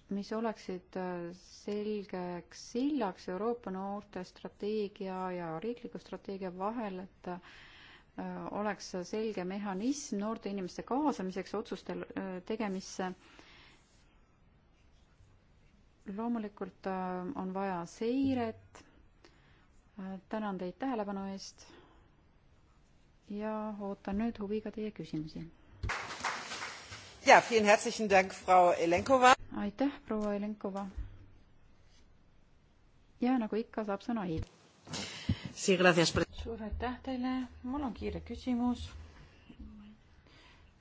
mis oleksid äh, selgeks sillaks Euroopa noorte strateegia ja riikliku strateegia vahel, et äh, oleks selge mehhanism noorte inimeste kaasamiseks otsuste äh, tegemisse. loomulikult on vaja seiret. tänan teid tähelepanu eest ja ootan nüüd huviga teie küsimusi. ja, vielen herzlichen Dank, Frau Elenkova aitäh, proua Jelenkova. ja nagu ikka, saab sõna Hiid. suur aitäh teile, mul on kiire küsimus.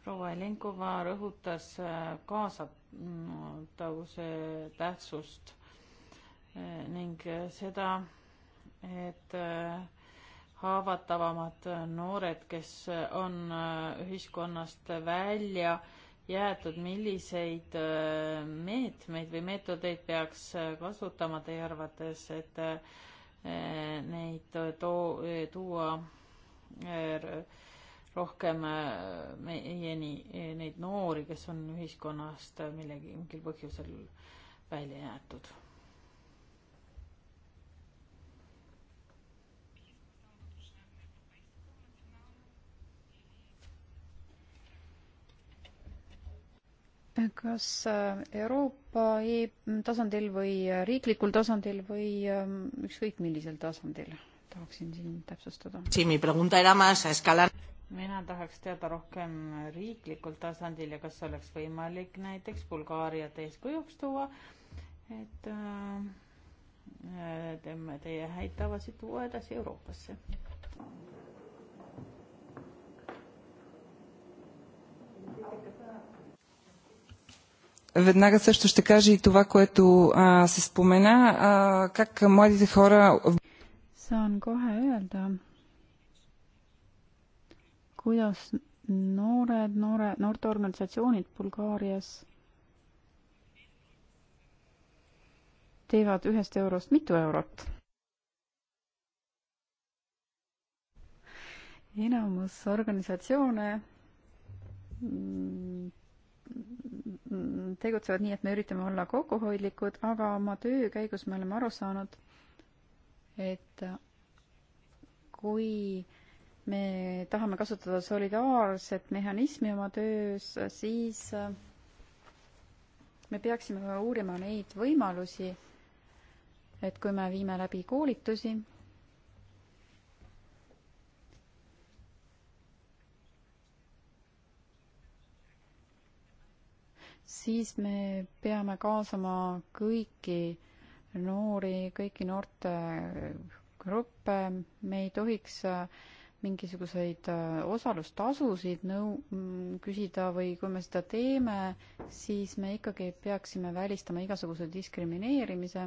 proua Jelenkova rõhutas äh, kaasatavuse tähtsust äh, ning äh, seda, et haavatavamad noored, kes on ühiskonnast välja äh, jäetud, milliseid äh, meetmeid või meetodeid peaks äh, kasutama teie arvates, et äh, neid too, tuua rohkem meieni, neid noori, kes on ühiskonnast millegi, mingil põhjusel välja jäetud kas äh, Euroopa e tasandil või äh, riiklikul tasandil või ähm, ükskõik millisel tasandil? tahaksin siin täpsustada. mina tahaks teada rohkem riiklikul tasandil ja kas oleks võimalik näiteks Bulgaariat eeskujuks tuua, et äh, teeme teie häid tavasid tuua edasi Euroopasse. Thank you. Веднага също ще кажа и това, което а, се спомена, а, как младите хора. Saan kohe öelda, kuidas noored, noore, noorteorganisatsioonid Bulgaarias teevad ühest eurost mitu eurot. enamus organisatsioone mm, tegutsevad nii, et me üritame olla kokkuhoidlikud, aga oma töö käigus me oleme aru saanud, et kui me tahame kasutada solidaarset mehhanismi oma töös, siis me peaksime uurima neid võimalusi, et kui me viime läbi koolitusi siis me peame kaasama kõiki noori, kõiki noortegruppe, me ei tohiks äh, mingisuguseid äh, osalustasusid nõu-, mm, küsida või kui me seda teeme, siis me ikkagi peaksime välistama igasuguse diskrimineerimise.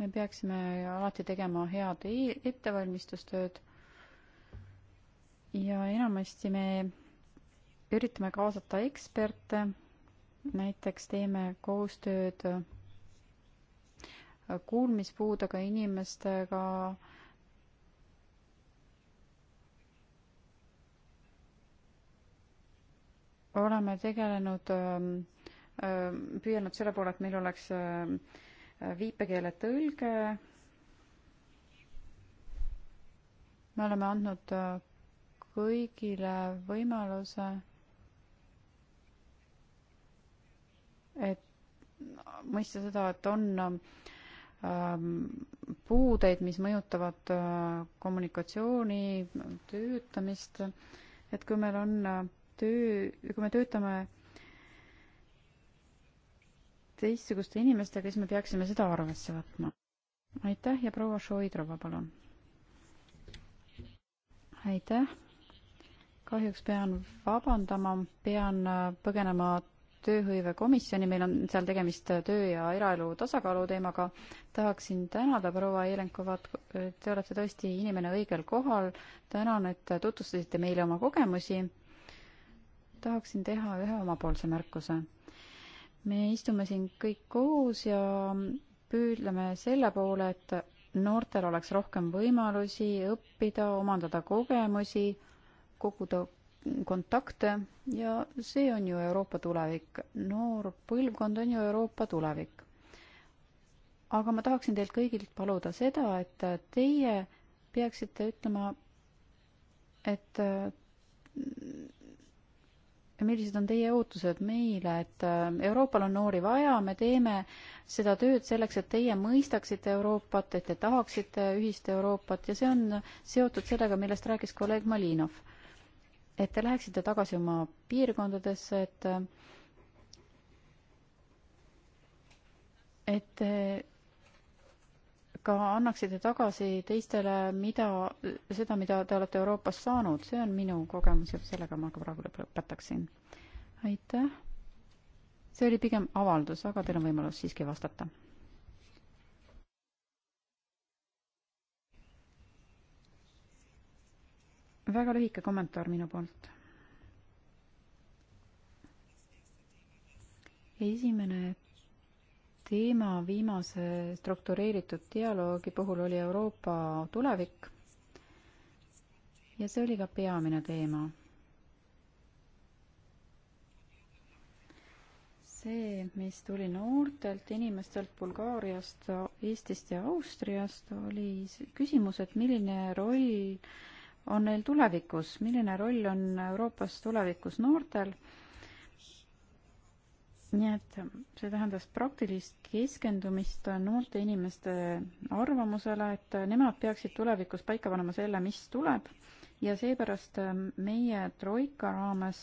me peaksime alati tegema head e-, ettevalmistustööd ja enamasti me üritame kaasata eksperte, näiteks teeme koostööd kuulmispuudega inimestega, oleme tegelenud, ähm, ähm, püüelnud selle poole, et meil oleks ähm, viipekeele tõlge. me oleme andnud äh, kõigile võimaluse, et mõista seda, et on ähm, puudeid, mis mõjutavad äh, kommunikatsiooni, töötamist, et kui meil on äh, töö, kui me töötame teistsuguste inimestega, siis me peaksime seda arvesse võtma. aitäh ja proua Šoidrova, palun. aitäh kahjuks pean vabandama, pean äh, põgenema tööhõivekomisjoni, meil on seal tegemist äh, töö ja eraelu tasakaalu teemaga. tahaksin tänada proua Jelenkovat, te olete tõesti inimene õigel kohal. tänan, et tutvustasite meile oma kogemusi. tahaksin teha ühe omapoolse märkuse. me istume siin kõik koos ja püüdleme selle poole, et noortel oleks rohkem võimalusi õppida, omandada kogemusi koguda kontakte ja see on ju Euroopa tulevik. noor põlvkond on ju Euroopa tulevik. aga ma tahaksin teilt kõigilt paluda seda, et teie peaksite ütlema, et millised on teie ootused meile, et Euroopal on noori vaja, me teeme seda tööd selleks, et teie mõistaksite Euroopat, et te tahaksite ühist Euroopat ja see on seotud sellega, millest rääkis kolleeg Malinov et te läheksite tagasi oma piirkondadesse, et et te ka annaksite tagasi teistele, mida, seda, mida te olete Euroopas saanud, see on minu kogemus ja sellega ma ka praegu lõpetaksin. aitäh. see oli pigem avaldus, aga teil on võimalus siiski vastata väga lühike kommentaar minu poolt. esimene teema viimase struktureeritud dialoogi puhul oli Euroopa tulevik ja see oli ka peamine teema. see, mis tuli noortelt inimestelt Bulgaariast, Eestist ja Austriast, oli küsimus, et milline roll on neil tulevikus, milline roll on Euroopas tulevikus noortel. nii et see tähendas praktilist keskendumist noorte inimeste arvamusele, et nemad peaksid tulevikus paika panema selle, mis tuleb ja seepärast meie Troika raames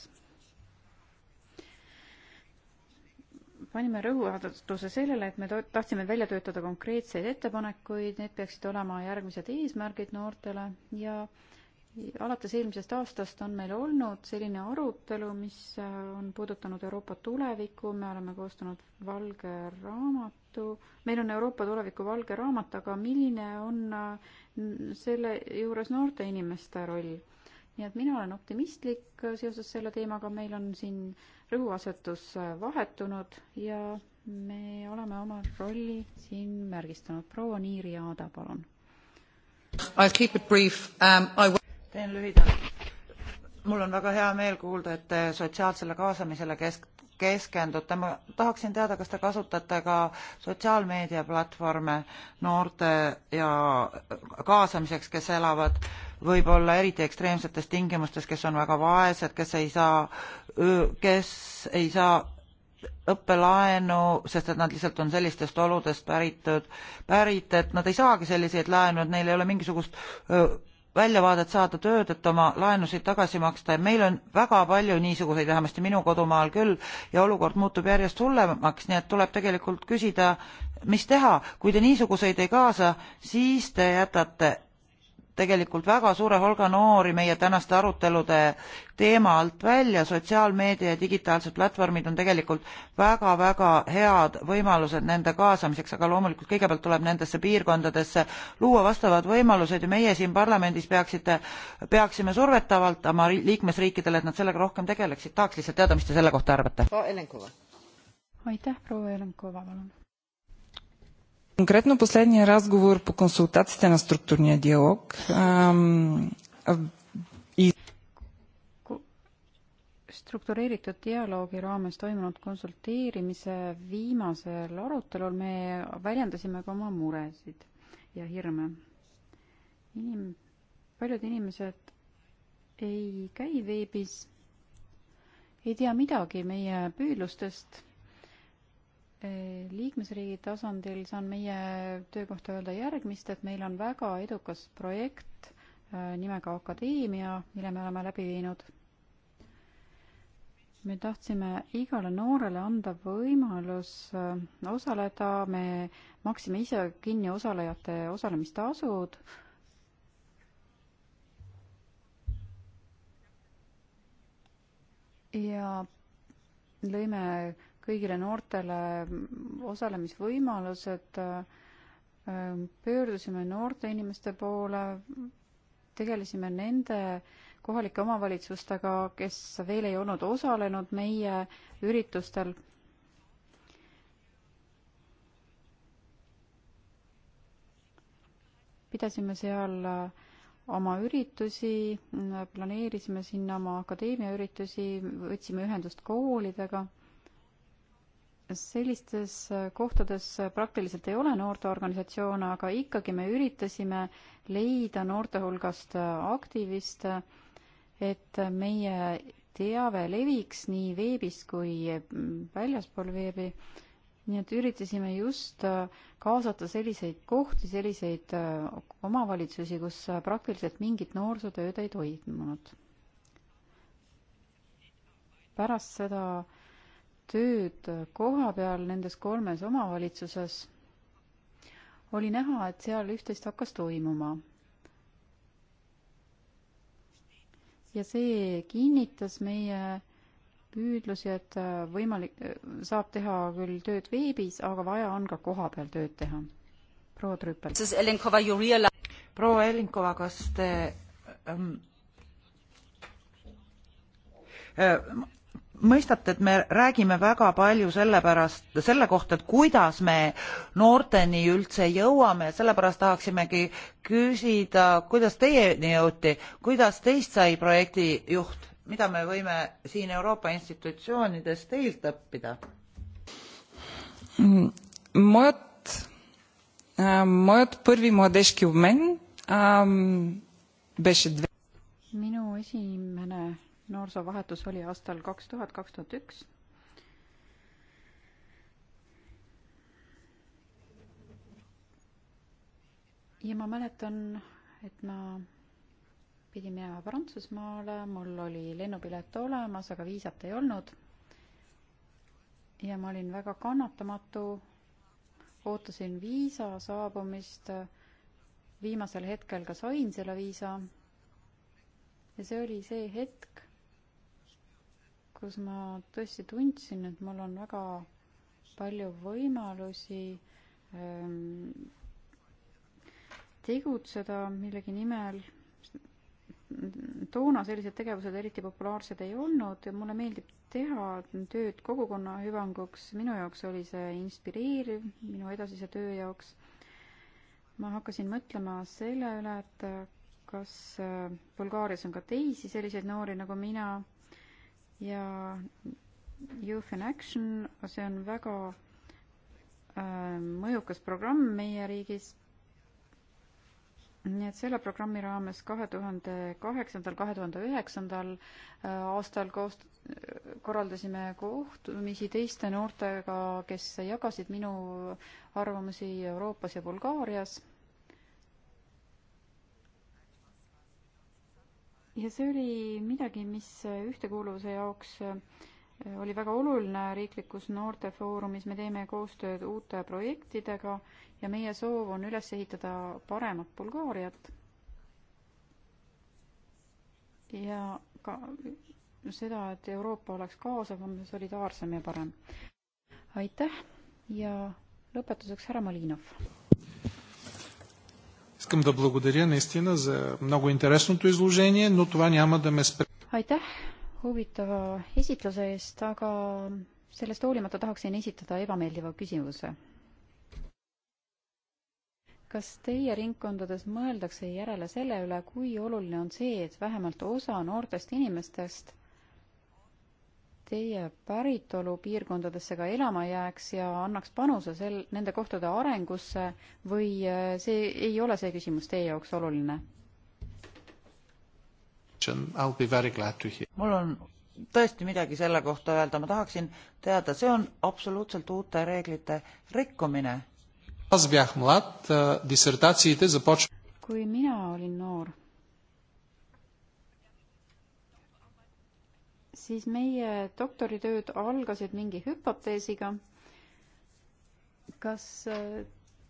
panime rõhuasetuse sellele, et me tahtsime välja töötada konkreetseid ettepanekuid, need peaksid olema järgmised eesmärgid noortele ja äh, alates eelmisest aastast on meil olnud selline arutelu, mis äh, on puudutanud Euroopa tulevikku, me oleme koostanud valge raamatu, meil on Euroopa tuleviku valge raamat, aga milline on äh, selle juures noorte inimeste roll? nii et mina olen optimistlik äh, seoses selle teemaga, meil on siin rõhuasetus vahetunud ja me oleme oma rolli siin märgistanud. proua Niiri Aada, palun I'll keep it brief. Um, I teen lühidalt. mul on väga hea meel kuulda, et te sotsiaalsele kaasamisele kesk-, keskendute. ma tahaksin teada, kas te kasutate ka sotsiaalmeediaplatvorme noorte ja kaasamiseks, kes elavad võib-olla eriti ekstreemsetes tingimustes, kes on väga vaesed, kes ei saa, kes ei saa õppelaenu, sest et nad lihtsalt on sellistest oludest päritud, pärit, et nad ei saagi selliseid laenu, et neil ei ole mingisugust väljavaadet saada tööd, et oma laenusid tagasi maksta ja meil on väga palju niisuguseid, vähemasti minu kodumaal küll, ja olukord muutub järjest hullemaks, nii et tuleb tegelikult küsida, mis teha. kui te niisuguseid ei kaasa, siis te jätate tegelikult väga suure hulga noori meie tänaste arutelude teema alt välja. sotsiaalmeedia ja digitaalsed platvormid on tegelikult väga-väga head võimalused nende kaasamiseks, aga loomulikult kõigepealt tuleb nendesse piirkondadesse luua vastavad võimalused ja meie siin parlamendis peaksite, peaksime survet avaldama liikmesriikidele, et nad sellega rohkem tegeleksid. tahaks lihtsalt teada, mis te selle kohta arvate. aitäh, proua Jelenkova, palun Конкретно последния разговор по консултациите на структурния диалог ам, и struktureeritud dialoogi raames toimunud konsulteerimise viimasel arutelul me väljendasime ka oma muresid ja hirme. inim-, paljud inimesed ei käi veebis, ei tea midagi meie püüdlustest Äh, liikmesriigi tasandil saan meie töökohta öelda järgmist, et meil on väga edukas projekt äh, nimega Akadeemia, mille me oleme läbi viinud. me tahtsime igale noorele anda võimalus äh, osaleda, me maksime ise kinni osalejate osalemistasud ja lõime kõigile noortele osalemisvõimalused, pöördusime noorte inimeste poole, tegelesime nende kohalike omavalitsustega, kes veel ei olnud osalenud meie üritustel. pidasime seal oma üritusi, planeerisime sinna oma akadeemia üritusi, võtsime ühendust koolidega sellistes äh, kohtades äh, praktiliselt ei ole noorteorganisatsioone, aga ikkagi me üritasime leida noorte hulgast äh, aktiviste, et meie teave leviks nii veebis kui väljaspool veebi. nii et üritasime just kaasata selliseid kohti, selliseid omavalitsusi, kus praktiliselt mingit noorsootööd ei toimunud. pärast seda äh, tööd koha peal nendes kolmes omavalitsuses, oli näha, et seal üht-teist hakkas toimuma. ja see kinnitas meie püüdlusi, et võimalik, saab teha küll tööd veebis, aga vaja on ka koha peal tööd teha. proua Trüppel. proua Elinkova, kas te ähm, äh, mõistate, et me räägime väga palju sellepärast, selle kohta, et kuidas me noorteni üldse jõuame, sellepärast tahaksimegi küsida, kuidas teieni jõuti, kuidas teist sai projektijuht, mida me võime siin Euroopa institutsioonides teilt õppida? Моят, моят първи младежки обмен беше две. Minu esimene noorsoovahetus oli aastal kaks tuhat, kaks tuhat üks. ja ma mäletan, et ma pidin minema Prantsusmaale, mul oli lennupilet olemas, aga viisat ei olnud. ja ma olin väga kannatamatu, ootasin viisa saabumist, viimasel hetkel ka sain selle viisa. ja see oli see hetk, kus ma tõesti tundsin, et mul on väga palju võimalusi ähm, tegutseda millegi nimel. toona sellised tegevused eriti populaarsed ei olnud ja mulle meeldib teha tööd kogukonna hüvanguks, minu jaoks oli see inspireeriv minu edasise töö jaoks. ma hakkasin mõtlema selle üle, et kas äh, Bulgaarias on ka teisi selliseid noori nagu mina ja Youth in Action, see on väga äh, mõjukas programm meie riigis. nii et selle programmi raames kahe tuhande kaheksandal, kahe tuhande üheksandal äh, aastal koost-, korraldasime kohtumisi teiste noortega, kes jagasid minu arvamusi Euroopas ja Bulgaarias ja see oli midagi, mis ühtekuuluvuse jaoks äh, oli väga oluline riiklikus noortefoorumis, me teeme koostööd uute projektidega ja meie soov on üles ehitada paremat Bulgaariat. ja ka seda, et Euroopa oleks kaasavam, solidaarsem ja parem. aitäh ja lõpetuseks härra Malinov Искам да благодаря наистина за много интересното изложение, но това няма да ме спре. Aitäh huvitava esitluse eest, aga sellest hoolimata tahaksin esitada ebameeldiva küsimuse. kas teie ringkondades mõeldakse järele selle üle, kui oluline on see, et vähemalt osa noortest inimestest teie päritolupiirkondadesse ka elama jääks ja annaks panuse sel, nende kohtade arengusse või äh, see ei ole see küsimus teie jaoks oluline? mul on tõesti midagi selle kohta öelda, ma tahaksin teada, see on absoluutselt uute reeglite rikkumine. E, kui mina olin noor siis meie doktoritööd algasid mingi hüpoteesiga. kas äh,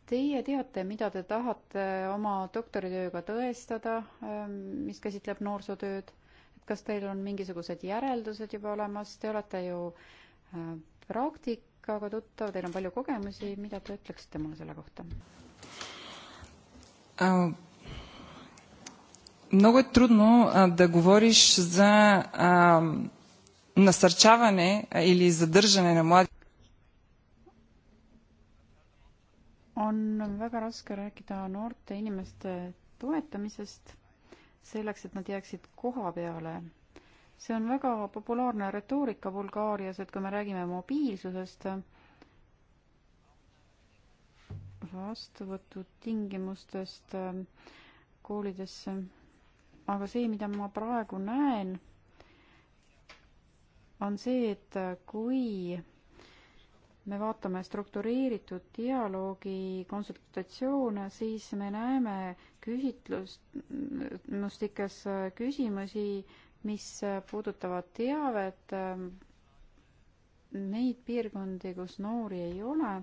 teie teate, mida te tahate oma doktoritööga tõestada, ähm, mis käsitleb noorsootööd? et kas teil on mingisugused järeldused juba olemas, te olete ju äh, praktikaga tuttav, teil on palju kogemusi, mida te ütleksite mulle selle kohta uh.? Много е трудно а, да говориш за а, насърчаване или задържане на млади. on väga raske rääkida noorte inimeste toetamisest selleks, et nad jääksid koha peale. see on väga populaarne retoorika Bulgaarias, et kui me räägime mobiilsusest, vastuvõtutingimustest ähm, koolidesse, aga see, mida ma praegu näen on see, et kui me vaatame struktureeritud dialoogi konsultatsioone, siis me näeme küsitlustikes küsimusi, mis puudutavad teavet, neid piirkondi, kus noori ei ole,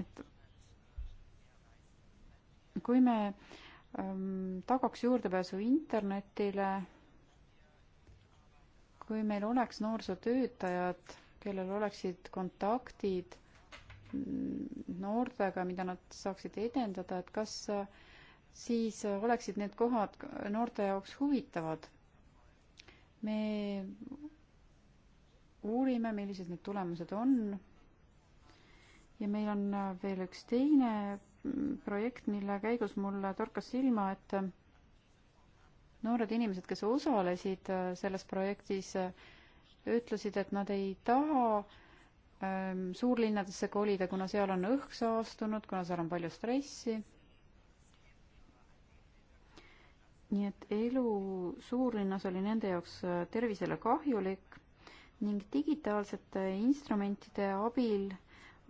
et kui me ähm, tagaks juurdepääsu internetile kui meil oleks noorsootöötajad, kellel oleksid kontaktid noortega, mida nad saaksid edendada, et kas äh, siis äh, oleksid need kohad noorte jaoks huvitavad? me uurime, millised need tulemused on. ja meil on äh, veel üks teine mm, projekt, mille käigus mulle torkas silma, et noored inimesed, kes osalesid äh, selles projektis, äh, ütlesid, et nad ei taha ähm, suurlinnadesse kolida, kuna seal on õhk saastunud, kuna seal on palju stressi. nii et elu suurlinnas oli nende jaoks äh, tervisele kahjulik ning digitaalsete instrumentide abil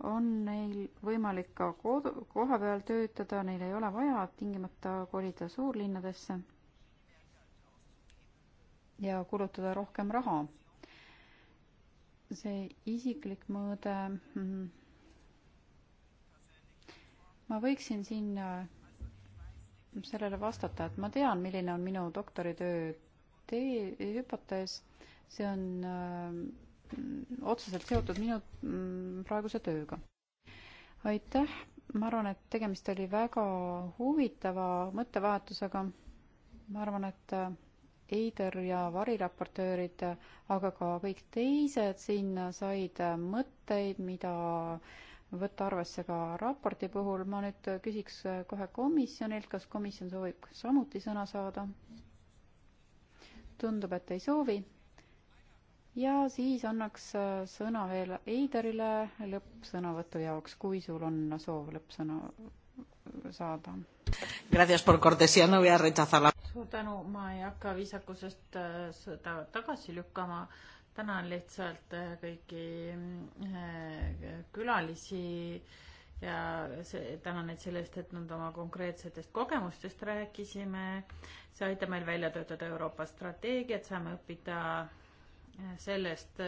on neil võimalik ka kodu, koha peal töötada, neil ei ole vaja tingimata kolida suurlinnadesse ja kulutada rohkem raha. see isiklik mõõde, mhm. ma võiksin siin äh, sellele vastata, et ma tean, milline on minu doktoritöö tee, hüpotees, see on öö, äh, otseselt seotud minu mm, praeguse tööga. aitäh, ma arvan, et tegemist oli väga huvitava mõttevahetusega. ma arvan, et äh, Eider ja variraportöörid, aga ka kõik teised siin said mõtteid, mida võtta arvesse ka raporti puhul. ma nüüd küsiks kohe komisjonilt, kas komisjon soovib samuti sõna saada? tundub, et ei soovi. ja siis annaks sõna veel Eiderile lõppsõnavõtu jaoks, kui sul on soov lõppsõna saada Gracias por cortesía, no voy a rechazar la. suur tänu, ma ei hakka viisakusest äh, seda tagasi lükkama. tänan lihtsalt äh, kõiki äh, külalisi ja see, tänan neid selle eest, et nad oma konkreetsetest kogemustest rääkisime. see aitab meil välja töötada Euroopa strateegiat, saame õppida sellest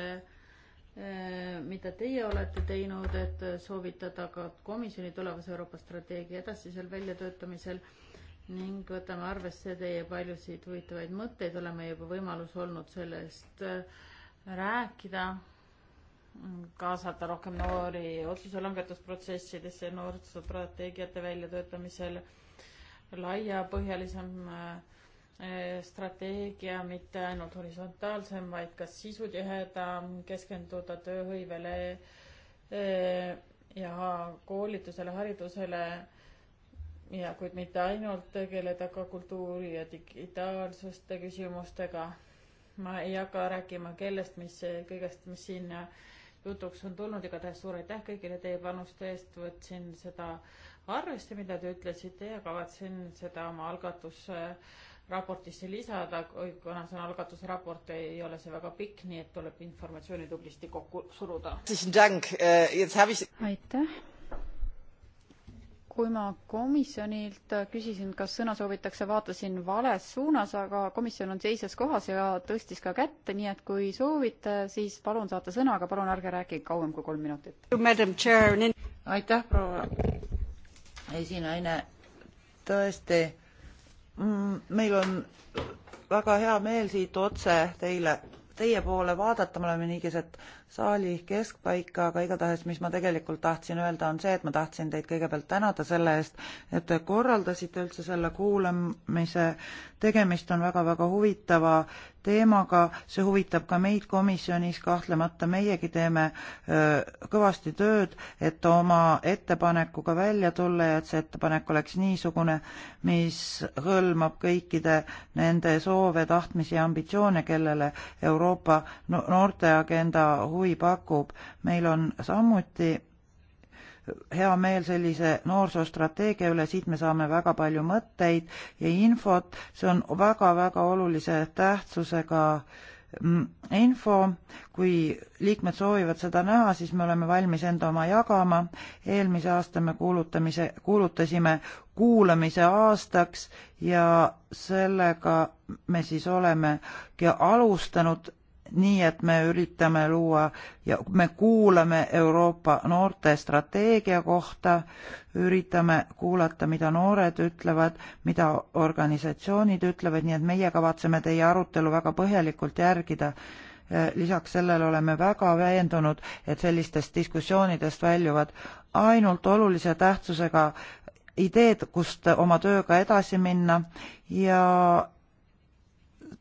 Äh, mida teie olete teinud, et soovitada ka komisjoni tulevase Euroopa strateegia edasisel väljatöötamisel ning võtame arvesse teie paljusid huvitavaid mõtteid, oleme juba võimalus olnud sellest äh, rääkida, kaasata rohkem noori otsuse langetusprotsessidesse, noorstrateegiate väljatöötamisel, laiapõhjalisem äh, Äh, strateegia mitte ainult horisontaalsem, vaid ka sisutihedam, keskenduda tööhõivele äh, ja koolitusele, haridusele ja kuid mitte ainult tegeleda ka kultuuri ja digitaalsuste küsimustega. ma ei hakka rääkima kellest, mis kõigest, mis siin jutuks on tulnud, igatahes suur aitäh kõigile teie panuste eest, võtsin seda arvesse, mida te ütlesite ja kavatsen seda oma algatusse äh, raportisse lisada, kuna see on algatuse raport, ei ole see väga pikk, nii et tuleb informatsiooni tublisti kokku suruda. Äh, aitäh. kui ma komisjonilt küsisin, kas sõna soovitakse, vaatasin vales suunas, aga komisjon on teises kohas ja tõstis ka kätt, nii et kui soovite, siis palun saate sõna, aga palun ärge rääkige kauem kui kolm minutit. aitäh, proua esinaine. tõesti Mm, meil on väga hea meel siit otse teile, teie poole vaadata, me oleme nii keset saali keskpaika, aga igatahes, mis ma tegelikult tahtsin öelda, on see, et ma tahtsin teid kõigepealt tänada selle eest, et te korraldasite üldse selle kuulamise. tegemist on väga-väga huvitava teemaga, see huvitab ka meid komisjonis, kahtlemata meiegi teeme öö, kõvasti tööd, et oma ettepanekuga välja tulla ja et see ettepanek oleks niisugune, mis hõlmab kõikide nende soove, tahtmisi ja ambitsioone, kellele Euroopa noorteagenda huvi pakub. meil on samuti hea meel sellise noorsoostrateegia üle, siit me saame väga palju mõtteid ja infot, see on väga-väga olulise tähtsusega mm, info, kui liikmed soovivad seda näha, siis me oleme valmis enda oma jagama. eelmise aasta me kuulutamise, kuulutasime kuulamise aastaks ja sellega me siis olemegi alustanud nii, et me üritame luua ja me kuulame Euroopa noorte strateegia kohta, üritame kuulata, mida noored ütlevad, mida organisatsioonid ütlevad, nii et meie kavatseme teie arutelu väga põhjalikult järgida. lisaks sellele oleme väga veendunud, et sellistest diskussioonidest väljuvad ainult olulise tähtsusega ideed, kust oma tööga edasi minna ja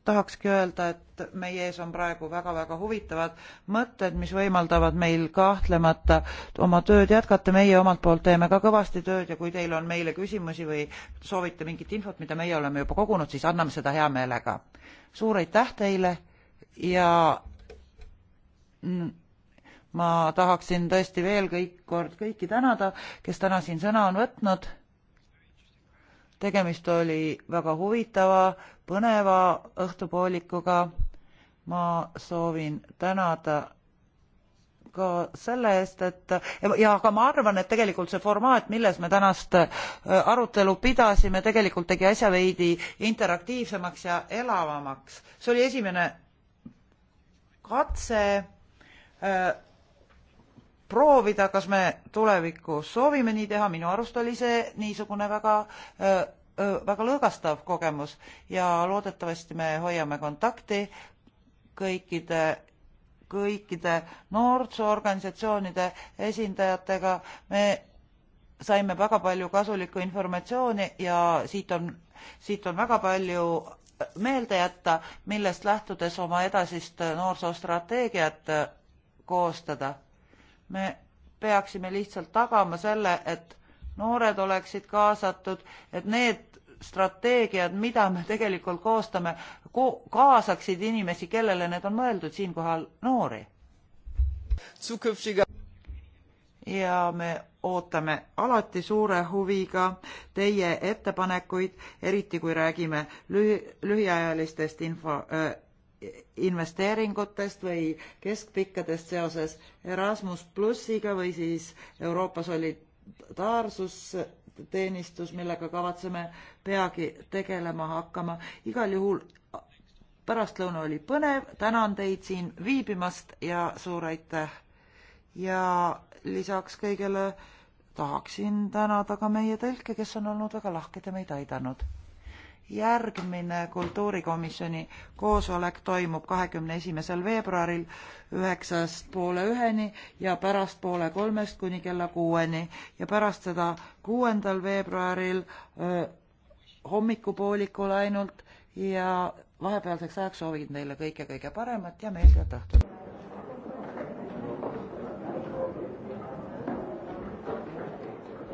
tahakski öelda, et meie ees on praegu väga-väga huvitavad mõtted, mis võimaldavad meil kahtlemata oma tööd jätkata, meie omalt poolt teeme ka kõvasti tööd ja kui teil on meile küsimusi või soovite mingit infot, mida meie oleme juba kogunud, siis anname seda hea meelega. suur aitäh teile ja ma tahaksin tõesti veel kõik kord kõiki tänada, kes täna siin sõna on võtnud. tegemist oli väga huvitava põneva õhtupoolikuga. ma soovin tänada ka selle eest, et ja aga ma arvan, et tegelikult see formaat, milles me tänast äh, arutelu pidasime, tegelikult tegi asja veidi interaktiivsemaks ja elavamaks. see oli esimene katse äh, proovida, kas me tulevikus soovime nii teha, minu arust oli see niisugune väga äh, väga lõõgastav kogemus ja loodetavasti me hoiame kontakti kõikide kõikide noorsoorganisatsioonide esindajatega. me saime väga palju kasulikku informatsiooni ja siit on, siit on väga palju meelde jätta, millest lähtudes oma edasist noorsoostrateegiat koostada. me peaksime lihtsalt tagama selle, et noored oleksid kaasatud, et need strateegiad, mida me tegelikult koostame ko, kaasaksid inimesi, kellele need on mõeldud, siinkohal noori. ja me ootame alati suure huviga teie ettepanekuid, eriti kui räägime lühi, lühiajalistest info äh, investeeringutest või keskpikkadest seoses Erasmus plussiga või siis Euroopa solid-, solidaarsusteenistus, millega kavatseme peagi tegelema hakkama. igal juhul pärastlõuna oli põnev, tänan teid siin viibimast ja suur aitäh. ja lisaks kõigele tahaksin tänada ka meie tõlke, kes on olnud väga lahked ja meid aidanud järgmine kultuurikomisjoni koosolek toimub kahekümne esimesel veebruaril üheksast poole üheni ja pärast poole kolmest kuni kella kuueni ja pärast seda kuuendal veebruaril öö, hommikupoolikul ainult ja vahepealseks ajaks soovin teile kõike kõige paremat ja meeldivat õhtut!